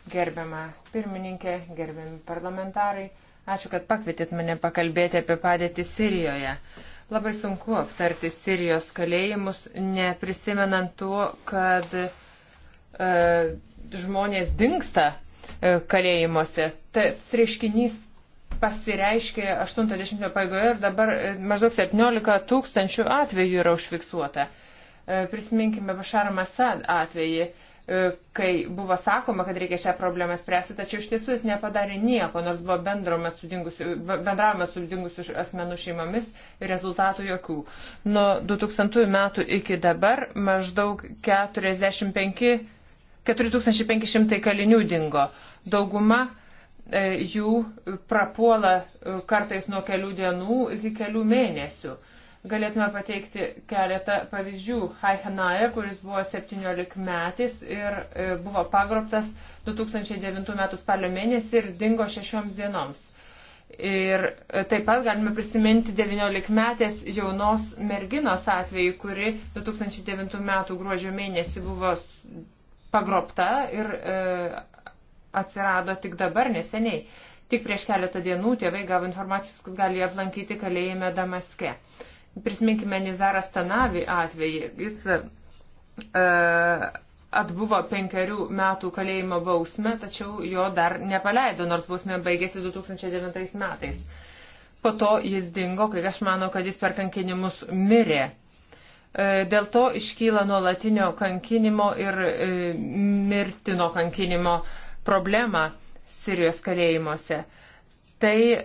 [SPEAKER 3] Gerbiama pirmininkė, gerbiami parlamentarai, ačiū, kad pakvietėt mane pakalbėti apie padėtį Sirijoje. Labai sunku aptarti Sirijos kalėjimus, neprisimenant tuo, kad e, žmonės dinksta E, kalėjimuose. Tas reiškinys pasireiškė 80-ojo paigoje ir dabar e, maždaug 17 tūkstančių atvejų yra užfiksuota. E, prisiminkime Bašarą Masad atvejį, kai buvo sakoma, kad reikia šią problemą spręsti, tačiau iš tiesų jis nepadarė nieko, nors buvo bendravome su dingusių asmenų šeimomis ir rezultatų jokių. Nuo 2000 metų iki dabar maždaug 45 4500 kalinių dingo. Dauguma e, jų prapuola e, kartais nuo kelių dienų iki kelių mėnesių. Galėtume pateikti keletą pavyzdžių. Haihanaja, kuris buvo 17 metais ir e, buvo pagrobtas 2009 m. spalio mėnesį ir dingo šešioms dienoms. Ir taip pat galime prisiminti 19 metės jaunos merginos atvejį, kuri 2009 m. gruodžio mėnesį buvo pagrobta ir e, atsirado tik dabar neseniai. Tik prieš keletą dienų tėvai gavo informacijos, kad gali aplankyti kalėjime Damaske. Prisiminkime Nizarą Stanavi atvejį. Jis e, e atbuvo penkerių metų kalėjimo bausmę, tačiau jo dar nepaleido, nors bausmė baigėsi 2009 metais. Po to jis dingo, kai aš manau, kad jis per kankinimus mirė. E, dėl to iškyla nuolatinio kankinimo ir e, mirtino kankinimo problema Sirijos kalėjimuose. Tai e,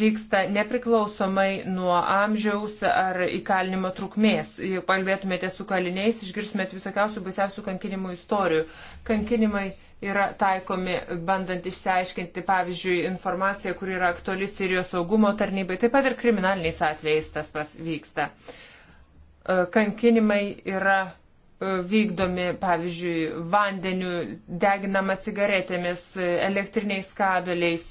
[SPEAKER 3] vyksta nepriklausomai nuo amžiaus ar įkalinimo trukmės. Jeigu kalbėtumėte su kaliniais, išgirstumėt visokiausių baisiausių kankinimų istorijų. Kankinimai yra taikomi, bandant išsiaiškinti, pavyzdžiui, informaciją, kuri yra aktuali Sirijos saugumo tarnybai, taip pat ir kriminaliniais atvejais tas pas vyksta. Uh, E, kankinimai yra e, vykdomi, pavyzdžiui, vandeniu, deginama cigaretėmis, e, elektriniais kabeliais,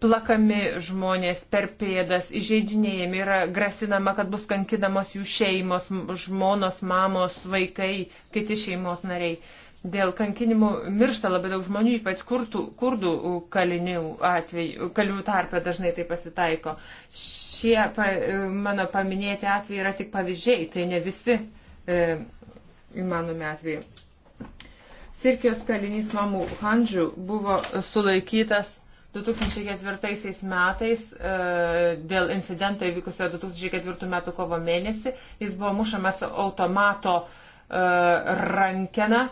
[SPEAKER 3] plakami žmonės per pėdas, įžeidinėjami, yra grasinama, kad bus kankinamos jų šeimos, žmonos, mamos, vaikai, kiti šeimos nariai. Dėl kankinimų miršta labai daug žmonių, ypač kurtų, kurdų kalinių atveju, kalių tarpe dažnai tai pasitaiko. Šie pa, mano paminėti atvejai yra tik pavyzdžiai, tai ne visi e, įmanomi atvejai. Sirkijos kalinys Mamų Handžių buvo sulaikytas 2004 metais e, dėl incidento įvykusio 2004 metų kovo mėnesį. Jis buvo mušamas automato e, rankena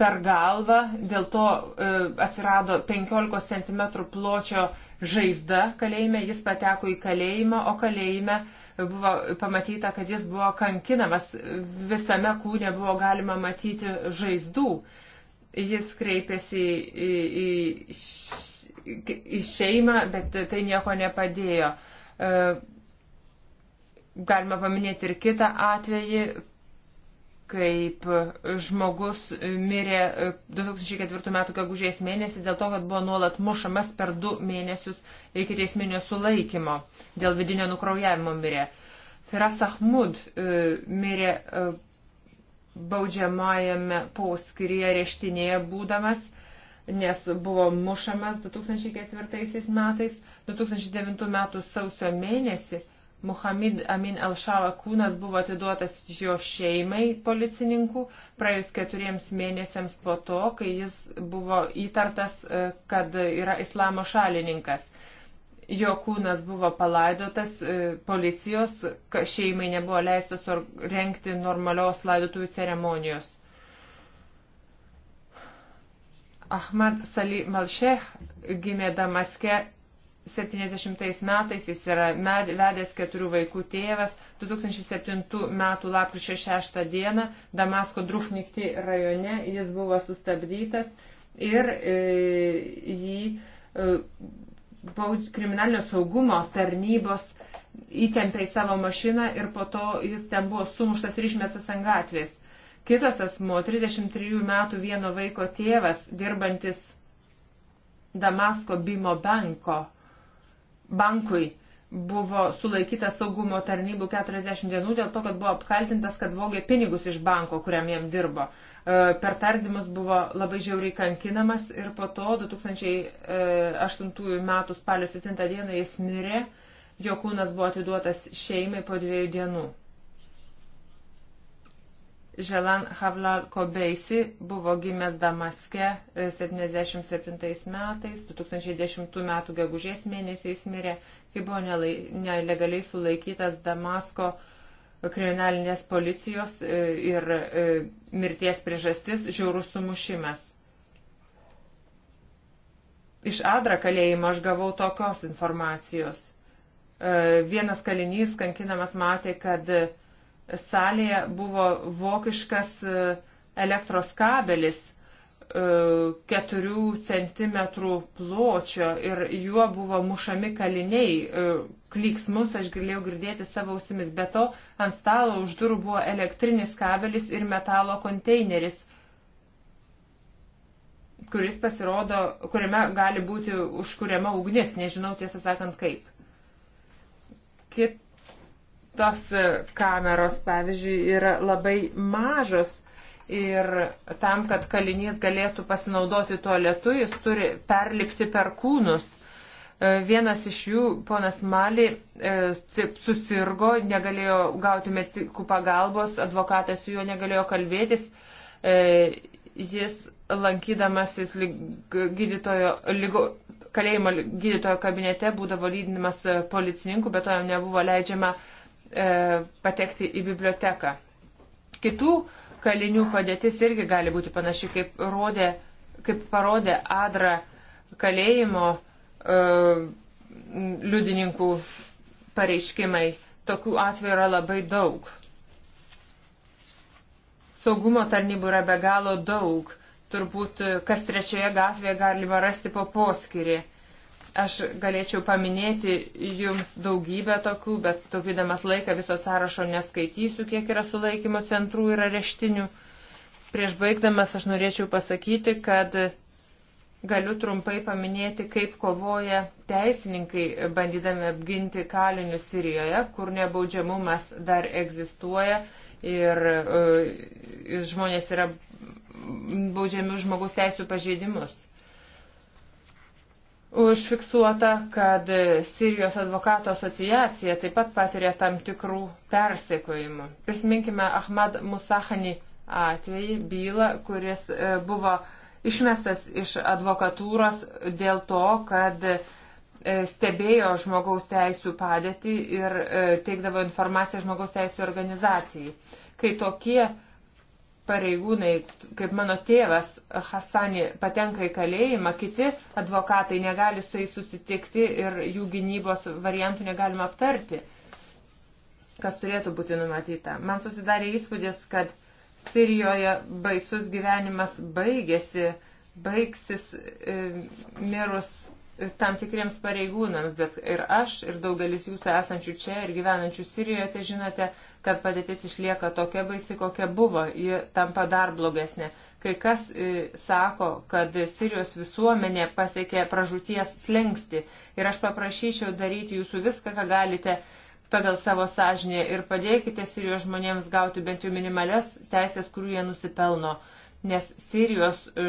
[SPEAKER 3] per galvą, dėl to e, atsirado 15 cm pločio žaizda kalėjime, jis pateko į kalėjimą, o kalėjime buvo pamatyta, kad jis buvo kankinamas, visame kūne buvo galima matyti žaizdų. Jis kreipėsi į, į, į, į šeimą, bet tai nieko nepadėjo. E, galima paminėti ir kitą atvejį, kaip žmogus mirė 2004 e, m. gegužės mėnesį dėl to, kad buvo nuolat mušamas per du mėnesius iki teisminio sulaikymo. Dėl vidinio nukraujavimo mirė. Firas Ahmud e, mirė e, baudžiamajame pauskiryje reštinėje būdamas, nes buvo mušamas 2004 metais. 2009 m. sausio mėnesį Muhamid Amin Alšala kūnas buvo atiduotas jo šeimai policininkų praėjus keturiems mėnesiams po to, kai jis buvo įtartas, e, kad yra islamo šalininkas. Jo kūnas buvo palaidotas e, policijos, šeimai nebuvo leistas rengti normalios laidotuvių ceremonijos. Ahmad Salih Malšeh gimė Damaske 70 metais jis yra med, vedęs keturių vaikų tėvas. 2007 metų lapkričio 6 dieną Damasko Druchnikti rajone jis buvo sustabdytas ir e, jį e, baud, kriminalinio saugumo tarnybos įtempė į savo mašiną ir po to jis ten buvo sumuštas ir išmestas ant gatvės. Kitas asmo, 33 metų vieno vaiko tėvas, dirbantis Damasko Bimo banko bankui buvo sulaikytas saugumo tarnybų 40 dienų dėl to, kad buvo apkaltintas, kad vogė pinigus iš banko, kuriam jam dirbo. E, per tardymus buvo labai žiauriai kankinamas ir po to 2008 e, m. spalio 7 d. jis mirė, jo kūnas buvo atiduotas šeimai po dviejų dienų. Želan Havlal Kobeisi buvo gimęs Damaske 77 e, metais, 2010 metų gegužės mėnesiais mirė, kai buvo nelegaliai sulaikytas Damasko kriminalinės policijos e, ir e, mirties priežastis žiaurus sumušimas. Iš Adra kalėjimo aš gavau tokios informacijos. Vienas kalinys kankinamas matė, kad salėje buvo vokiškas e, elektros kabelis 4 e, cm pločio ir juo buvo mušami kaliniai. E, klyksmus aš galėjau girdėti savo ausimis, bet to ant stalo už durų buvo elektrinis kabelis ir metalo konteineris, kuris pasirodo, kuriame gali būti užkuriama ugnis, nežinau tiesą sakant kaip. Kit, tos e, kameros, pavyzdžiui, yra labai mažos ir tam, kad kalinys galėtų pasinaudoti tualetu, jis turi perlipti per kūnus. E, vienas iš jų, ponas Mali, e, taip susirgo, negalėjo gauti metikų pagalbos, advokatas su juo negalėjo kalbėtis. Jis lankydamasis gydytojo, lygo, kalėjimo gydytojo kabinete būdavo lydinimas policininkų, bet to jam nebuvo leidžiama uh, E, patekti į biblioteką. Kitų kalinių padėtis irgi gali būti panaši, kaip, rodė, kaip parodė Adra kalėjimo e, liudininkų pareiškimai. Tokių atvejų yra labai daug. Saugumo tarnybų yra be galo daug. Turbūt e, kas trečioje gatvėje galima rasti po poskirį. Aš galėčiau paminėti jums daugybę tokių, bet taupydamas laiką viso sąrašo neskaitysiu, kiek yra sulaikymo centrų ir areštinių. Prieš baigdamas aš norėčiau pasakyti, kad galiu trumpai paminėti, kaip kovoja teisininkai, bandydami apginti kalinius Sirijoje, kur nebaudžiamumas dar egzistuoja ir, ir e, žmonės yra baudžiami už žmogus teisų pažeidimus užfiksuota, kad Sirijos advokato asociacija taip pat patiria tam tikrų persekojimų. Prisiminkime Ahmad Musahani atvejį, bylą, kuris e, buvo išmestas iš advokatūros dėl to, kad e, stebėjo žmogaus teisų padėtį ir e, teikdavo informaciją žmogaus teisų organizacijai. Kai tokie pareigūnai, kaip mano tėvas Hasani, patenka į kalėjimą, kiti advokatai negali su jais susitikti ir jų gynybos variantų negalima aptarti, kas turėtų būti numatyta. Man susidarė įspūdis, kad Sirijoje baisus gyvenimas baigėsi, baigsis e, mirus tam tikriems pareigūnams, bet ir aš, ir daugelis jūsų esančių čia ir gyvenančių Sirijoje, tai žinote, kad padėtis išlieka tokia baisi, kokia buvo, ji tampa dar blogesnė. Kai kas e, sako, kad Sirijos visuomenė pasiekė pražūties slengsti ir aš paprašyčiau daryti jūsų viską, ką galite pagal savo sąžinę ir padėkite Sirijos žmonėms gauti bent jau minimales teisės, kurių jie nusipelno nes Sirijos e,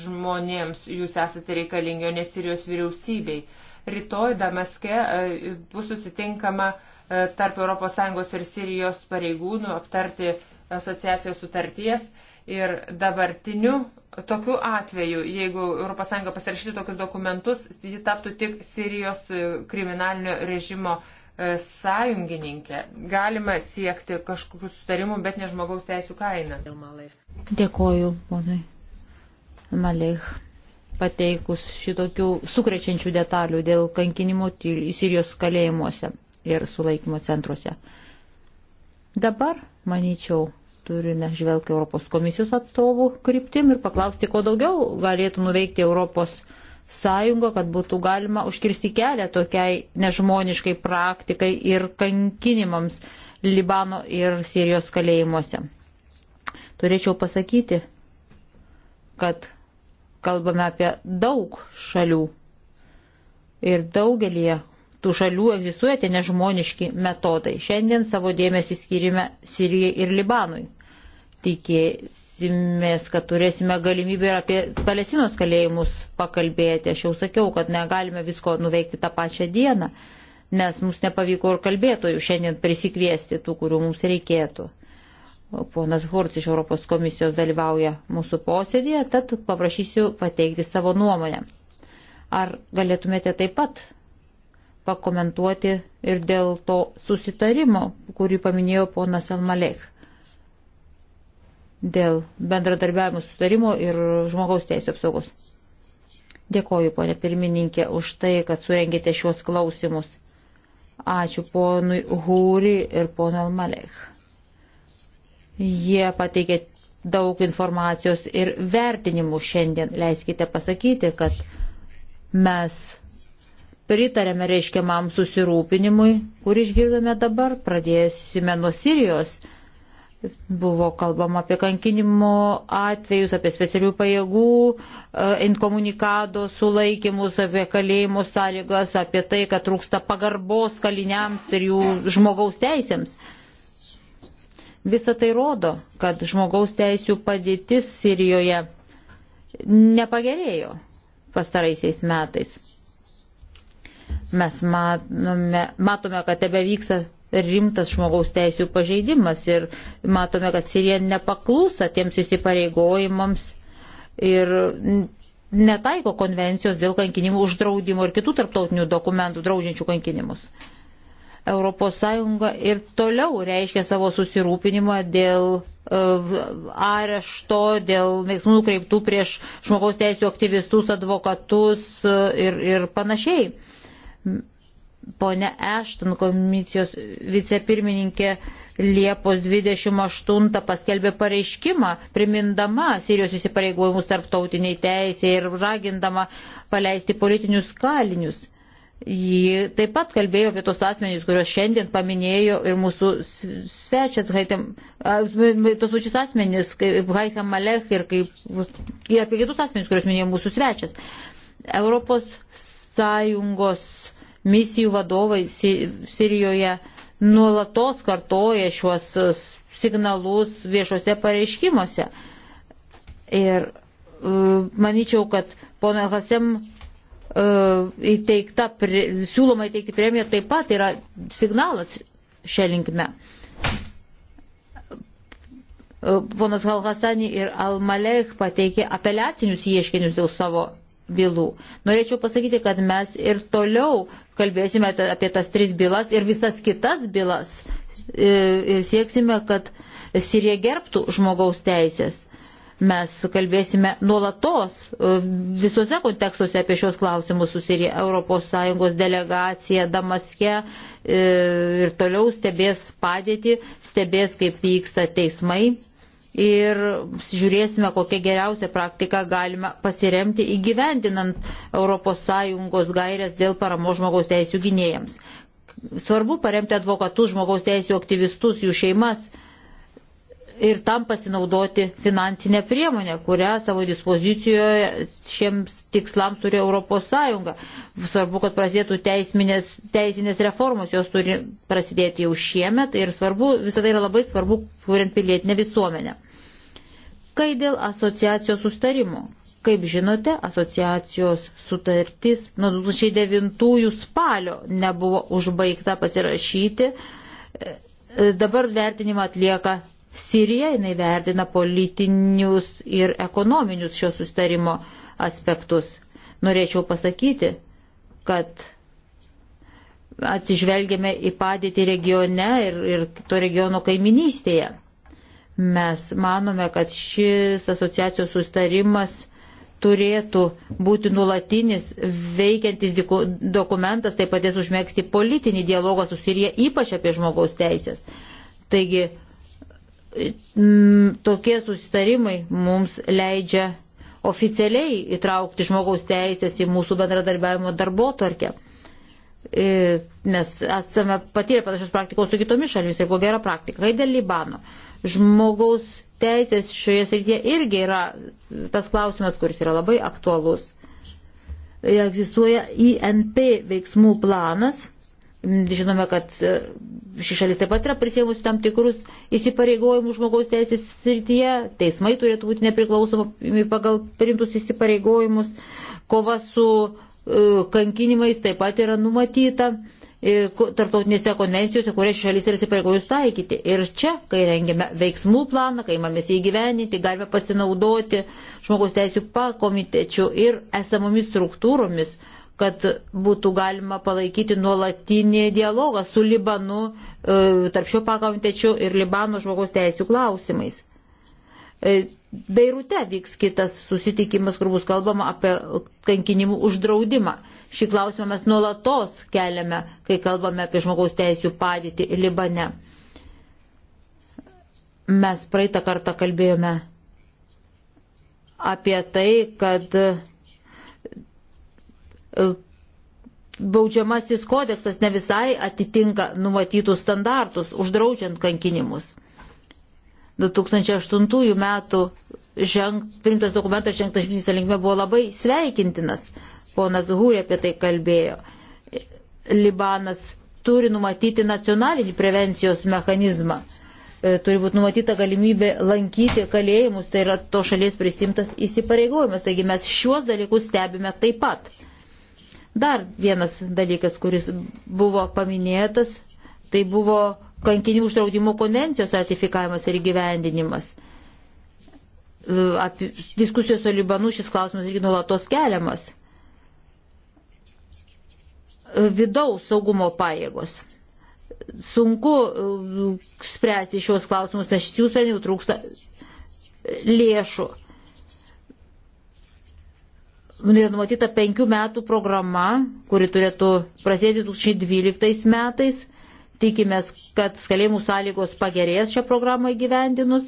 [SPEAKER 3] žmonėms jūs esate reikalingi, o ne Sirijos vyriausybei. Rytoj Damaske e, bus susitinkama e, tarp ES ir Sirijos pareigūnų aptarti asociacijos sutarties ir dabartiniu tokiu atveju, jeigu ES pasirašytų tokius dokumentus, ji taptų tik Sirijos kriminalinio režimo E, sąjungininkė. Galima siekti kažkokius sustarimų, bet ne žmogaus teisų kainą.
[SPEAKER 4] Dėkoju, ponai Malek, pateikus šitokių sukrečiančių detalių dėl kankinimų Sirijos kalėjimuose ir sulaikymo centruose. Dabar, manyčiau, turime žvelgti Europos komisijos atstovų kryptim ir paklausti, ko daugiau galėtų nuveikti Europos komisija sąjungą, kad būtų galima užkirsti kelią tokiai nežmoniškai praktikai ir kankinimams Libano ir Sirijos kalėjimuose. Turėčiau pasakyti, kad kalbame apie daug šalių ir daugelie tų šalių egzistuoja tie nežmoniški metodai. Šiandien savo dėmesį skirime Sirijai ir Libanui. Tikės tikėsimės, kad turėsime galimybę ir apie Palestinos kalėjimus pakalbėti. Aš jau sakiau, kad negalime visko nuveikti tą pačią dieną, nes mums nepavyko ir kalbėtojų šiandien prisikviesti tų, kurių mums reikėtų. Ponas Hurts iš Europos komisijos dalyvauja mūsų posėdėje, tad paprašysiu pateikti savo nuomonę. Ar galėtumėte taip pat pakomentuoti ir dėl to susitarimo, kurį paminėjo ponas Almalek? dėl bendradarbiavimo sutarimo ir žmogaus teisų apsaugos. Dėkoju, ponė pirmininkė, už tai, kad surengėte šios klausimus. Ačiū ponui Hūri ir ponui Almalech. Jie pateikė daug informacijos ir vertinimų šiandien. Leiskite pasakyti, kad mes pritarėme reiškiamam susirūpinimui, kur išgirdome dabar, pradėsime nuo Sirijos Buvo kalbama apie kankinimo atvejus, apie specialių pajėgų, e, inkomunikado sulaikimus, apie kalėjimo sąlygas, apie tai, kad trūksta pagarbos kaliniams ir jų žmogaus teisėms. Visą tai rodo, kad žmogaus teisų padėtis Sirijoje nepagerėjo pastaraisiais metais. Mes matome, matome kad tebe vyksta rimtas žmogaus teisų pažeidimas ir matome, kad Sirija nepaklūsa tiems įsipareigojimams ir netaiko konvencijos dėl kankinimų uždraudimo ir kitų tarptautinių dokumentų draudžiančių kankinimus. ES ir toliau reiškia savo susirūpinimą dėl uh, arešto, dėl veiksmų nukreiptų prieš žmogaus teisų aktyvistus, advokatus uh, ir, ir panašiai. Pone Ešton, komisijos vicepirmininkė Liepos 28 paskelbė pareiškimą, primindama Sirijos įsipareigojimus tarptautiniai teisė ir ragindama paleisti politinius kalinius. Ji taip pat kalbėjo apie tos asmenys, kuriuos šiandien paminėjo ir mūsų svečias, Haitam, tos pačius asmenys, kaip Haitam Malek ir, kaip, ir apie kitus asmenys, kuriuos minėjo mūsų svečias. Europos Sąjungos misijų vadovai Sirijoje nuolatos kartoja šiuos e, signalus viešose pareiškimuose. Ir e, manyčiau, kad pona Hasem e, įteikta, siūloma įteikti premiją taip pat yra signalas šią linkme. Ponas Halhasani ir Almalech pateikė apeliacinius ieškinius dėl savo bylų. Norėčiau pasakyti, kad mes ir toliau kalbėsime apie tas tris bylas ir visas kitas bylas ir e, e, sieksime, kad Sirija gerbtų žmogaus teisės. Mes kalbėsime nuolatos e, visuose kontekstuose apie šios klausimus su Sirija. ES delegacija Damaske ir toliau stebės padėtį, stebės, kaip vyksta teismai ir žiūrėsime, kokią geriausią praktiką galima pasiremti įgyvendinant ES gairias dėl paramos žmogaus teisų gynėjams. Svarbu paremti advokatus, žmogaus teisų aktyvistus, jų šeimas ir tam pasinaudoti finansinę priemonę, kurią savo dispozicijoje šiems tikslams turi ES. Svarbu, kad prasidėtų teisminės, teisinės reformos, jos turi prasidėti jau šiemet ir svarbu, visada yra labai svarbu, kuriant pilietinę visuomenę. Kai dėl asociacijos sustarimo, kaip žinote, asociacijos sutartis nuo 2009 spalio nebuvo užbaigta pasirašyti. E, e, dabar vertinimą atlieka Sirija, jinai vertina politinius ir ekonominius šio sustarimo aspektus. Norėčiau pasakyti, kad atsižvelgėme į padėtį regione ir, ir to regiono kaiminystėje. Mes manome, kad šis asociacijos sustarimas turėtų būti nulatinis veikiantis dokumentas, tai padės užmėgsti politinį dialogą su Sirija, ypač apie žmogaus teisės. Taigi tokie susitarimai mums leidžia oficialiai įtraukti žmogaus teisės į mūsų bendradarbiavimo darbo tvarkę. E, nes esame patyrę panašios praktikos su kitomis šalimis ir tai buvo gera praktika. Kai dėl Libano. Žmogaus teisės šioje srityje irgi yra tas klausimas, kuris yra labai aktualus. Egzistuoja INP veiksmų planas. Žinome, kad e, ši šalis taip pat yra prisėmusi tam tikrus įsipareigojimus žmogaus teisės srityje. Teismai turėtų būti nepriklausomi pagal priimtus įsipareigojimus. Kova su e, kankinimais taip pat yra numatyta tarptautinėse konvencijose, kurias šalis yra įsipareigojus taikyti. Ir čia, kai rengiame veiksmų planą, kai imamės įgyveninti, galime pasinaudoti žmogaus teisų pakomitečių ir esamomis struktūromis, kad būtų galima palaikyti nuolatinį dialogą su Libanu, e, tarp šio pakomitečių ir Libano žmogaus teisų klausimais. E, Beirute vyks kitas susitikimas, kur bus kalbama apie kankinimų uždraudimą. Šį klausimą mes nuolatos keliame, kai kalbame apie žmogaus teisų padėtį Libane. Mes praeitą kartą kalbėjome apie tai, kad e, baudžiamasis kodeksas ne visai atitinka numatytus standartus, uždraudžiant kankinimus. 2008 metų žengt, primtas dokumentas žengtas žingsnis linkme buvo labai sveikintinas. Ponas Hūrė apie tai kalbėjo. Libanas turi numatyti nacionalinį prevencijos mechanizmą. E, turi būti numatyta galimybė lankyti kalėjimus, tai yra to šalies prisimtas įsipareigojimas. Taigi mes šiuos dalykus stebime taip pat. Dar vienas dalykas, kuris buvo paminėtas, tai buvo kankinių uždraudimo konvencijos ratifikavimas ir gyvendinimas. E, Apie diskusijos su Libanu šis klausimas irgi nuolatos keliamas. E, vidaus saugumo pajėgos. Sunku e, spręsti šios klausimus, nes jų sprendimų trūksta lėšų. Yra numatyta penkių metų programa, kuri turėtų prasidėti 2012 metais Tikimės, kad kalėjimų sąlygos pagerės šią programą įgyvendinus,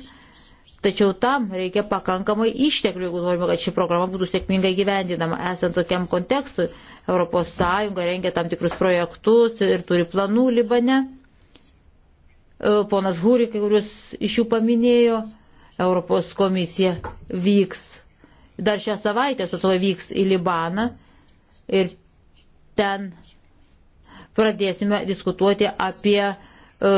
[SPEAKER 4] tačiau tam reikia pakankamai išteklių, jeigu norime, kad ši programa būtų sėkmingai gyvendinama. Esant tokiam kontekstui, ES rengia tam tikrus projektus ir turi planų Libane. E, ponas Hūrik, kuris iš jų paminėjo, Europos komisija vyks dar šią savaitę su savo vyks į Libaną ir ten pradėsime diskutuoti apie e,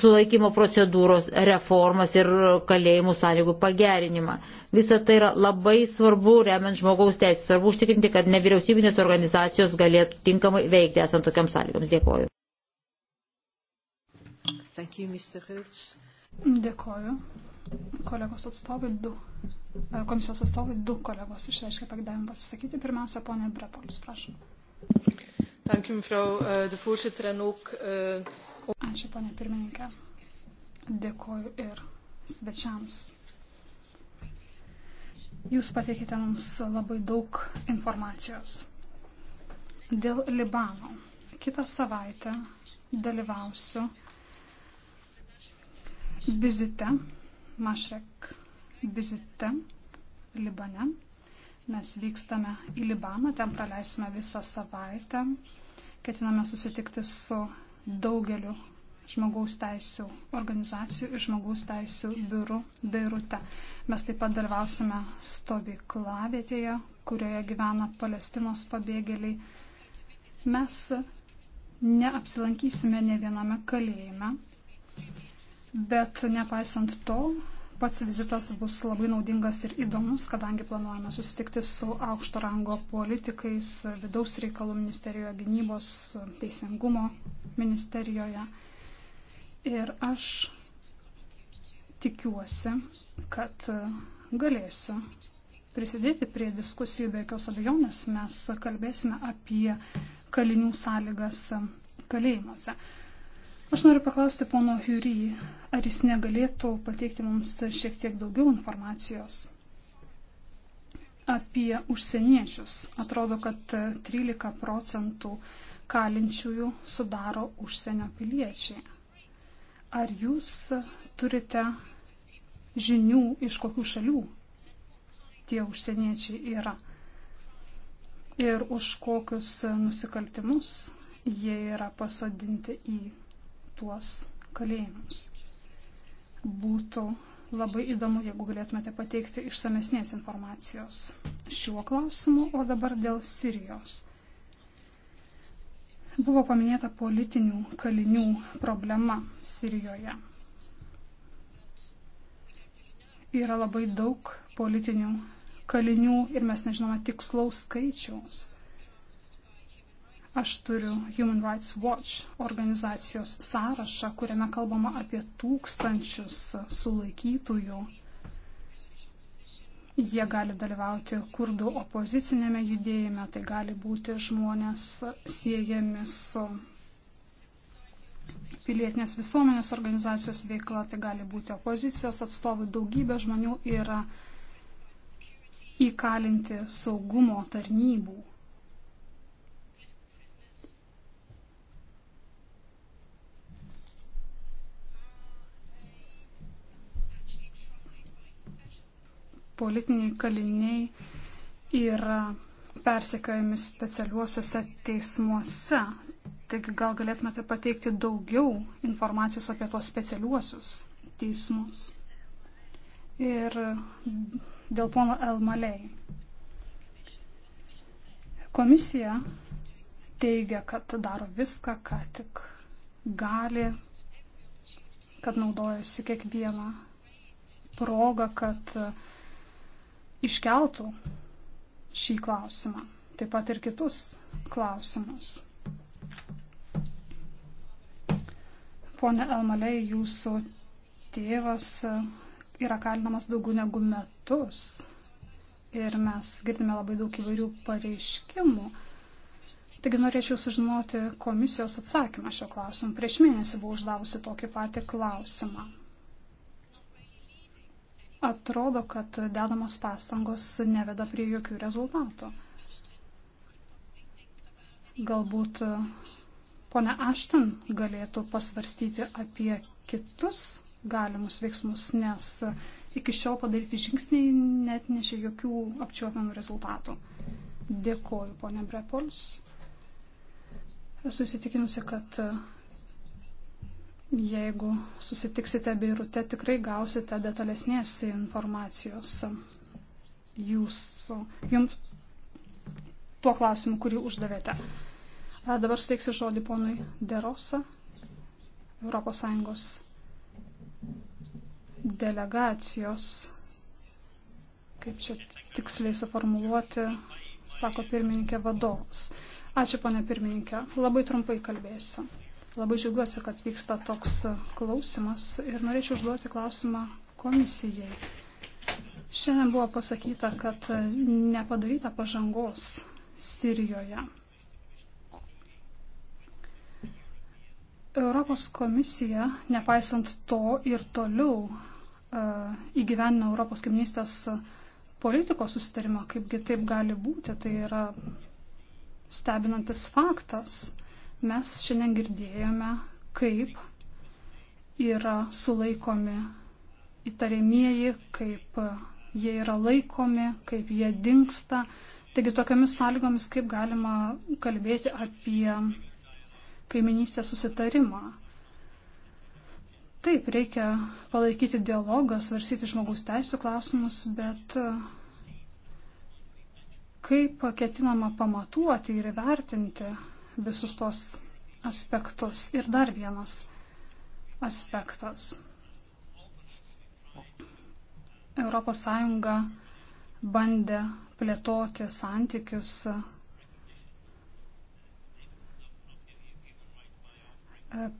[SPEAKER 4] sulaikymo procedūros reformas ir kalėjimų sąlygų pagerinimą. Visa tai yra labai svarbu, remiant žmogaus teisės. Svarbu užtikrinti, kad nevyriausybinės organizacijos galėtų tinkamai veikti esant tokiam sąlygoms. Dėkoju.
[SPEAKER 1] You,
[SPEAKER 2] Dėkoju. Kolegos atstovai du. E, komisijos atstovai du kolegos išreiškė pagdavimą pasisakyti. Pirmiausia, ponė Brepolis, prašau.
[SPEAKER 1] Eh, eh,
[SPEAKER 2] Ačiū, ponė pirmininkė. Dėkoju ir svečiams. Jūs pateikite mums labai daug informacijos. Dėl Libano. Kitą savaitę dalyvausiu vizite, Mašrek vizite Libane. Mes vykstame į Libaną, ten praleisime visą savaitę. Ketiname susitikti su daugeliu žmogaus teisų organizacijų ir žmogaus teisų biurų Beirute. Mes taip pat dalyvausime stovyklavietėje, kurioje gyvena Palestinos pabėgėliai. Mes neapsilankysime ne viename kalėjime, bet nepaisant to pats vizitas bus labai naudingas ir įdomus, kadangi planuojame susitikti su aukšto rango politikais vidaus reikalų ministerijoje, gynybos, teisingumo ministerijoje. Ir aš tikiuosi, kad galėsiu prisidėti prie diskusijų, be jokios abejonės mes kalbėsime apie kalinių sąlygas kalėjimuose. Aš noriu paklausti pono Hury, Ar jis negalėtų pateikti mums šiek tiek daugiau informacijos apie užsieniečius? Atrodo, kad 13 procentų kalinčiųjų sudaro užsienio piliečiai. Ar jūs turite žinių, iš kokių šalių tie užsieniečiai yra? Ir už kokius nusikaltimus jie yra pasodinti į tuos kalėjimus? Būtų labai įdomu, jeigu galėtumėte pateikti išsamesnės informacijos šiuo klausimu, o dabar dėl Sirijos. Buvo paminėta politinių kalinių problema Sirijoje. Yra labai daug politinių kalinių ir mes nežinome tikslaus skaičiaus. Aš turiu Human Rights Watch organizacijos sąrašą, kuriame kalbama apie tūkstančius sulaikytųjų. Jie gali dalyvauti kurdų opozicinėme judėjime, tai gali būti žmonės siejami su pilietinės visuomenės organizacijos veikla, tai gali būti opozicijos atstovai, daugybė žmonių yra įkalinti saugumo tarnybų. politiniai kaliniai yra persekiojami specialiuosiuose teismuose. Taigi gal galėtumėte pateikti daugiau informacijos apie tuos specialiuosius teismus. Ir dėl pono Elmalei. Komisija teigia, kad daro viską, ką tik gali, kad naudojasi kiekvieną progą, kad uh, iškeltų šį klausimą, taip pat ir kitus klausimus. Pone Elmalei, jūsų tėvas yra kalinamas daugiau negu metus ir mes girdime labai daug įvairių pareiškimų. Taigi norėčiau sužinoti komisijos atsakymą šio klausimu. Prieš mėnesį buvau uždavusi tokį patį klausimą. Atrodo, kad dedamos pastangos neveda prie jokių rezultatų. Galbūt e, ponia Ašten galėtų pasvarstyti apie kitus galimus veiksmus, nes iki šiol padaryti žingsniai net nešė jokių apčiuopiamų rezultatų. Dėkoju, ponia Brepols. Esu įsitikinusi, kad Jeigu susitiksite Beirute, tikrai gausite detalesnės informacijos jūsų, jums tuo klausimu, kurį uždavėte. A, dabar steiksiu žodį ponui Derosa, ES delegacijos, kaip čia tiksliai suformuluoti, sako pirmininkė vadovas. Ačiū, ponė pirmininkė, labai trumpai kalbėsiu. Labai džiaugiuosi, kad vyksta toks klausimas ir norėčiau užduoti klausimą komisijai. Šiandien buvo pasakyta, kad nepadaryta pažangos Sirijoje. Europos komisija, nepaisant to ir toliau e, įgyvenina Europos kaiminystės politikos susitarimą, kaipgi taip gali būti, tai yra stebinantis faktas. Mes šiandien girdėjome, kaip yra sulaikomi įtariamieji, kaip jie yra laikomi, kaip jie dinksta. Taigi tokiamis sąlygomis kaip galima kalbėti apie kaiminystės susitarimą. Taip, reikia palaikyti dialogą, svarsyti žmogaus teisų klausimus, bet kaip ketinama pamatuoti ir įvertinti visus tos aspektus. Ir dar vienas aspektas. ES bandė plėtoti santykius e,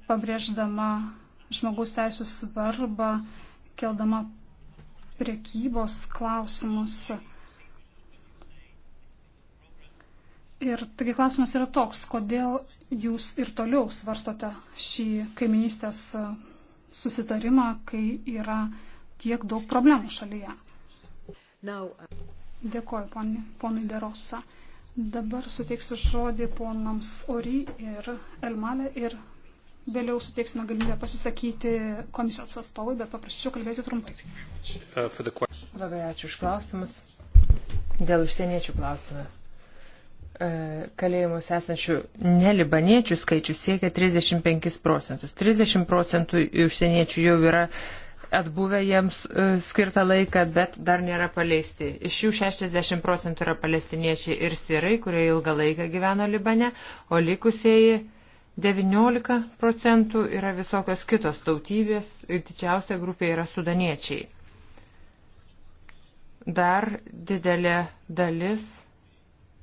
[SPEAKER 2] pabrėždama žmogaus teisų svarbą, keldama priekybos klausimus. Ir taigi klausimas yra toks, kodėl jūs ir toliau svarstote šį kaiminystės e, susitarimą, kai yra tiek daug problemų šalyje. Uh, Dėkoju, ponui Derosa. Dabar suteiksiu žodį ponams Ori ir Elmalė ir vėliau suteiksime galimybę pasisakyti komisijos atstovui, bet paprašyčiau kalbėti trumpai. Uh, Labai ačiū už klausimus. Dėl užsieniečių klausimą. E,
[SPEAKER 3] kalėjimus esančių nelibaniečių skaičius siekia 35 procentus. 30 procentų užsieniečių jau yra atbuvę jiems e, skirtą laiką, bet dar nėra paleisti. Iš jų 60 procentų yra palestiniečiai ir sirai, kurie ilgą laiką gyveno Libane, o likusieji 19 procentų yra visokios kitos tautybės ir didžiausia grupė yra sudaniečiai. Dar didelė dalis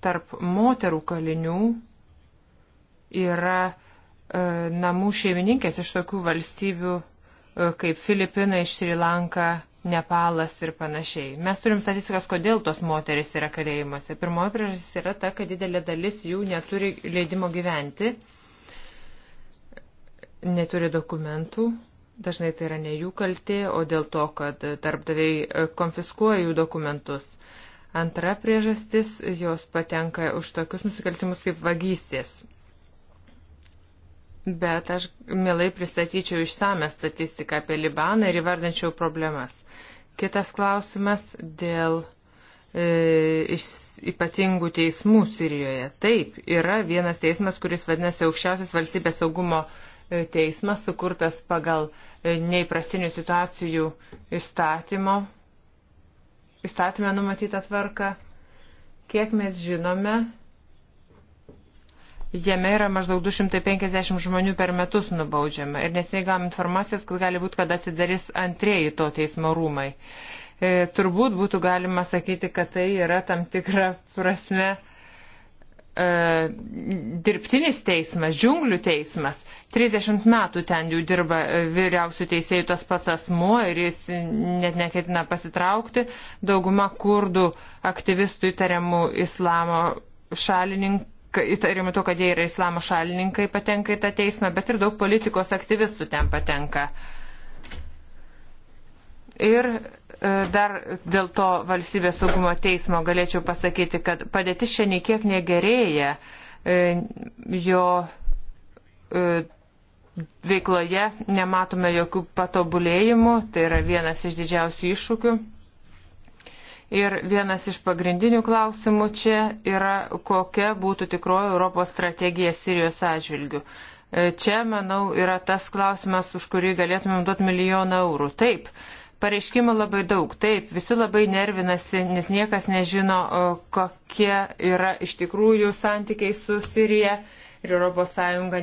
[SPEAKER 3] tarp moterų kalinių yra e, namų šeimininkės iš tokių valstybių e, kaip Filipinai, Šri Lanka, Nepalas ir panašiai. Mes turim statistikas, kodėl tos moteris yra kalėjimuose. Pirmoji priežastis yra ta, kad didelė dalis jų neturi leidimo gyventi, neturi dokumentų. Dažnai tai yra ne jų kaltė, o dėl to, kad darbdaviai e, konfiskuoja jų dokumentus. Antra priežastis, jos patenka už tokius nusikaltimus kaip vagystės. Bet aš mielai pristatyčiau išsame statistiką apie Libaną ir įvardančiau problemas. Kitas klausimas dėl e, iš, ypatingų teismų Sirijoje. Taip, yra vienas teismas, kuris vadinasi aukščiausias valstybės saugumo e, teismas, sukurtas pagal e, neįprastinių situacijų įstatymo įstatymę numatytą tvarką. Kiek mes žinome, jame yra maždaug 250 žmonių per metus nubaudžiama. Ir neseniai gavom informacijos, kad gali būti, kad atsidarys antrieji to teismo rūmai. E, turbūt būtų galima sakyti, kad tai yra tam tikra prasme E, dirbtinis teismas, džiunglių teismas. 30 metų ten jau dirba e, vyriausių teisėjų tas pats asmuo ir jis net neketina pasitraukti. Dauguma kurdų aktyvistų įtariamų islamo šalininkų. Įtariami to, kad jie yra islamo šalininkai, patenka į tą teismą, bet ir daug politikos aktyvistų ten patenka. Ir E, dar dėl to valstybės saugumo teismo galėčiau pasakyti, kad padėtis šiandien kiek negerėja. E, jo e, veikloje nematome jokių patobulėjimų, tai yra vienas iš didžiausių iššūkių. Ir vienas iš pagrindinių klausimų čia yra, kokia būtų tikroji Europos strategija Sirijos atžvilgių. Čia, manau, yra tas klausimas, už kurį galėtumėm duoti milijoną eurų. Taip, uh, Pareiškimų labai daug. Taip, visi labai nervinasi, nes niekas nežino, kokie yra iš tikrųjų santykiai su Sirija. Ir ES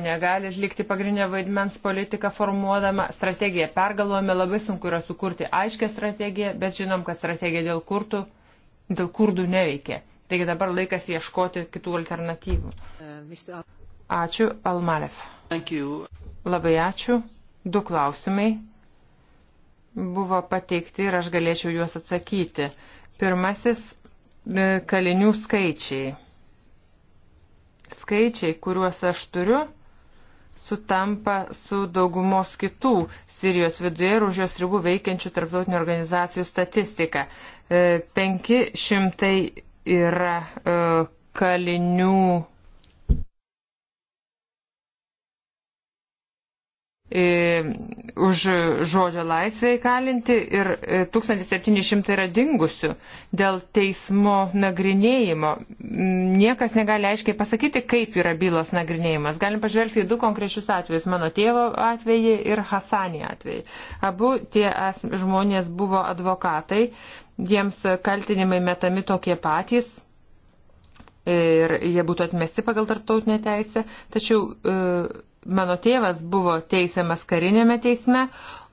[SPEAKER 3] negali atlikti pagrindinio vaidmens politiką formuodama strategiją. Pergalvojame, labai sunku yra sukurti aiškę strategiją, bet žinom, kad strategija dėl, kurtų, dėl kurdų neveikia. Taigi dabar laikas ieškoti kitų alternatyvų. Ačiū, Almalef. Labai ačiū. Du klausimai buvo pateikti ir aš galėčiau juos atsakyti. Pirmasis e, - kalinių skaičiai. Skaičiai, kuriuos aš turiu, sutampa su daugumos kitų Sirijos viduje ir už jos ribų veikiančių tarptautinių organizacijų statistika. 500 e, yra e, kalinių už žodžio laisvę įkalinti ir 1700 e, yra dingusių dėl teismo nagrinėjimo. Niekas negali aiškiai pasakyti, kaip yra bylos nagrinėjimas. Galim pažvelgti į du konkrečius atvejus - mano tėvo atvejį ir Hasanį atvejį. Abu tie žmonės buvo advokatai, jiems kaltinimai metami tokie patys, ir jie būtų atmesti pagal tarptautinę teisę. Tačiau e, mano tėvas buvo teisiamas karinėme teisme,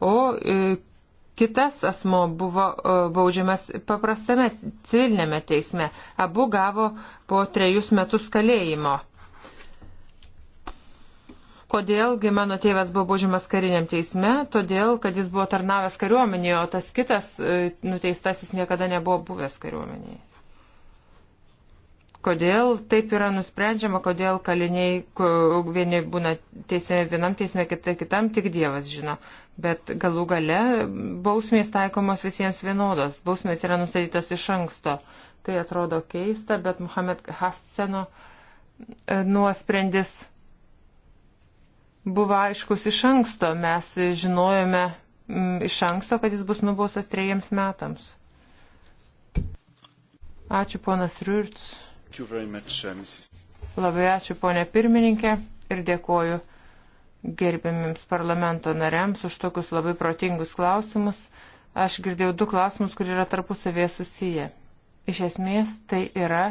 [SPEAKER 3] o e, kitas asmo buvo e, baudžiamas paprastame civilinėme teisme. Abu gavo po trejus metus kalėjimo. Kodėlgi mano tėvas buvo baudžiamas kariniam teisme? Todėl, kad jis buvo tarnavęs kariuomenėje, o tas kitas e, nuteistasis niekada nebuvo buvęs kariuomenėje. Kodėl taip yra nusprendžiama, kodėl kaliniai vieni būna teisėmi vienam teisme, kitai kitam, tik Dievas žino. Bet galų gale bausmės taikomos visiems vienodos. Bausmės yra nusatytos iš anksto. Tai atrodo keista, bet Muhamed Hasseno e, nuosprendis buvo aiškus iš anksto. Mes žinojome mm, iš anksto, kad jis bus nubaustas trejiems metams. Ačiū ponas Rūrts.
[SPEAKER 1] Much, uh,
[SPEAKER 3] Labai ačiū, ponė pirmininkė, ir dėkoju gerbėmims parlamento nariams už tokius labai protingus klausimus. Aš girdėjau du klausimus, kurie yra tarpusavėje susiję. Iš esmės tai yra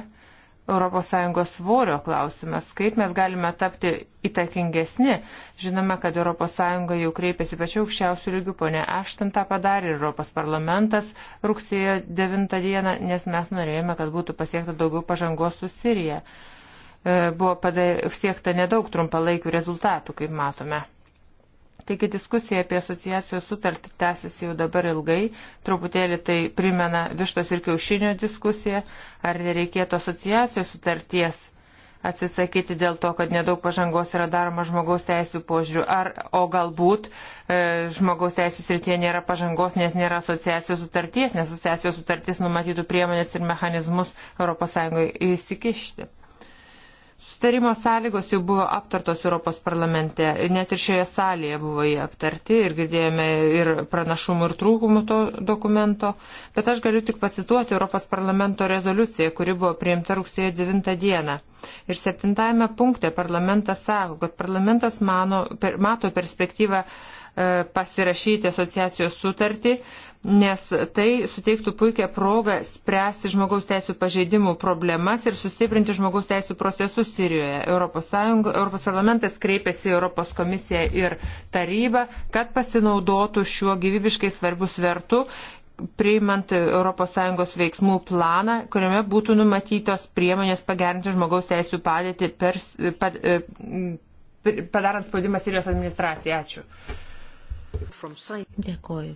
[SPEAKER 3] ES svorio klausimas, kaip mes galime tapti įtakingesni. Žinome, kad ES jau kreipėsi pačiu aukščiausiu lygiu, ponė Aštan tą padarė ir Europos parlamentas rugsėjo 9 dieną, nes mes norėjome, kad būtų pasiekta daugiau pažangos su Sirija. E, buvo pasiekta nedaug trumpalaikių rezultatų, kaip matome. Taigi diskusija apie asociacijos sutartį tęsiasi jau dabar ilgai, truputėlį tai primena vištos ir kiaušinio diskusiją, ar nereikėtų asociacijos sutarties atsisakyti dėl to, kad nedaug pažangos yra daroma žmogaus teisų požiūrių, ar, o galbūt e, žmogaus teisų srityje nėra pažangos, nes nėra asociacijos sutarties, nes asociacijos sutartis numatytų priemonės ir mechanizmus ES įsikišti. Sutarimo sąlygos jau buvo aptartos Europos parlamente, net ir šioje salėje buvo jie aptarti ir girdėjome ir pranašumų ir trūkumų to dokumento, bet aš galiu tik pacituoti Europos parlamento rezoliuciją, kuri buvo priimta rugsėjo 9 dieną. Ir septintame punkte parlamentas sako, kad parlamentas mano, per, mato perspektyvą E, pasirašyti asociacijos sutartį, nes tai suteiktų puikią progą spręsti žmogaus teisų pažeidimų problemas ir sustiprinti žmogaus teisų procesus Sirijoje. Europos, Sąjungo, Europos parlamentas kreipėsi Europos komisiją ir tarybą, kad pasinaudotų šiuo gyvybiškai svarbiu svertu priimant ES veiksmų planą, kuriame būtų numatytos priemonės pagerinti žmogaus teisų padėtį, per, pad, e, padarant spaudimą Sirijos administracijai. Ačiū.
[SPEAKER 4] Dėkoju.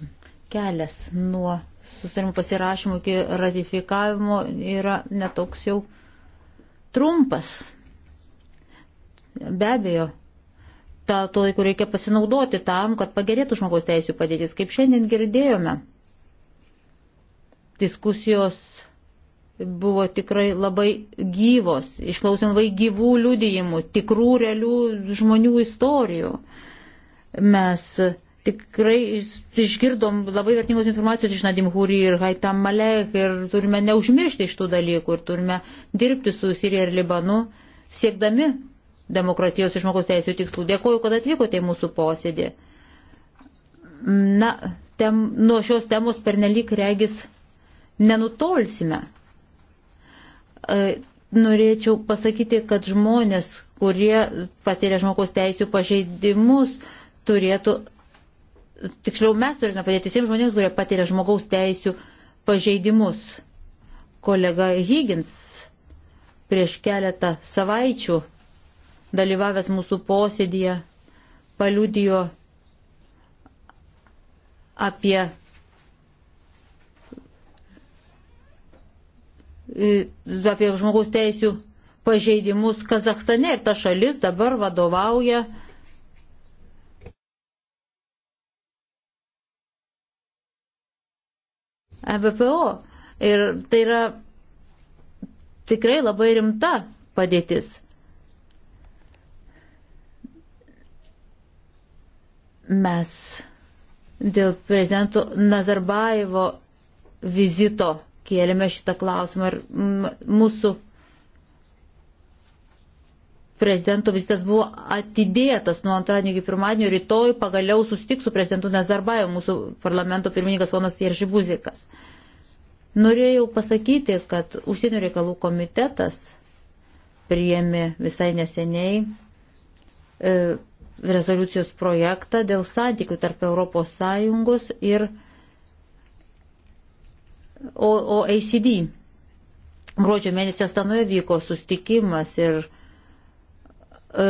[SPEAKER 4] Kelias nuo susirimo pasirašymo iki ratifikavimo yra netoks jau trumpas. Be abejo, ta, tuo laiku reikia pasinaudoti tam, kad pagerėtų žmogaus teisų padėtis. Kaip šiandien girdėjome, diskusijos buvo tikrai labai gyvos, išklausėm labai gyvų liudijimų, tikrų realių žmonių istorijų. Mes tikrai išgirdom labai vertingos informacijos iš Nadim Huri ir Haitam Malek ir turime neužmiršti iš tų dalykų ir turime dirbti su Sirija ir Libanu, siekdami demokratijos ir žmogaus teisėjų tikslų. Dėkuoju, kad atvykote į mūsų posėdį. Na, tem, nuo šios temos pernelyg regis nenutolsime. E, norėčiau pasakyti, kad žmonės, kurie patiria žmogaus teisų pažeidimus, turėtų tiksliau mes turime padėti visiems žmonėms, kurie patiria žmogaus teisų pažeidimus. Kolega Higgins prieš keletą savaičių dalyvavęs mūsų posėdėje paliudijo apie e, apie žmogaus teisų pažeidimus Kazakstane ir ta šalis dabar vadovauja uh, EBPO. Ir tai yra tikrai labai rimta padėtis. Mes dėl prezidento Nazarbaevo vizito kėlėme šitą klausimą ir mūsų prezidento vizitas buvo atidėtas nuo antradienio iki pirmadienio, rytoj pagaliau susitiks su prezidentu Nazarbaevu, mūsų parlamento pirmininkas ponas Jeržibuzikas. Norėjau pasakyti, kad užsienio reikalų komitetas priėmė visai neseniai e, rezoliucijos projektą dėl santykių tarp ES ir OACD. Gruodžio mėnesį Astanoje vyko sustikimas ir E,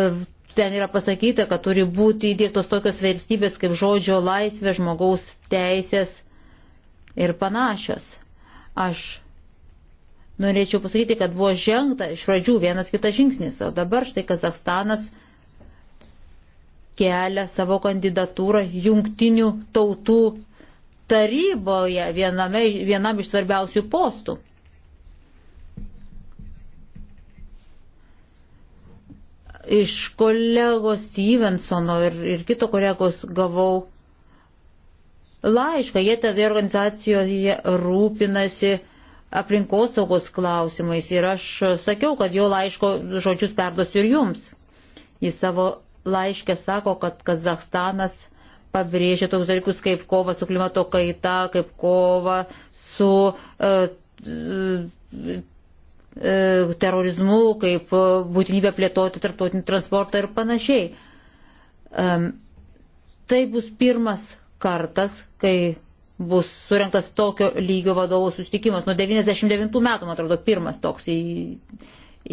[SPEAKER 4] ten yra pasakyta, kad turi būti įdėktos tokios vertybės kaip žodžio laisvė, žmogaus teisės ir panašios. Aš norėčiau pasakyti, kad buvo žengta iš pradžių vienas kitas žingsnis, o dabar štai Kazakstanas kelia savo kandidatūrą jungtinių tautų taryboje viename, vienam iš svarbiausių postų. Iš kolegos Stevensono ir, ir kito kolegos gavau laišką. Jie tada organizacijoje rūpinasi aplinkosaugos klausimais ir aš sakiau, kad jo laiško žodžius perduosiu ir jums. Jis savo laiškė sako, kad Kazakstanas pabrėžia tokius dalykus kaip kova su klimato kaita, kaip kova su e, E, terorizmu, kaip e, būtinybę plėtoti tarptautinį transportą ir panašiai. Tai bus pirmas kartas, kai bus surinktas tokio lygio vadovų sustikimas. Nuo 99 metų, man atrodo, pirmas toks į,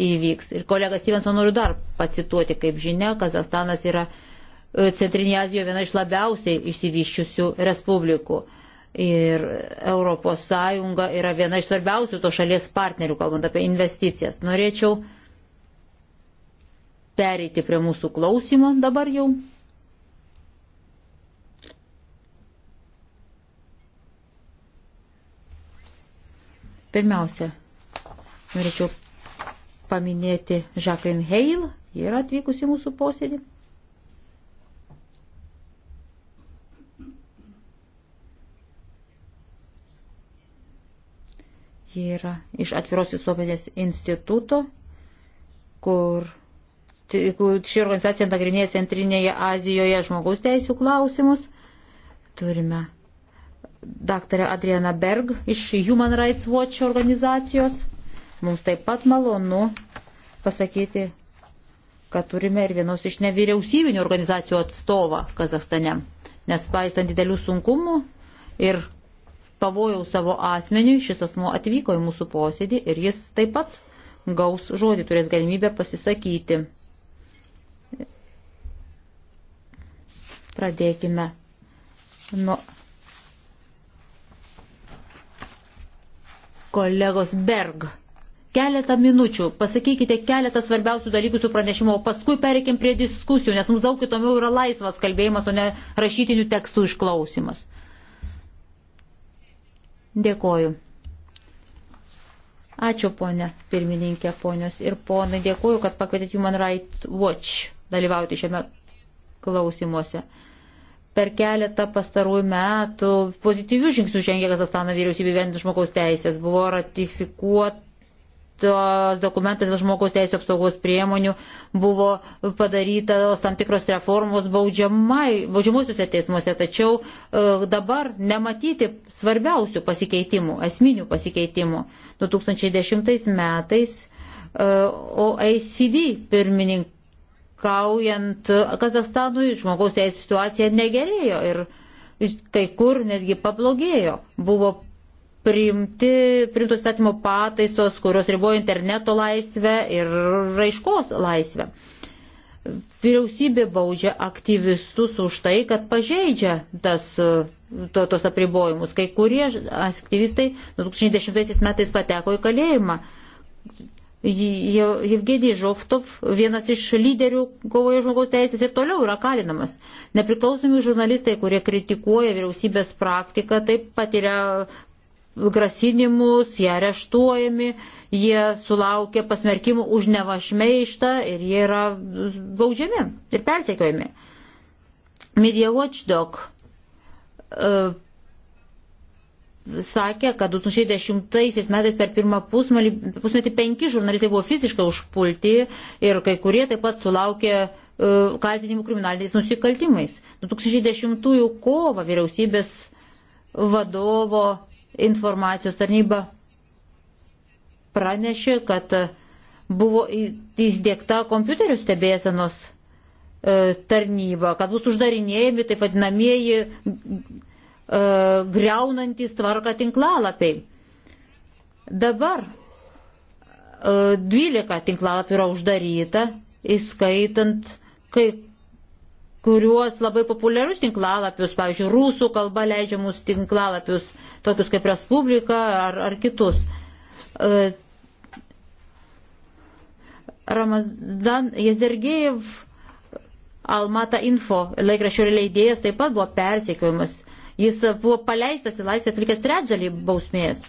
[SPEAKER 4] įvyks. Ir kolega Stevenson noriu dar pacituoti, kaip žinia, Kazakstanas yra e, Centrinėje Azijoje viena iš labiausiai išsivyščiusių respublikų. Ir ES yra viena iš svarbiausių to šalies partnerių, kalbant apie investicijas. Norėčiau pereiti prie mūsų klausimo dabar jau. Pirmiausia, norėčiau paminėti Jacqueline Hale, ji yra atvykusi mūsų posėdį. Ji yra iš atviros visuomenės instituto, kur ši organizacija nagrinėja Centrinėje Azijoje žmogaus teisų klausimus. Turime daktarę Adrianą Berg iš Human Rights Watch organizacijos. Mums taip pat malonu pasakyti, kad turime ir vienos iš nevyriausybinių organizacijų atstovą Kazakstane. Nes paisant didelių sunkumų ir pavojaus savo asmeniui, šis asmo atvyko į mūsų posėdį ir jis taip pat gaus žodį, turės galimybę pasisakyti. Pradėkime nuo kolegos Berg. Keletą minučių, pasakykite keletą svarbiausių dalykų su pranešimu, o paskui pereikim prie diskusijų, nes mums daug įdomiau yra laisvas kalbėjimas, o ne rašytinių tekstų išklausimas. Dėkoju. Ačiū, ponė pirmininkė, ponios ir ponai. Dėkoju, kad pakvietėt Human Rights Watch dalyvauti šiame klausimuose. Per keletą pastarųjų metų pozityvių žingsnių žengė Kazastano vyriausybė vienintis žmogaus teisės. Buvo ratifikuota tos dokumentas dėl žmogaus teisų apsaugos priemonių buvo padarytos tam tikros reformos baudžiamuosiuose teismuose, tačiau e, dabar nematyti svarbiausių pasikeitimų, esminių pasikeitimų. 2010 metais e, OACD pirmininkaujant Kazakstanui žmogaus teisų situacija negerėjo ir kai kur netgi pablogėjo. Buvo priimti, priimtos įstatymo pataisos, kurios riboja interneto laisvę ir raiškos laisvę. Vyriausybė baudžia aktyvistus už tai, kad pažeidžia tas, to, tos apribojimus. Kai kurie aktyvistai 2010 metais pateko į kalėjimą. Jevgedijai Žoftov, vienas iš lyderių kovoje žmogaus teisės ir toliau yra kalinamas. Nepriklausomi žurnalistai, kurie kritikuoja vyriausybės praktiką, taip pat yra grasinimus, jie areštuojami, jie sulaukia pasmerkimų už nevašmeištą ir jie yra baudžiami ir persekiojami. Media Watchdog uh, sakė, kad 2010 metais per pirmą pusmalį, pusmetį penki žurnalistai buvo fiziškai užpulti ir kai kurie taip pat sulaukė uh, kaltinimų kriminaliniais nusikaltimais. 2010 kovo vyriausybės vadovo informacijos tarnyba pranešė, kad e, buvo įdėkta kompiuterių stebėsenos e, tarnyba, kad bus uždarinėjami taip vadinamieji e, greunantis tvarką tinklalapiai. Dabar 12 tinklalapių yra uždaryta, įskaitant kai kuriuos labai populiarius tinklalapius, pavyzdžiui, rusų kalba leidžiamus tinklalapius, tokius kaip Respublika ar, ar kitus. E, Ramazan Jezergiejev Almata Info laikraščio leidėjas taip pat buvo persiekiojamas. Jis buvo paleistas į laisvę atlikęs trečdalį bausmės.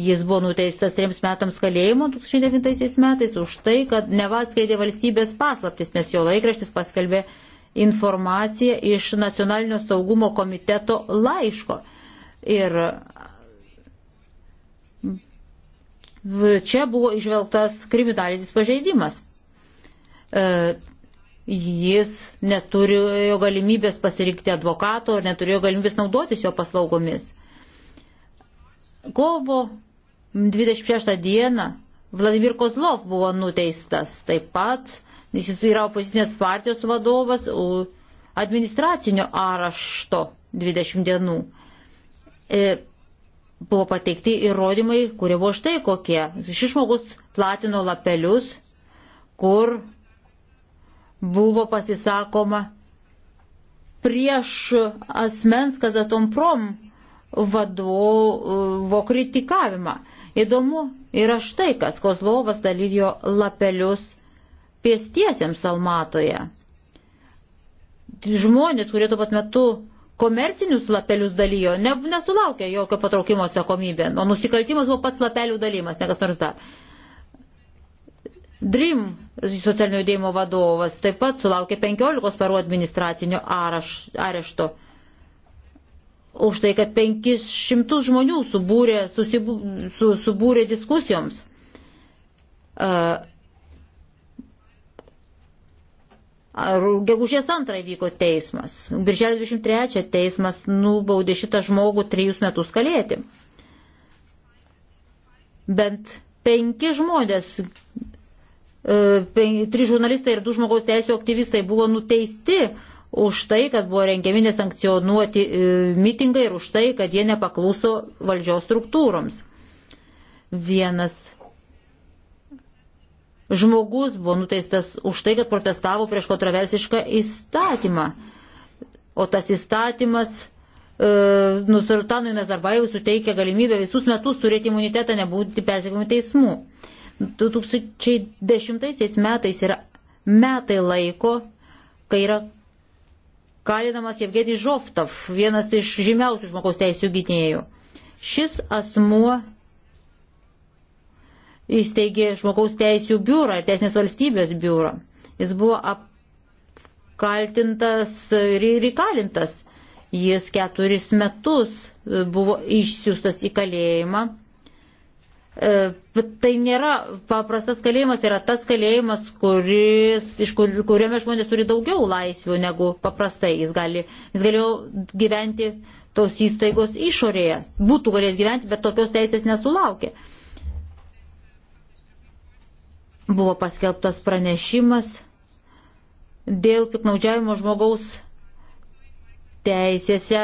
[SPEAKER 4] Jis buvo nuteistas trims metams kalėjimo 2009 metais už tai, kad nevaskaidė valstybės paslaptis, nes jo laikraštis paskelbė informaciją iš nacionalinio saugumo komiteto laiško. Ir čia buvo išvelgtas kriminalinis pažeidimas. E, jis neturėjo galimybės pasirinkti advokato ir neturėjo galimybės naudotis jo paslaugomis. Kovo 26 dieną Vladimir Kozlov buvo nuteistas taip pat Jis yra opozicinės partijos vadovas administracinio arašto 20 dienų. E, buvo pateikti įrodymai, kurie buvo štai kokie. Šis žmogus platino lapelius, kur buvo pasisakoma prieš asmens Kazatomprom vadovo kritikavimą. Įdomu yra štai, kas Kozlovas dalyjo lapelius pėstiesiems Almatoje. Žmonės, kurie tuo pat metu komercinius lapelius dalyjo, ne, nesulaukė jokio patraukimo atsakomybė, o nusikaltimas buvo pats lapelių dalymas, ne kas nors dar. Dream socialinio judėjimo vadovas taip pat sulaukė 15 parų administracinio arešto už tai, kad 500 žmonių subūrė, susibū, su, subūrė diskusijoms. Uh, Ar gegužės antrąjį vyko teismas. Birželio 23 teismas nubaudė šitą žmogų trejus metus kalėti. Bent penki žmonės, e, penki, trys žurnalistai ir du žmogaus teisų aktyvistai buvo nuteisti už tai, kad buvo rengiami nesankcionuoti e, mitingai ir už tai, kad jie nepakluso valdžios struktūroms. Vienas žmogus buvo nuteistas už tai, kad protestavo prieš kontroversišką įstatymą. O tas įstatymas e, Nusultanui Nazarbajevui suteikė galimybę visus metus turėti imunitetą, nebūti persekiojimų teismų. 2010 metais yra metai laiko, kai yra kalinamas Evgenijus Žoftav, vienas iš žymiausių žmogaus teisų gynėjų. Šis asmuo įsteigė žmogaus teisų biurą ir teisinės valstybės biurą. Jis buvo apkaltintas ir įkalintas. Jis keturis metus e, buvo išsiųstas į kalėjimą. E, bet tai nėra paprastas kalėjimas, yra tas kalėjimas, kuris, kur, kuriame žmonės turi daugiau laisvių negu paprastai. Jis, gali, jis galėjo gyventi tos įstaigos išorėje. Būtų galėjęs gyventi, bet tokios teisės nesulaukė buvo paskelbtas pranešimas dėl piknaudžiavimo žmogaus teisėse,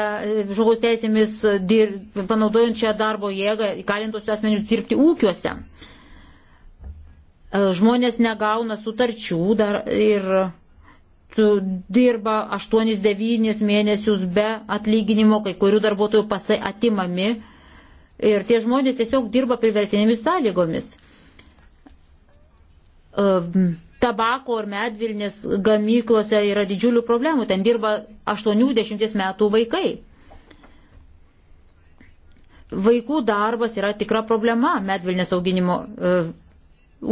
[SPEAKER 4] žmogaus teisėmis dir, panaudojant šią darbo jėgą įkalintus asmenius dirbti ūkiuose. Žmonės negauna sutarčių dar ir dirba 8-9 mėnesius be atlyginimo, kai kurių darbuotojų pasai atimami ir tie žmonės tiesiog dirba priversinėmis sąlygomis. Ehm, tabako ir medvilnės gamyklose yra didžiulių problemų. Ten dirba 80 metų vaikai. Vaikų darbas yra tikra problema medvilnės auginimo e,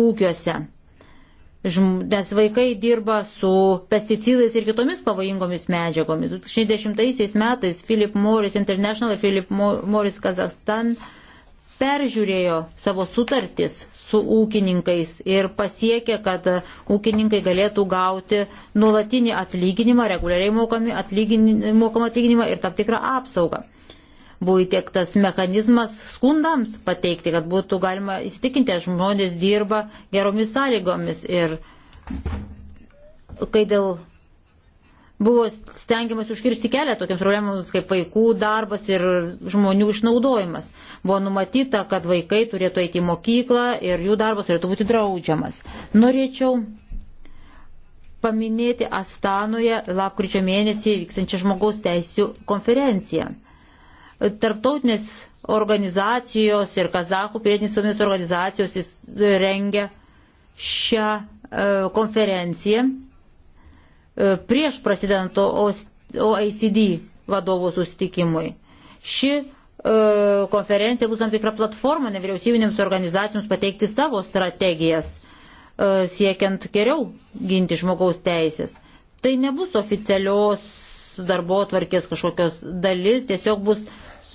[SPEAKER 4] ūkiuose. Žm, nes vaikai dirba su pesticidais ir kitomis pavojingomis medžiagomis. 2010 metais Philip Morris International ir Philip Morris Kazakhstan peržiūrėjo savo sutartis su ūkininkais ir pasiekė, kad ūkininkai galėtų gauti nuolatinį atlyginimą, reguliariai mokami atlyginimą, mokamą atlyginimą ir tam tikrą apsaugą. Buvo įtiektas mechanizmas skundams pateikti, kad būtų galima įsitikinti, kad žmonės dirba geromis sąlygomis ir kai dėl buvo stengiamas užkirsti kelią tokiams problemams kaip vaikų darbas ir žmonių išnaudojimas. Buvo numatyta, kad vaikai turėtų eiti į mokyklą ir jų darbas turėtų būti draudžiamas. Norėčiau paminėti Astanoje lapkričio mėnesį vyksančią žmogaus teisų konferenciją. Tarptautinės organizacijos ir Kazakų pilietinės suomės organizacijos rengia šią e, konferenciją E, prieš prasidant OECD vadovų sustikimui. Ši e, konferencija bus tam tikra platforma nevyriausybinėms organizacijoms pateikti savo strategijas, e, siekiant geriau ginti žmogaus teisės. Tai nebus oficialios darbo tvarkės kažkokios dalis, tiesiog bus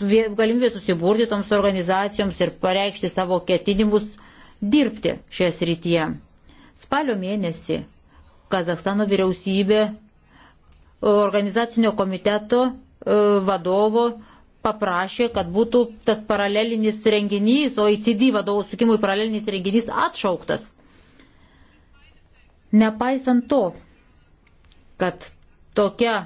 [SPEAKER 4] galimybė susiburti toms organizacijoms ir pareikšti savo ketinimus dirbti šioje srityje. Spalio mėnesį Kazakstano vyriausybė organizacinio komiteto e, vadovo paprašė, kad būtų tas paralelinis renginys, o ICD vadovų sukimui paralelinis renginys atšauktas. Nepaisant to, kad tokia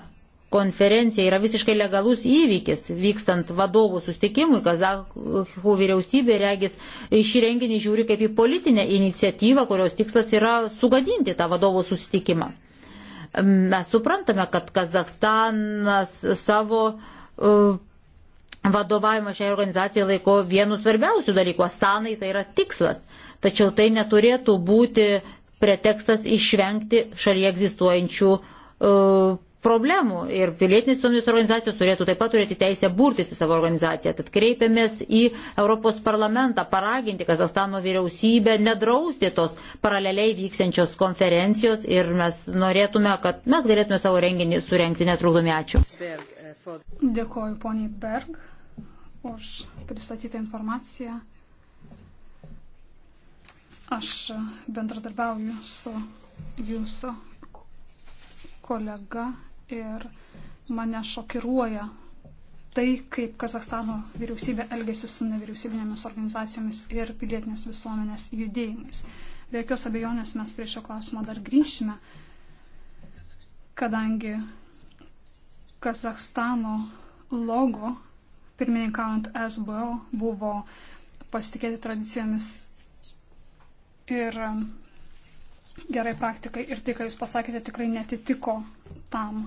[SPEAKER 4] konferencija yra visiškai legalus įvykis, vykstant vadovų sustikimui, Kazakų vyriausybė regis iš įrenginį žiūri kaip į politinę iniciatyvą, kurios tikslas yra sugadinti tą vadovų sustikimą. Mes suprantame, kad Kazakstanas savo e, vadovavimą šiai organizacijai laiko vienu svarbiausių dalykų, Astanai tai yra tikslas, tačiau tai neturėtų būti pretekstas išvengti šalyje egzistuojančių uh, problemų ir pilietinės visuomenės organizacijos turėtų taip pat turėti teisę burtis į savo organizaciją. Tad kreipiamės į Europos parlamentą paraginti Kazastano vyriausybę nedrausti tos paraleliai vyksiančios konferencijos ir mes norėtume, kad mes galėtume savo renginį surenkti netrukdomi. Ačiū.
[SPEAKER 2] Dėkoju poniai Berg už pristatytą informaciją. Aš bendradarbiauju su jūsų kolega ir mane šokiruoja tai, kaip Kazakstano vyriausybė elgesi su nevyriausybinėmis organizacijomis ir pilietinės visuomenės judėjimais. Be jokios abejonės mes prie šio klausimo dar grįšime, kadangi Kazakstano logo, pirmininkaujant SBO, buvo pasitikėti tradicijomis ir um, gerai praktikai ir tai, ką jūs pasakėte, tikrai netitiko tam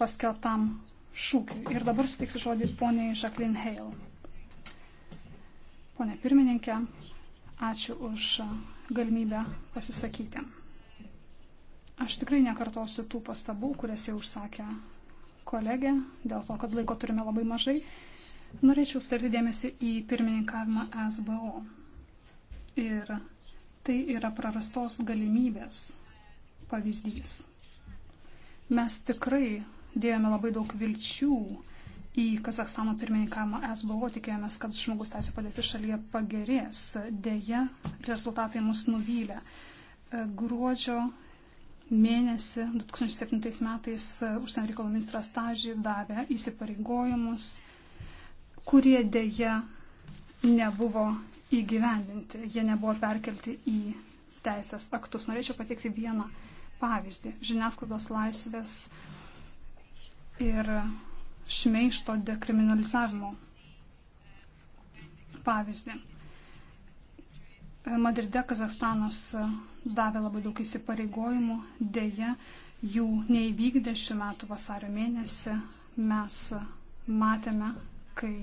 [SPEAKER 2] paskelbtam šūkiui. Ir dabar suteiksiu žodį poniai Jacqueline Hale. Pone pirmininkė, ačiū už galimybę pasisakyti. Aš tikrai nekartosiu tų pastabų, kurias jau užsakė kolegė, dėl to, kad laiko turime labai mažai. Norėčiau sutelkti dėmesį į pirmininkavimą SBO. Ir tai yra prarastos galimybės pavyzdys. Mes tikrai dėjome labai daug vilčių į Kazakstano pirmininkavimą SBO, tikėjomės, kad žmogus teisė padėti šalyje pagerės. Deja, rezultatai mus nuvylė. E, gruodžio mėnesį 2007 metais e, užsienio reikalų ministras Tažį davė įsipareigojimus, kurie deja nebuvo įgyvendinti, jie nebuvo perkelti į teisės aktus. Norėčiau pateikti vieną pavyzdį. Žiniasklaidos laisvės ir šmeišto dekriminalizavimo pavyzdį. Madride Kazakstanas davė labai daug įsipareigojimų, dėja jų neįvykdė šių metų vasario mėnesį. Mes matėme, kai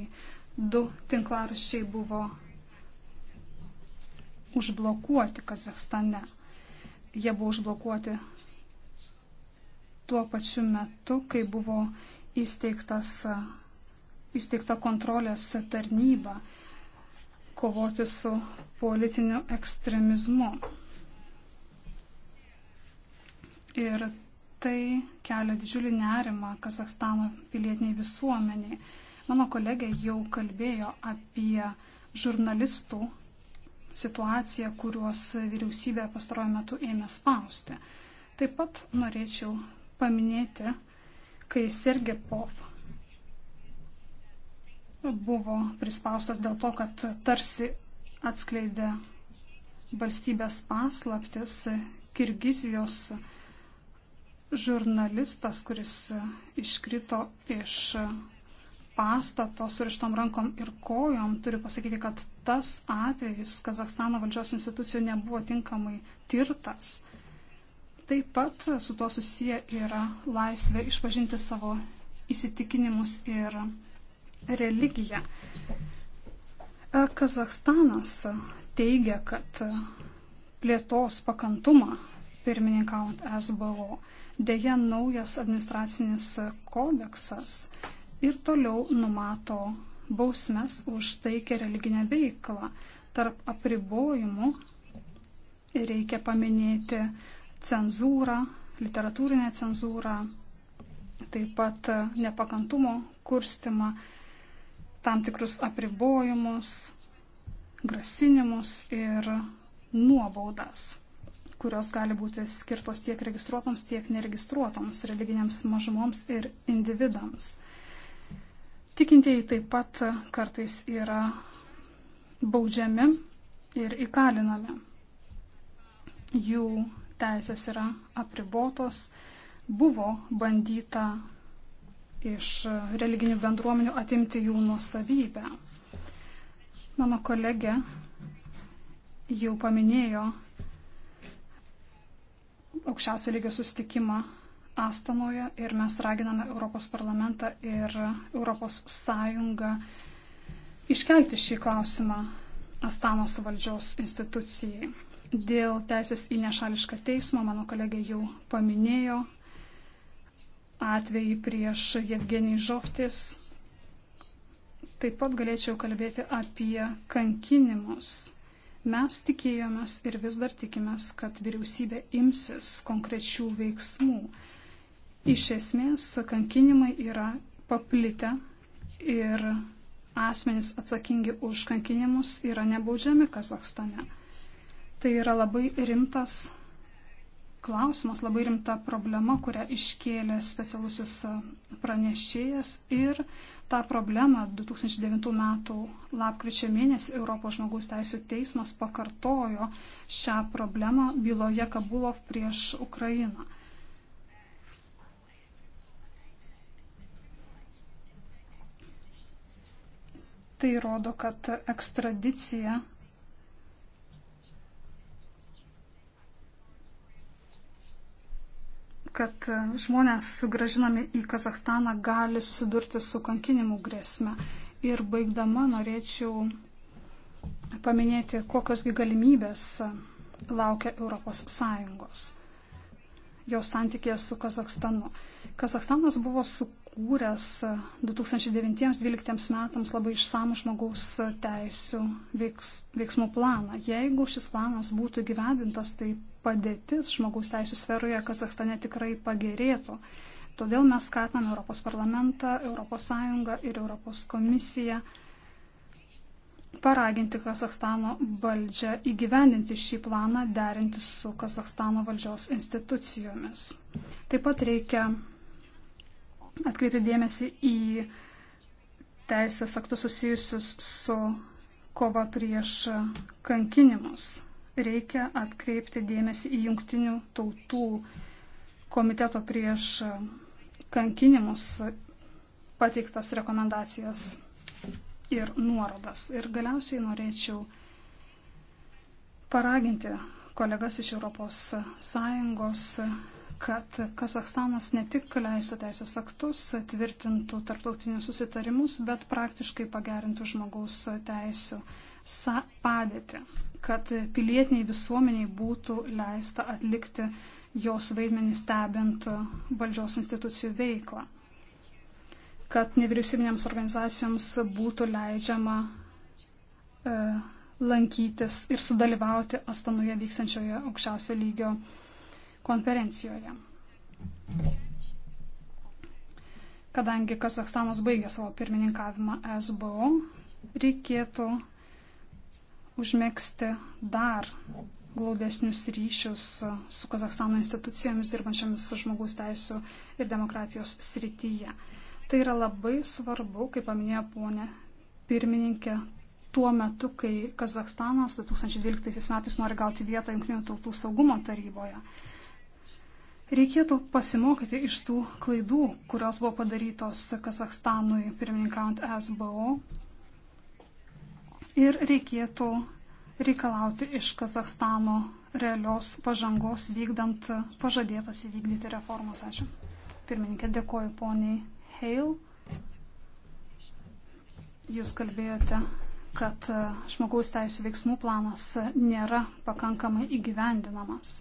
[SPEAKER 2] du tinklaraščiai buvo užblokuoti Kazakstane. Jie buvo užblokuoti tuo pačiu metu, kai buvo įsteigtas, įsteigta kontrolės tarnyba kovoti su politiniu ekstremizmu. Ir tai kelia didžiulį nerimą Kazakstano pilietiniai visuomeniai. Mano kolegė jau kalbėjo apie žurnalistų situaciją, kuriuos vyriausybė pastaruoju metu ėmė spausti. Taip pat norėčiau paminėti, kai Sergei Pov buvo prispaustas dėl to, kad tarsi atskleidė valstybės paslaptis Kirgizijos žurnalistas, kuris iškrito iš pastato surištom rankom ir kojom, turiu pasakyti, kad tas atvejis Kazakstano valdžios institucijų nebuvo tinkamai tirtas. Taip pat su tuo susiję yra laisvė išpažinti savo įsitikinimus ir religiją. E, Kazakstanas teigia, kad plėtos pakantumą pirmininkaujant SBO. Deja, naujas administracinis kodeksas ir toliau numato bausmes už taikę religinę veiklą. Tarp apribojimų reikia paminėti cenzūrą, literatūrinę cenzūrą, taip pat nepakantumo kurstimą, tam tikrus apribojimus, grasinimus ir nuobaudas, kurios gali būti skirtos tiek registruotoms, tiek neregistruotoms religinėms mažumoms ir individams. Tikintieji taip pat kartais yra baudžiami ir įkalinami. Jų teisės yra apribotos. Buvo bandyta iš religinių bendruomenių atimti jų nusavybę. Mano kolegė jau paminėjo aukščiausio lygio sustikimą Astanoje ir mes raginame Europos parlamentą ir Europos Sąjungą iškelti šį klausimą Astanos valdžios institucijai. Dėl teisės į nešališką teismą mano kolegė jau paminėjo atvejį prieš Jevgenijų Žoftis. Taip pat galėčiau kalbėti apie kankinimus. Mes tikėjomės ir vis dar tikimės, kad vyriausybė imsis konkrečių veiksmų. Iš esmės, kankinimai yra paplitę ir asmenys atsakingi už kankinimus yra nebaudžiami Kazakstane. Tai yra labai rimtas klausimas, labai rimta problema, kurią iškėlė specialusis pranešėjas ir tą problemą 2009 m. lapkričio mėnesį Europos žmogaus teisų teismas pakartojo šią problemą byloje Kabulov prieš Ukrainą. Tai rodo, kad ekstradicija kad e, žmonės sugražinami į Kazakstaną gali susidurti su kankinimu grėsme. Ir baigdama norėčiau paminėti, kokiosgi galimybės laukia ES jos santykėje su Kazakstanu. Kazakstanas buvo su sukūręs 2009-2012 metams labai išsamų žmogaus teisų veiks, veiksmų planą. Jeigu šis planas būtų gyvendintas, tai padėtis žmogaus teisų sferoje Kazakstane tikrai pagerėtų. Todėl mes skatiname Europos parlamentą, ES ir ES komisiją paraginti Kazakstano valdžią įgyvendinti šį planą, derinti su Kazakstano valdžios institucijomis. Taip pat reikia atkreipti dėmesį į teisės aktus susijusius su kova prieš kankinimus. Reikia atkreipti dėmesį į jungtinių tautų komiteto prieš kankinimus pateiktas rekomendacijas ir nuorodas. Ir galiausiai norėčiau paraginti kolegas iš ES kad Kazakstanas ne tik leisų teisės aktus, tvirtintų tarptautinius susitarimus, bet praktiškai pagerintų žmogaus teisų padėtį, kad pilietiniai visuomeniai būtų leista atlikti jos vaidmenį stebint valdžios institucijų veiklą, kad nevyriausybinėms organizacijoms būtų leidžiama e, lankytis ir sudalyvauti Astanoje vykstančioje aukščiausio lygio konferencijoje. Kadangi Kazakstanas baigė savo pirmininkavimą SBO, reikėtų užmėgsti dar glaudesnius ryšius su Kazakstano institucijomis dirbančiamis žmogaus teisų ir demokratijos srityje. Tai yra labai svarbu, kaip paminėjo ponė pirmininkė, tuo metu, kai Kazakstanas 2012 metais nori gauti vietą Junktinių tautų saugumo taryboje. Reikėtų pasimokyti iš tų klaidų, kurios buvo padarytos Kazakstanui pirmininkant SBO. Ir reikėtų reikalauti iš Kazakstano realios pažangos vykdant pažadėtas įvykdyti reformas. Ačiū. Pirmininkė, dėkoju poniai Hale. Jūs kalbėjote, kad žmogaus teisų veiksmų planas nėra pakankamai įgyvendinamas.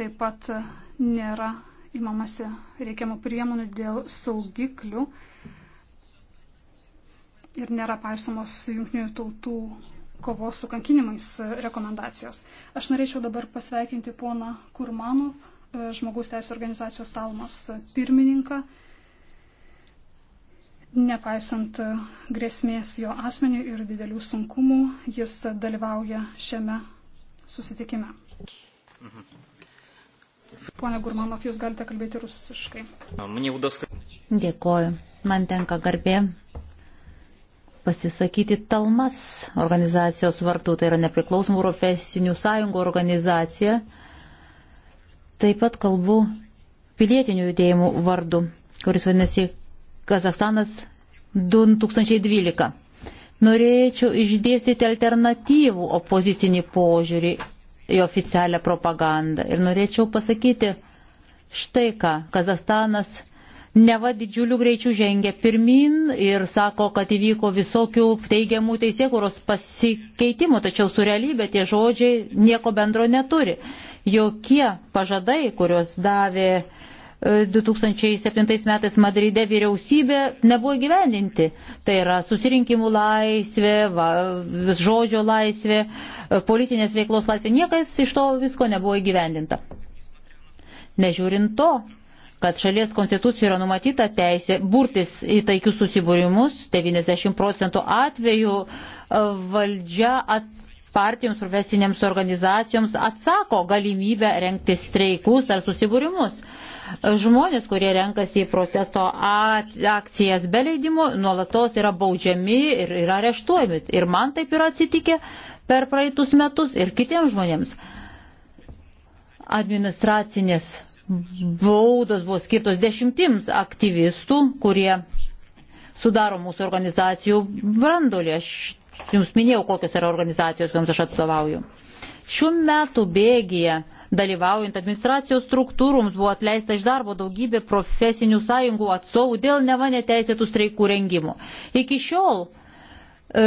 [SPEAKER 2] Taip pat nėra įmamasi reikiamų priemonių dėl saugiklių ir nėra paisomos jungtinių tautų kovos su kankinimais rekomendacijos. Aš norėčiau dabar pasveikinti poną Kurmanov, e, žmogaus teisų organizacijos Talmas pirmininką, nepaisant grėsmės jo asmeniui ir didelių sunkumų, jis dalyvauja šiame susitikime. Mhm. Pone Gurmanov, jūs galite kalbėti rusiškai.
[SPEAKER 4] Dėkoju. Man tenka garbė pasisakyti Talmas organizacijos vartų, tai yra nepriklausomų profesinių sąjungų organizacija. Taip pat kalbu pilietinių judėjimų vardu, kuris vadinasi Kazakstanas 2012. Norėčiau išdėstyti alternatyvų opozicinį požiūrį į oficialią propagandą. Ir norėčiau pasakyti štai ką. Kazahstanas neva didžiuliu greičiu žengia pirmin ir sako, kad įvyko visokių teigiamų teisėkuros pasikeitimų, tačiau su realybė tie žodžiai nieko bendro neturi. Jokie pažadai, kuriuos davė 2007 metais Madride vyriausybė nebuvo gyvendinti. Tai yra susirinkimų laisvė, va, žodžio laisvė, politinės veiklos laisvė. Niekas iš to visko nebuvo įgyvendinta. Nežiūrint to, kad šalies konstitucijoje yra numatyta teisė burtis į taikius susibūrimus, 90 procentų atvejų e, valdžia at, partijoms, profesinėms organizacijoms atsako galimybę renkti streikus ar susibūrimus. Žmonės, kurie renkasi į protesto akcijas be leidimų, nuolatos yra baudžiami ir yra areštuojami. Ir man taip yra atsitikę per praeitus metus ir kitiems žmonėms. Administracinės baudos buvo skirtos dešimtims aktyvistų, kurie sudaro mūsų organizacijų brandolį. Aš jums minėjau, kokios yra organizacijos, kuriams aš atstovauju. Šių metų bėgėje Dalyvaujant administracijos struktūroms buvo atleista iš darbo daugybė profesinių sąjungų atstovų dėl neva neteisėtų streikų rengimo. Iki šiol e,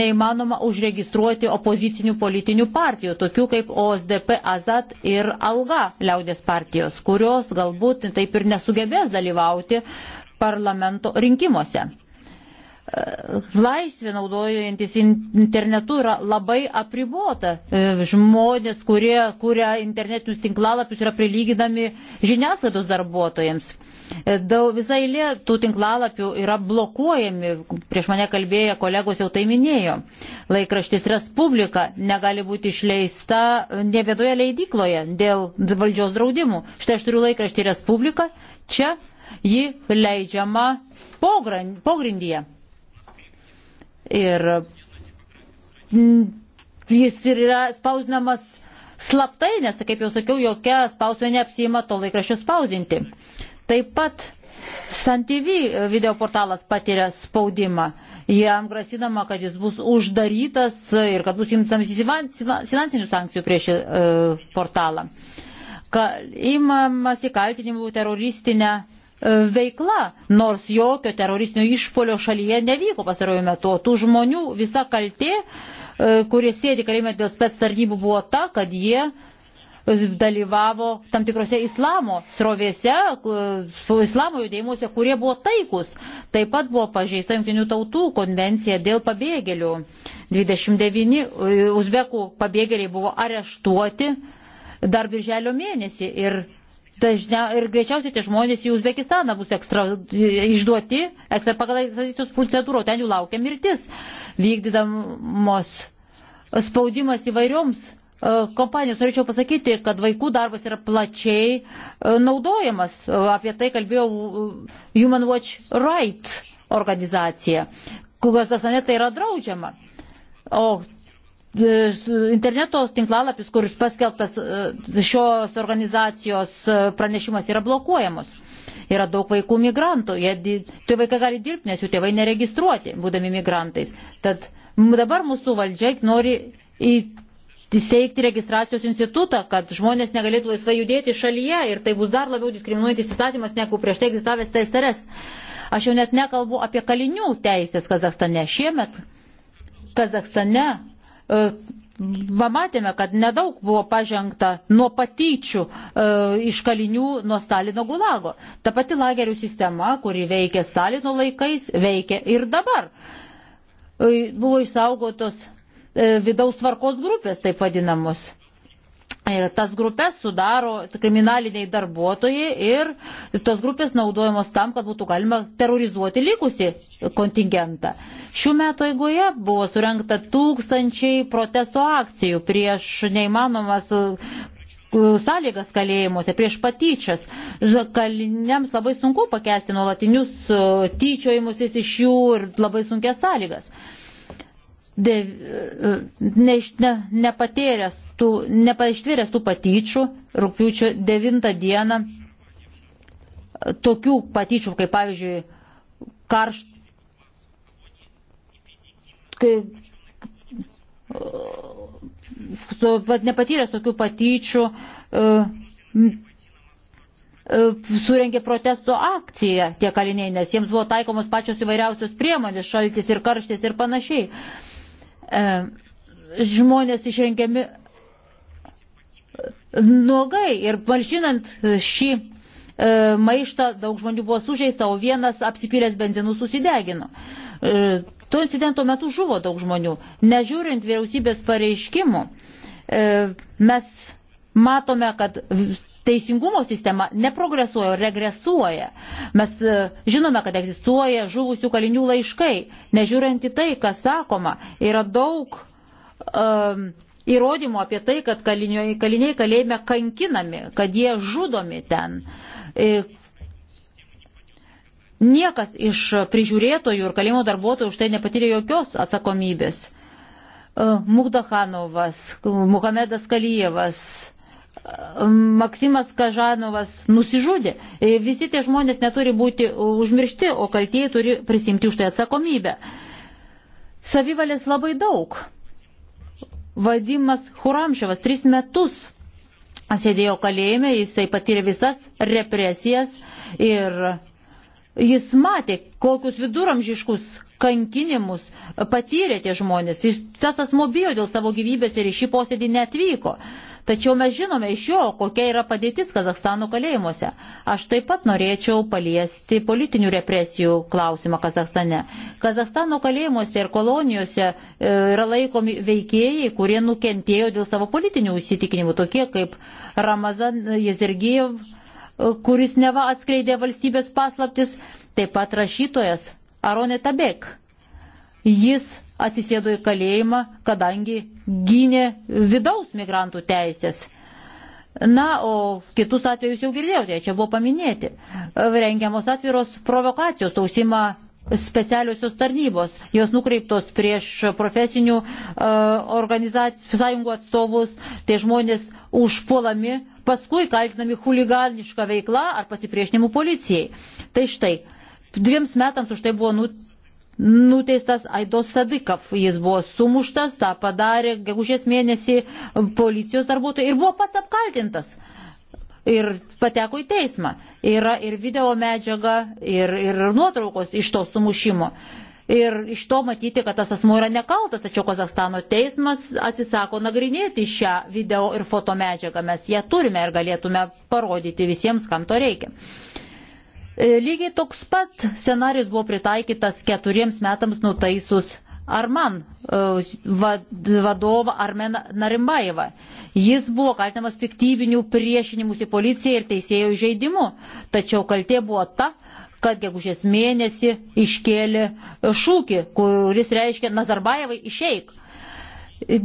[SPEAKER 4] neįmanoma užregistruoti opozicinių politinių partijų, tokių kaip OSDP, Azat ir Alga liaudės partijos, kurios galbūt taip ir nesugebės dalyvauti parlamento rinkimuose. E, laisvė naudojantis internetu yra labai apribota. E, žmonės, kurie kuria internetinius tinklalapius, yra prilyginami žiniasklaidos darbuotojams. E, daug, visa eilė tų tinklalapių yra blokuojami, prieš mane kalbėję kolegos jau tai minėjo. Laikraštis Respublika negali būti išleista ne vienoje leidykloje dėl valdžios draudimų. Štai aš turiu laikraštį Respublika, čia ji leidžiama pogrindyje. Ir jis ir yra spausdinamas slaptai, nes, kaip jau sakiau, jokia spausdinė neapsima to laikraščio spausdinti. Taip pat SanTV video portalas patiria spaudimą. Jam grasinama, kad jis bus uždarytas ir kad bus imtams finansinių sankcijų prieš šį e, portalą. Ka, imamas įkaltinimų teroristinę E, veikla, nors jokio teroristinio išpolio šalyje nevyko pasarojų metu. Tų žmonių visa kaltė, e, kurie sėdi kalėjime dėl spets tarnybų, buvo ta, kad jie e, dalyvavo tam tikrose islamo srovėse, su islamo judėjimuose, kurie buvo taikus. Taip pat buvo pažeista Junktinių tautų konvencija dėl pabėgėlių. 29 uzbekų pabėgėliai buvo areštuoti dar birželio mėnesį ir dažnia, ir greičiausiai tie žmonės į Uzbekistaną bus ekstra, išduoti ekstra, pagal ekstradicijos procedūrą, ten jų laukia mirtis, vykdydamos spaudimas įvairioms e, kompanijos. Norėčiau pasakyti, kad vaikų darbas yra plačiai e, naudojamas. E, apie tai kalbėjo Human Watch Rights organizacija. Kukasasane tai yra draudžiama. O interneto tinklalapis, kuris paskelbtas e, šios organizacijos e, pranešimas, yra blokuojamos. Yra daug vaikų migrantų, jie, tai vaikai gali dirbti, nes jų tėvai neregistruoti, būdami migrantais. Tad dabar mūsų valdžia nori įsteigti registracijos institutą, kad žmonės negalėtų laisvai judėti šalyje ir tai bus dar labiau diskriminuojantis įstatymas, negu prieš tai egzistavęs TSRS. Aš jau net nekalbu apie kalinių teisės Kazakstane šiemet. Kazakstane Pamatėme, kad nedaug buvo pažengta nuo patyčių e, iš kalinių nuo Stalino gulago. Ta pati lagerių sistema, kuri veikia Stalino laikais, veikia ir dabar. E, buvo išsaugotos e, vidaus tvarkos grupės, taip vadinamos. Ir tas grupės sudaro kriminaliniai darbuotojai ir tos grupės naudojamos tam, kad būtų galima terrorizuoti likusi kontingentą. Šių metų eigoje buvo surenkta tūkstančiai protesto akcijų prieš neįmanomas uh, sąlygas kalėjimuose, prieš patyčias. Kaliniams labai sunku pakesti nuolatinius uh, tyčiojimus iš jų ir labai sunkias sąlygas de, ne, ne, nepatyręs tų, nepaištvėręs tų patyčių rūpiučio 9 dieną, tokių patyčių, kaip pavyzdžiui, karš, kai, nepatyręs tokių patyčių, e,
[SPEAKER 1] e,
[SPEAKER 4] surengė protesto akciją tie kaliniai, nes jiems buvo taikomos pačios įvairiausios priemonės, šaltis ir karštis ir panašiai. E, žmonės išrengiami nuogai ir malšinant šį e, maištą daug žmonių buvo sužeista, o vienas apsipylęs benzinų susidegino. E, to incidento metu žuvo daug žmonių. Nežiūrint vyriausybės pareiškimų, mes matome, kad teisingumo sistema neprogresuoja, regresuoja. Mes e, žinome, kad egzistuoja žuvusių kalinių laiškai. Nežiūrint į tai, kas sakoma, yra daug um, įrodymų apie tai, kad kaliniai, kaliniai kalėjime kankinami, kad jie žudomi ten. E, niekas iš prižiūrėtojų ir kalėjimo darbuotojų už tai nepatyrė jokios atsakomybės. Mukdahanovas, Muhamedas Kalyjevas, Maksimas Kažanovas nusižudė. E, visi tie žmonės neturi būti užmiršti, o kaltieji turi prisimti už tai atsakomybę. Savivalės labai daug. Vadimas Huramševas tris metus sėdėjo kalėjime, jisai patyrė visas represijas ir jis matė, kokius viduramžiškus kankinimus patyrė tie žmonės. Jis, tas asmo bijo dėl savo gyvybės ir į šį posėdį netvyko. Tačiau mes žinome iš jo, kokia yra padėtis Kazakstano kalėjimuose. Aš taip pat norėčiau paliesti politinių represijų klausimą Kazakstane. Kazakstano kalėjimuose ir kolonijose e, yra laikomi veikėjai, kurie nukentėjo dėl savo politinių įsitikinimų, tokie kaip Ramazan Jezergijev, e, kuris neva atskleidė valstybės paslaptis, taip pat rašytojas Aronė Tabek. Jis atsisėdo į kalėjimą, kadangi gynė vidaus migrantų teisės. Na, o kitus atvejus jau girdėjote, tai čia buvo paminėti. Rengiamos atviros provokacijos, tausima specialiosios tarnybos, jos nukreiptos prieš profesinių e, organizacijų sąjungų atstovus, tie žmonės užpuolami, paskui kaltinami huliganišką veiklą ar pasipriešinimu policijai. Tai štai, dviems metams už tai buvo nu- nuteistas Aido Sadikaf. Jis buvo sumuštas, tą padarė gegužės mėnesį policijos darbuotojai ir buvo pats apkaltintas. Ir pateko į teismą. Yra ir video medžiaga, ir, ir nuotraukos iš to sumušimo. Ir iš to matyti, kad tas asmuo yra nekaltas, tačiau Kazakstano teismas atsisako nagrinėti šią video ir fotomedžiagą. Mes ją turime ir galėtume parodyti visiems, kam to reikia. Uh, E, lygiai toks pat scenarius buvo pritaikytas keturiems metams nutaisus Arman e, vadovą Armeną Narimbaevą. Jis buvo kaltinamas piktybinių priešinimus į policiją ir teisėjų žaidimu, tačiau kaltė buvo ta, kad gegužės mėnesį iškėlė šūkį, kuris reiškia Nazarbaevai išeik.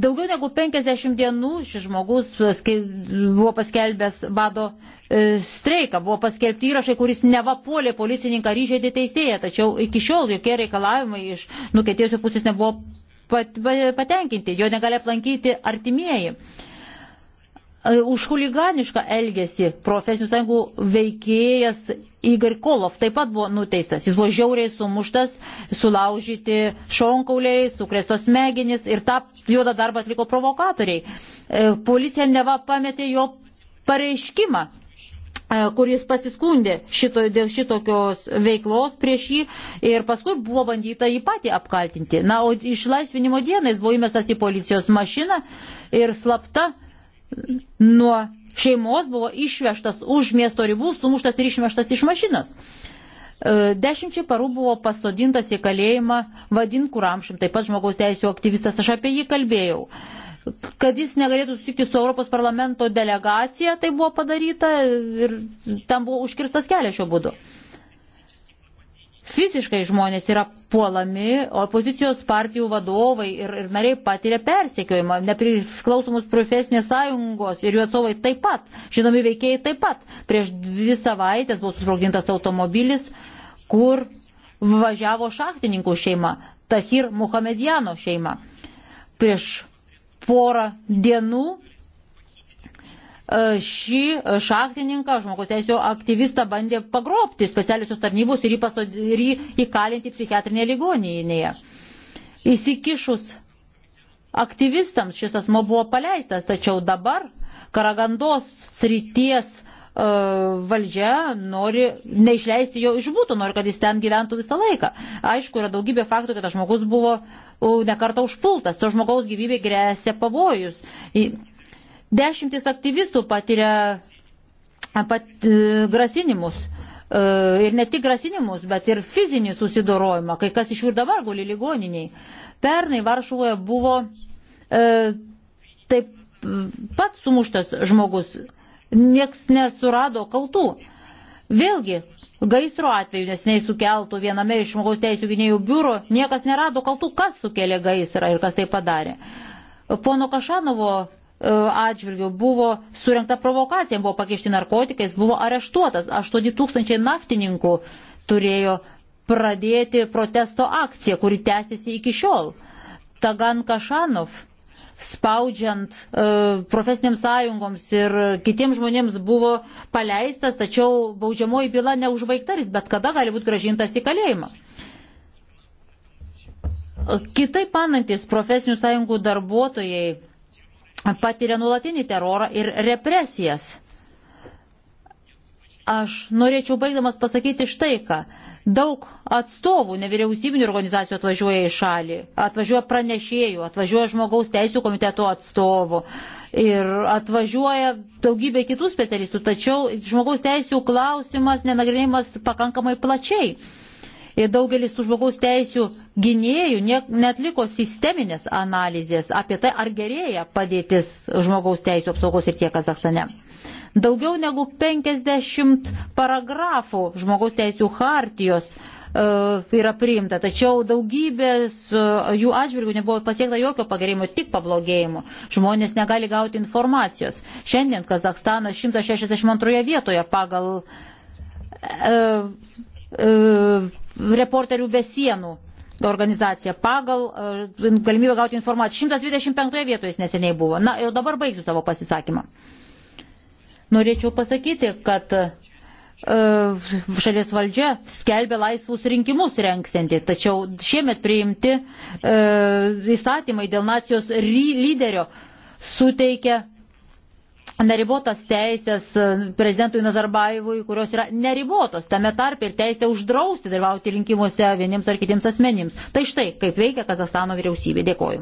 [SPEAKER 4] Daugiau negu 50 dienų šis žmogus buvo paskelbęs bado e, streiką, buvo paskelbti įrašai, kuris nevapuolė policininką ryžėdį teisėją, tačiau iki šiol jokie reikalavimai iš nukentėjusių pusės nebuvo pat, patenkinti, jo negali aplankyti artimieji. E, už huliganišką elgesį profesinių sąjungų veikėjas Igor Kolov taip pat buvo nuteistas. Jis buvo žiauriai sumuštas, sulaužyti šonkauliai, sukrėstos smegenys ir tą juodą darbą atliko provokatoriai. E, policija neva pametė jo pareiškimą e, kuris pasiskundė šito, dėl šitokios veiklos prieš jį ir paskui buvo bandyta jį patį apkaltinti. Na, o išlaisvinimo dienais buvo įmestas į policijos mašiną ir slapta nuo šeimos buvo išvežtas už miesto ribų, sumuštas ir išvežtas iš mašinas. E, dešimčiai parų buvo pasodintas į kalėjimą Vadin Kuramšim, taip pat žmogaus teisų aktyvistas, aš apie jį kalbėjau. Kad jis negalėtų sutikti su Europos parlamento delegacija, tai buvo padaryta ir tam buvo užkirstas kelias šio būdu. Fiziškai žmonės yra puolami, opozicijos partijų vadovai ir, ir nariai patiria persekiojimą, nepriklausomus profesinės sąjungos ir jų atstovai taip pat, žinomi veikėjai taip pat. Prieš dvi savaitės buvo susprogdintas automobilis, kur važiavo šachtininkų šeima, Tahir Muhamedjano šeima. Prieš porą dienų E, šį šachtininką, žmogus teisų aktyvistą bandė pagropti specialiusios tarnybos ir jį, pasod... ir jį įkalinti psichiatrinėje ligoninėje. Įsikišus aktyvistams šis asmo buvo paleistas, tačiau dabar Karagandos srities e, valdžia nori neišleisti jo iš būtų, nori, kad jis ten gyventų visą laiką. Aišku, yra daugybė faktų, kad tas žmogus buvo nekarta užpultas, to žmogaus gyvybė grėsia pavojus. Dešimtis aktyvistų patiria pat, e, grasinimus. E, ir ne tik grasinimus, bet ir fizinį susidorojimą, kai kas iš jų ir dabar guli ligoniniai. Pernai Varšuvoje buvo e, taip pat sumuštas žmogus, nieks nesurado kaltų. Vėlgi, gaisro atveju, nes nei sukeltų viename iš žmogaus teisų gynėjų biuro, niekas nerado kaltų, kas sukėlė gaisrą ir kas tai padarė. Pono Kašanovo E, atžvilgių buvo surinkta provokacija, buvo pakešti narkotikais, buvo areštuotas. 8 tūkstančiai naftininkų turėjo pradėti protesto akciją, kuri tęsiasi iki šiol. Tagan Kašanov spaudžiant e, profesiniams sąjungoms ir kitiems žmonėms buvo paleistas, tačiau baudžiamoji byla neužbaigta, jis bet kada gali būti gražintas į kalėjimą. Kitaip manantis profesinių sąjungų darbuotojai patiria nulatinį terorą ir represijas. Aš norėčiau baigdamas pasakyti štai ką. Daug atstovų nevyriausybinių organizacijų atvažiuoja į šalį, atvažiuoja pranešėjų, atvažiuoja žmogaus teisų komiteto atstovų ir atvažiuoja daugybė kitų specialistų, tačiau žmogaus teisų klausimas nenagrinėjimas pakankamai plačiai. Ir daugelis tų žmogaus teisių gynėjų netliko sisteminės analizės apie tai, ar gerėja padėtis žmogaus teisų apsaugos ir tie Kazakstane. Daugiau negu 50 paragrafų žmogaus teisų hartijos e, yra priimta, tačiau daugybės jų atžvilgių nebuvo pasiekta jokio pagerėjimo, tik pablogėjimo. Žmonės negali gauti informacijos. Šiandien Kazakstanas 162 vietoje pagal e, E, reporterių be sienų organizacija pagal e, galimybę gauti informaciją. 125 vietoje jis neseniai buvo. Na, jau dabar baigsiu savo pasisakymą. Norėčiau pasakyti, kad e, šalies valdžia skelbia laisvus rinkimus renksinti, tačiau šiemet priimti įstatymai dėl nacijos lyderio suteikia neribotas teisės e, prezidentui Nazarbaevui, kurios yra neribotos, tame tarp ir teisė uždrausti dalyvauti rinkimuose vieniems ar kitiems asmenims. Tai štai, kaip veikia Kazastano vyriausybė. Dėkoju.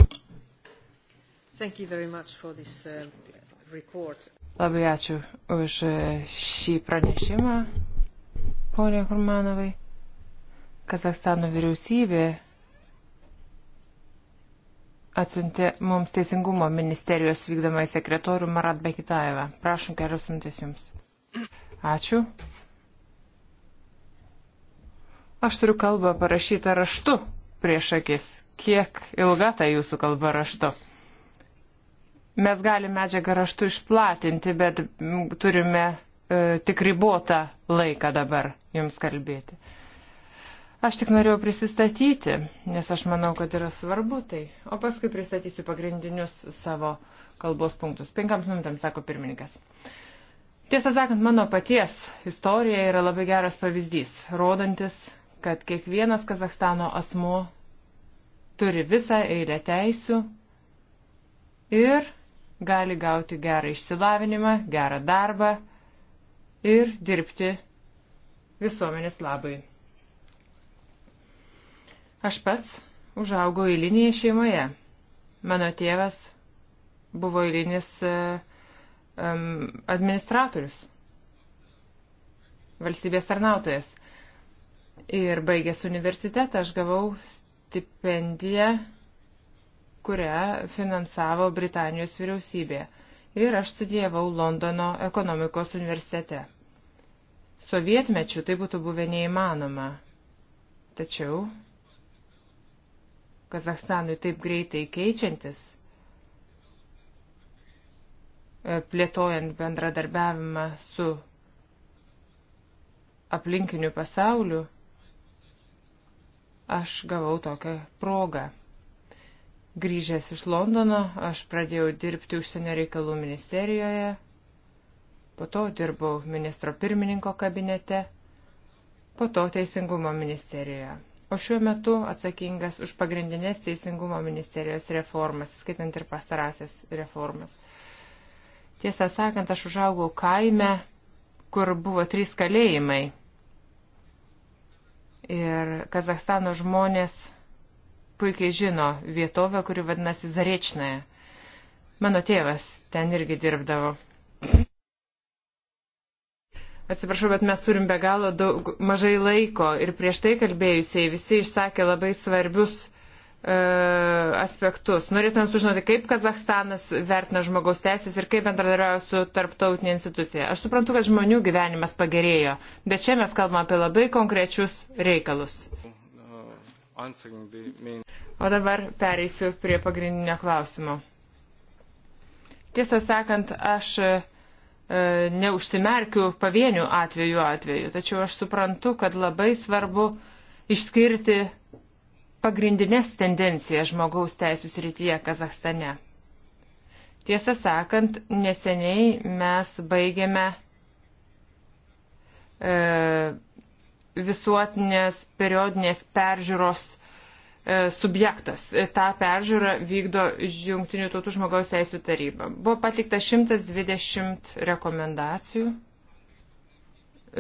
[SPEAKER 1] This, uh,
[SPEAKER 4] Labai ačiū už
[SPEAKER 3] e, šį pranešimą, ponė Kurmanovai. Kazakstano vyriausybė atsiuntė mums Teisingumo ministerijos vykdomai sekretorių Marat Bekitaevą. Prašom kelios minutės jums. Ačiū. Aš turiu kalbą parašytą raštu prieš akis. Kiek ilga ta jūsų kalba raštu? Mes galime medžiagą raštu išplatinti, bet turime e, tik ribotą laiką dabar jums kalbėti. E, Aš tik norėjau prisistatyti, nes aš manau, kad yra svarbu tai. O paskui pristatysiu pagrindinius savo kalbos punktus. Penkams minutėms, sako pirmininkas. Tiesą sakant, mano paties istorija yra labai geras pavyzdys, rodantis, kad kiekvienas Kazakstano asmo turi visą eilę teisių ir gali gauti gerą išsilavinimą, gerą darbą ir dirbti visuomenės labai. Aš pats užaugau eilinėje šeimoje. Mano tėvas buvo eilinis um, administratorius, valstybės tarnautojas. Ir baigęs universitetą aš gavau stipendiją, kurią finansavo Britanijos vyriausybė. Ir aš studijavau Londono ekonomikos universitete. Sovietmečių tai būtų buvę neįmanoma. Tačiau Kazakstanui taip greitai keičiantis, e, plėtojant bendradarbiavimą su aplinkiniu pasauliu, aš gavau tokią progą. Grįžęs iš Londono, aš pradėjau dirbti užsienio reikalų ministerijoje, po to dirbau ministro pirmininko kabinete, po to teisingumo ministerijoje o šiuo metu atsakingas už pagrindinės Teisingumo ministerijos reformas, skaitant ir pastarasias reformas. Tiesą sakant, aš užaugau kaime, kur buvo trys kalėjimai. Ir Kazakstano žmonės puikiai žino vietovę, kuri vadinasi Zarečnaja. Mano tėvas ten irgi dirbdavo. Atsiprašau, bet mes turim be galo daug, mažai laiko ir prieš tai kalbėjusiai visi išsakė labai svarbius e, aspektus. Norėtumėm sužinoti, kaip Kazahstanas vertina žmogaus teisės ir kaip bendradarbiauja su tarptautinė institucija. Aš suprantu, kad žmonių gyvenimas pagerėjo, bet čia mes kalbame apie labai konkrečius reikalus.
[SPEAKER 1] O
[SPEAKER 3] dabar pereisiu prie pagrindinio klausimo. Tiesą sakant, aš E, neužsimerkiu pavienių atvejų atveju. Tačiau aš suprantu, kad labai svarbu išskirti pagrindinės tendencijas žmogaus teisų srityje Kazakstane. Tiesą sakant, neseniai mes baigėme e, visuotinės periodinės peržiūros E, subjektas. Ta peržiūra vykdo Junktinių tautų žmogaus teisų taryba. Buvo patlikta 120 rekomendacijų,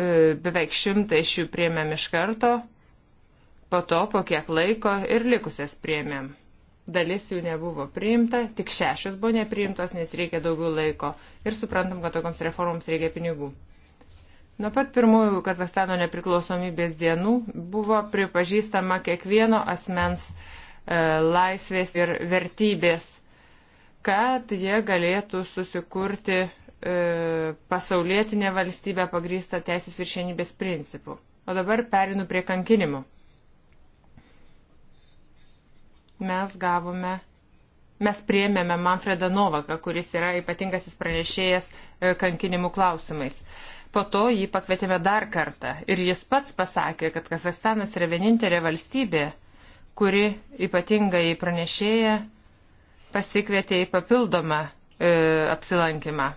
[SPEAKER 3] e, beveik 100 iš jų priemėm iš karto, po to po kiek laiko ir likusias priemėm. Dalis jų nebuvo priimta, tik šešios buvo nepriimtos, nes reikia daugiau laiko ir suprantam, kad tokioms reformoms reikia pinigų. Nuo pat pirmųjų Kazakstano nepriklausomybės dienų buvo pripažįstama kiekvieno asmens e, laisvės ir vertybės, kad jie galėtų susikurti e, pasaulietinę valstybę pagrįstą teisės viršienybės principų. O dabar perinu prie kankinimų. Mes gavome mes priėmėme Manfredą Novaką, kuris yra ypatingasis pranešėjas e, kankinimų klausimais. Po to jį pakvietėme dar kartą ir jis pats pasakė, kad Kazakstanas yra vienintelė valstybė, kuri ypatingai pranešėja pasikvietė į papildomą e, apsilankymą.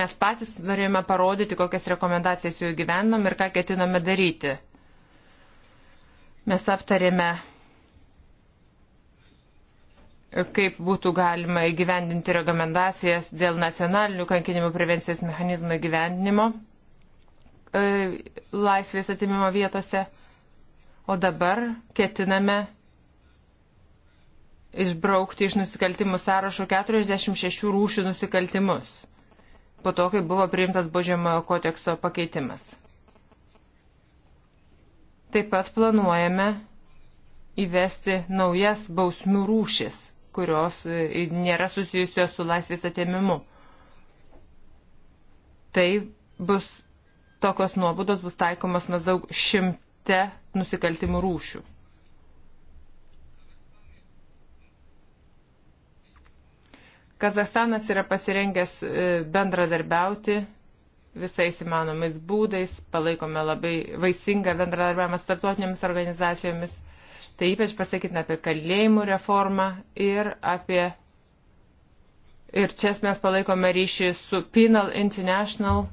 [SPEAKER 3] Mes patys norėjome parodyti, kokias rekomendacijas jų gyvenom ir ką ketinome daryti. Mes aptarėme, kaip būtų galima įgyvendinti rekomendacijas dėl nacionalinių kankinimų prevencijos mechanizmų įgyvendinimo. E, laisvės atimimo vietose, o dabar ketiname išbraukti iš nusikaltimų sąrašo 46 rūšių nusikaltimus, po to, kai buvo priimtas Božėmojo kodekso pakeitimas. Taip pat planuojame įvesti naujas bausmių rūšis, kurios e, nėra susijusios su laisvės atėmimu. Tai bus tokios nuobodos bus taikomas maždaug šimte nusikaltimų rūšių. Kazakstanas yra pasirengęs e, bendradarbiauti visais įmanomais būdais, palaikome labai vaisingą bendradarbiavimą su tarptautinėmis organizacijomis. Tai ypač pasakytina apie kalėjimų reformą ir apie. Ir čia mes palaikome ryšį su Penal International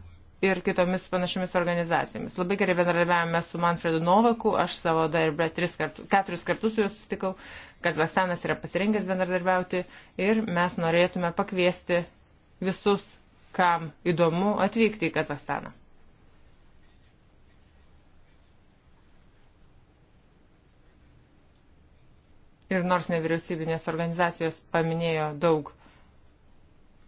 [SPEAKER 3] ir kitomis panašiomis organizacijomis. Labai gerai bendradarbiavome su Manfredu Novaku, aš savo darbę kart, keturis kartus su juo sustikau, Kazakstanas yra pasirengęs bendradarbiauti ir mes norėtume pakviesti visus, kam įdomu, atvykti į Kazakstaną. Ir nors nevyriausybinės organizacijos paminėjo daug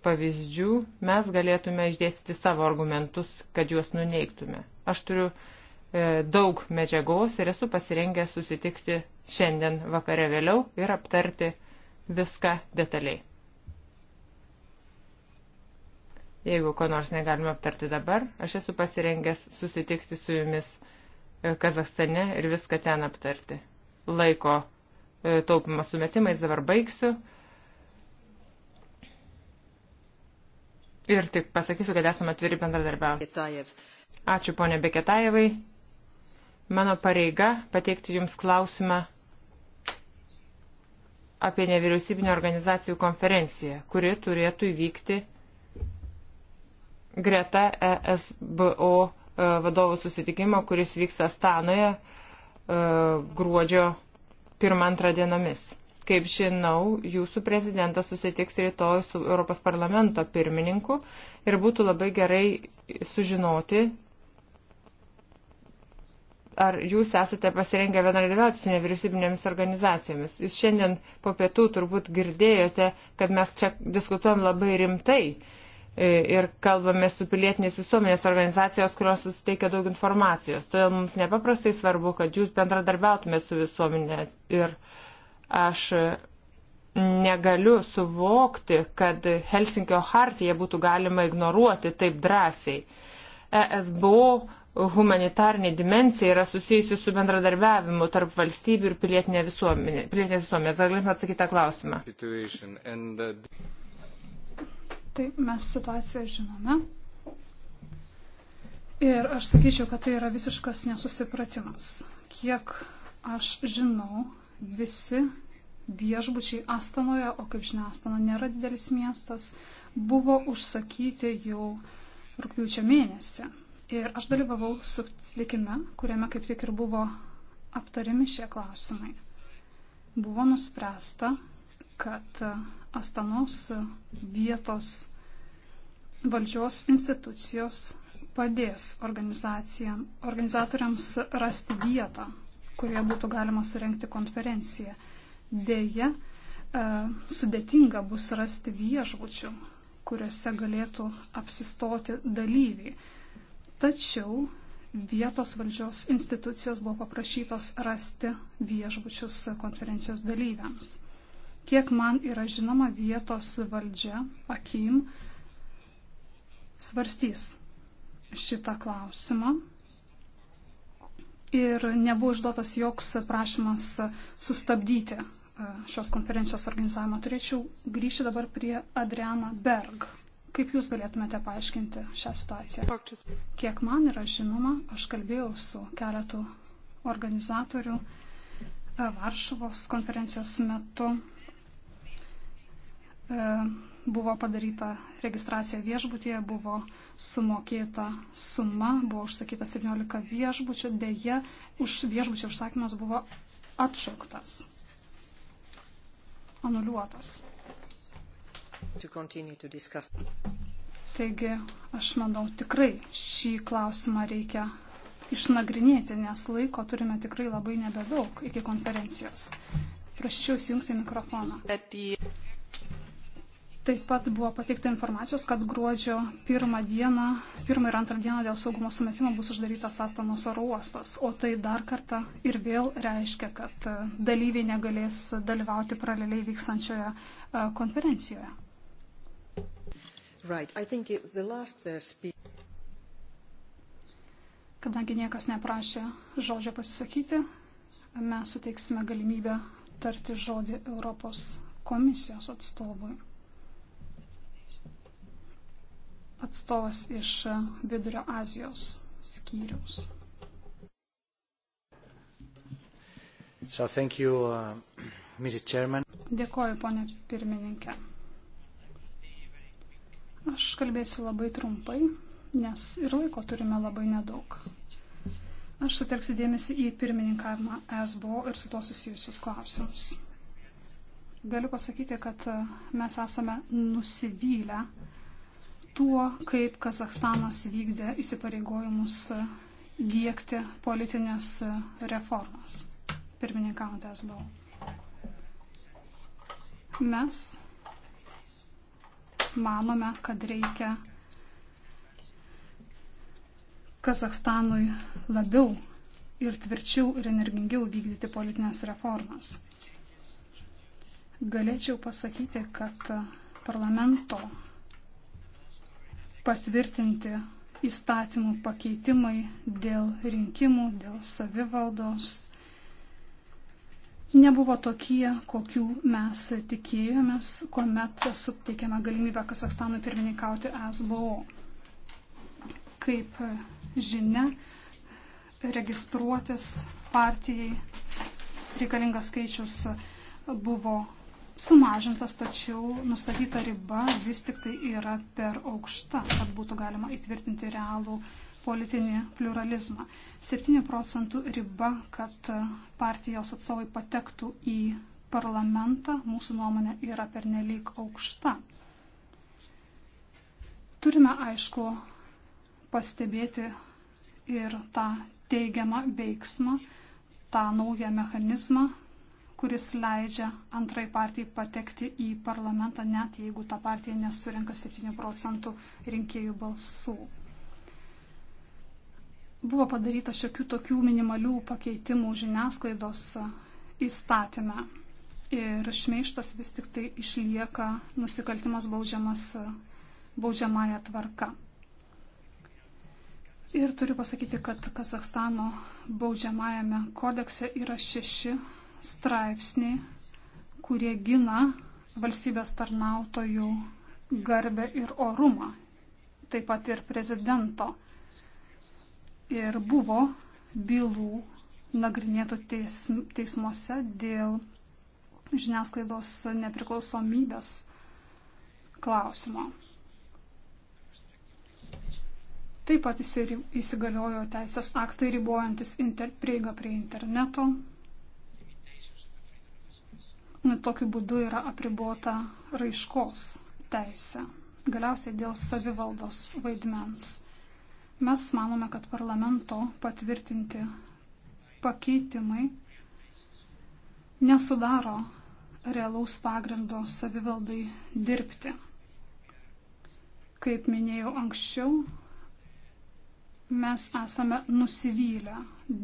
[SPEAKER 3] pavyzdžių mes galėtume išdėstyti savo argumentus, kad juos nuneiktume. Aš turiu e, daug medžiagos ir esu pasirengęs susitikti šiandien vakare vėliau ir aptarti viską detaliai. Jeigu ko nors negalime aptarti dabar, aš esu pasirengęs susitikti su jumis e, Kazakstane ir viską ten aptarti. Laiko e, taupimo sumetimais dabar baigsiu. Ir tik pasakysiu, kad esame atviri bendradarbiavimui. Ačiū ponė Beketajevai. Mano pareiga pateikti Jums klausimą apie nevyriausybinio organizacijų konferenciją, kuri turėtų įvykti greta ESBO e, vadovų susitikimo, kuris vyks Astanoje e, gruodžio 1-2 dienomis. Kaip žinau, jūsų prezidentas susitiks rytoj su Europos parlamento pirmininku ir būtų labai gerai sužinoti, ar jūs esate pasirengę bendradarbiauti su nevyriausybinėmis organizacijomis. Jūs šiandien po pietų turbūt girdėjote, kad mes čia diskutuojam labai rimtai e, ir kalbame su pilietinės visuomenės organizacijos, kurios suteikia daug informacijos. Todėl mums nepaprastai svarbu, kad jūs bendradarbiautumėte su visuomenė ir Aš negaliu suvokti, kad Helsinkio hartiją būtų galima ignoruoti taip drąsiai. ESBO humanitarnė dimensija yra susijusi su bendradarbiavimu tarp valstybių ir pilietinė visuomenė, pilietinės visuomenės. Galime atsakyti tą klausimą.
[SPEAKER 2] Taip, mes situaciją žinome. Ir aš sakyčiau, kad tai yra visiškas nesusipratimas. Kiek aš žinau, visi viešbučiai Astanoje, o kaip žinia, Astana nėra didelis miestas, buvo užsakyti jau rūpiučio mėnesį. Ir aš dalyvavau susitikime, kuriame kaip tik ir buvo aptariami šie klausimai. Buvo nuspręsta, kad Astanos vietos valdžios institucijos padės organizatoriams rasti vietą kurioje būtų galima surenkti konferenciją. Deja, e, sudėtinga bus rasti viešbučių, kuriuose galėtų apsistoti dalyviai. Tačiau vietos valdžios institucijos buvo paprašytos rasti viešbučius konferencijos dalyviams. Kiek man yra žinoma, vietos valdžia, akim, svarstys šitą klausimą ir nebuvo išduotas joks prašymas sustabdyti e, šios konferencijos organizavimą. Turėčiau grįžti dabar prie Adriana Berg. Kaip Jūs galėtumėte paaiškinti šią situaciją? Kiek man yra žinoma, aš kalbėjau su keletu organizatorių e, Varšuvos konferencijos metu. E, buvo padaryta registracija viešbutyje, buvo sumokėta suma, buvo užsakyta 17 viešbučių, dėje už viešbučių užsakymas buvo atšauktas, anuliuotas. Taigi, aš manau, tikrai šį klausimą reikia išnagrinėti, nes laiko turime tikrai labai nebedaug iki konferencijos. Prašyčiau įsijungti mikrofoną. Taip pat buvo pateikta informacijos, kad gruodžio pirmą dieną, pirmą ir antrą dieną dėl saugumo sumetimo bus uždarytas Astanos oro uostas, o tai dar kartą ir vėl reiškia, kad e, dalyviai negalės dalyvauti paraleliai vykstančioje e, konferencijoje.
[SPEAKER 1] Right. Uh,
[SPEAKER 2] Kadangi niekas neprašė žodžio pasisakyti, mes suteiksime galimybę tarti žodį Europos komisijos atstovui. atstovas iš Vidurio Azijos skyriaus. So thank you, uh, Mrs. Chairman. Dėkoju, ponė pirmininkė. Aš kalbėsiu labai trumpai, nes ir laiko turime labai nedaug. Aš sutelksiu dėmesį į pirmininkavimą SBO ir su to susijusius klausimus. Galiu pasakyti, kad uh, mes esame nusivylę uh, tuo, kaip Kazakstanas vykdė įsipareigojimus dėkti politinės reformas. Pirmininkavant esbau. Mes manome, kad reikia Kazakstanui labiau ir tvirčiau ir energingiau vykdyti politinės reformas. Galėčiau pasakyti, kad parlamento patvirtinti įstatymų pakeitimai dėl rinkimų, dėl savivaldos nebuvo tokie, kokių mes tikėjomės, kuomet suteikėme galimybę Kazakstanui pirmininkauti SBO. Kaip žinia, registruotis partijai reikalingas skaičius buvo sumažintas, tačiau nustatyta riba vis tik tai yra per aukšta, kad būtų galima įtvirtinti realų politinį pluralizmą. 7 procentų riba, kad partijos atstovai patektų į parlamentą, mūsų nuomonė yra pernelyg aukšta. Turime, aišku, pastebėti ir tą teigiamą veiksmą, tą naują mechanizmą, kuris leidžia antrai partijai patekti į parlamentą, net jeigu ta partija nesurenka 7 procentų rinkėjų balsų. Buvo padaryta šiokių tokių minimalių pakeitimų žiniasklaidos įstatymę. Ir šmeištas vis tik tai išlieka nusikaltimas baudžiamas baudžiamąją tvarką. Ir turiu pasakyti, kad Kazakstano baudžiamajame kodekse yra šeši straipsnį, kurie gina valstybės tarnautojų garbę ir orumą, taip pat ir prezidento. Ir buvo bylų nagrinėtų teism, teismuose dėl žiniasklaidos nepriklausomybės klausimo. Taip pat įsigaliojo teisės aktai ribojantis inter, prieigą prie interneto, tokiu būdu yra apribota raiškos teisė. Galiausiai dėl savivaldos vaidmens. Mes manome, kad parlamento patvirtinti pakeitimai nesudaro realaus pagrindo savivaldai dirbti. Kaip minėjau anksčiau, mes esame nusivylę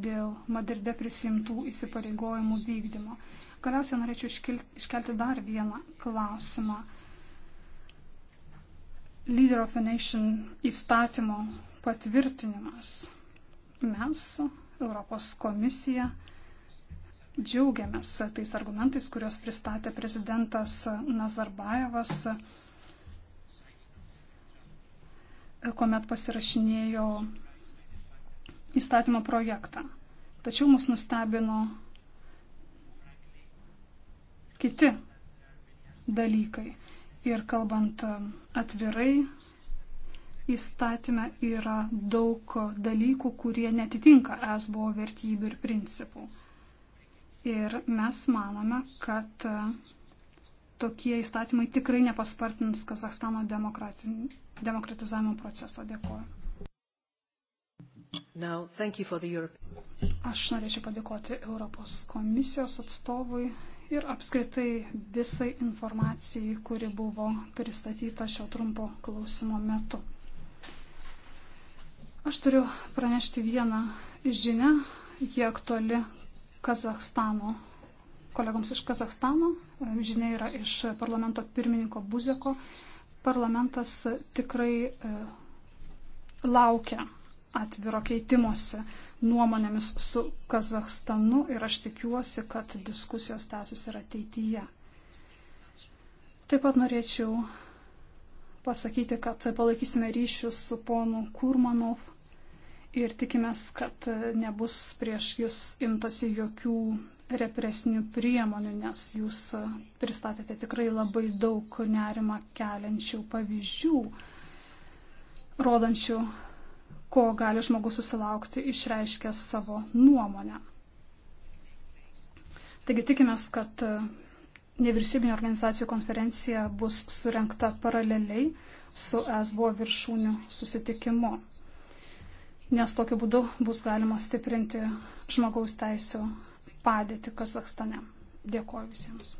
[SPEAKER 2] dėl Madride prisimtų įsipareigojimų vykdymo. Galiausiai norėčiau iškelti dar vieną klausimą. Leader of a Nation įstatymo patvirtinimas. Mes, Europos komisija, džiaugiamės tais argumentais, kuriuos pristatė prezidentas Nazarbaevas, kuomet pasirašinėjo įstatymo projektą. Tačiau mus nustebino kiti dalykai. Ir kalbant atvirai, įstatymė yra daug dalykų, kurie netitinka esbo vertybių ir principų. Ir mes manome, kad tokie įstatymai tikrai nepaspartins Kazakstano demokratizavimo proceso. Dėkuoju.
[SPEAKER 1] Now, Europe...
[SPEAKER 2] Aš norėčiau padėkoti Europos komisijos atstovui ir apskritai visai informacijai, kuri buvo pristatyta šio trumpo klausimo metu. Aš turiu pranešti vieną žinę, jie aktuali Kazahstano kolegoms iš Kazahstano. Žinia yra iš parlamento pirmininko Buzeko. Parlamentas tikrai e, laukia atviro keitimosi nuomonėmis su Kazahstanu ir aš tikiuosi, kad diskusijos tęsis ir ateityje. Taip pat norėčiau pasakyti, kad palaikysime ryšius su ponu Kurmanov ir tikimės, kad nebus prieš jūs imtasi jokių represinių priemonių, nes jūs pristatėte tikrai labai daug nerima keliančių pavyzdžių, rodančių ko gali žmogus susilaukti išreiškęs savo nuomonę. Taigi tikimės, kad nevyriausybinio organizacijų konferencija bus surenkta paraleliai su ESBO viršūnių susitikimu, nes tokiu būdu bus galima stiprinti žmogaus teisų padėti Kazakstane. Dėkuoju visiems.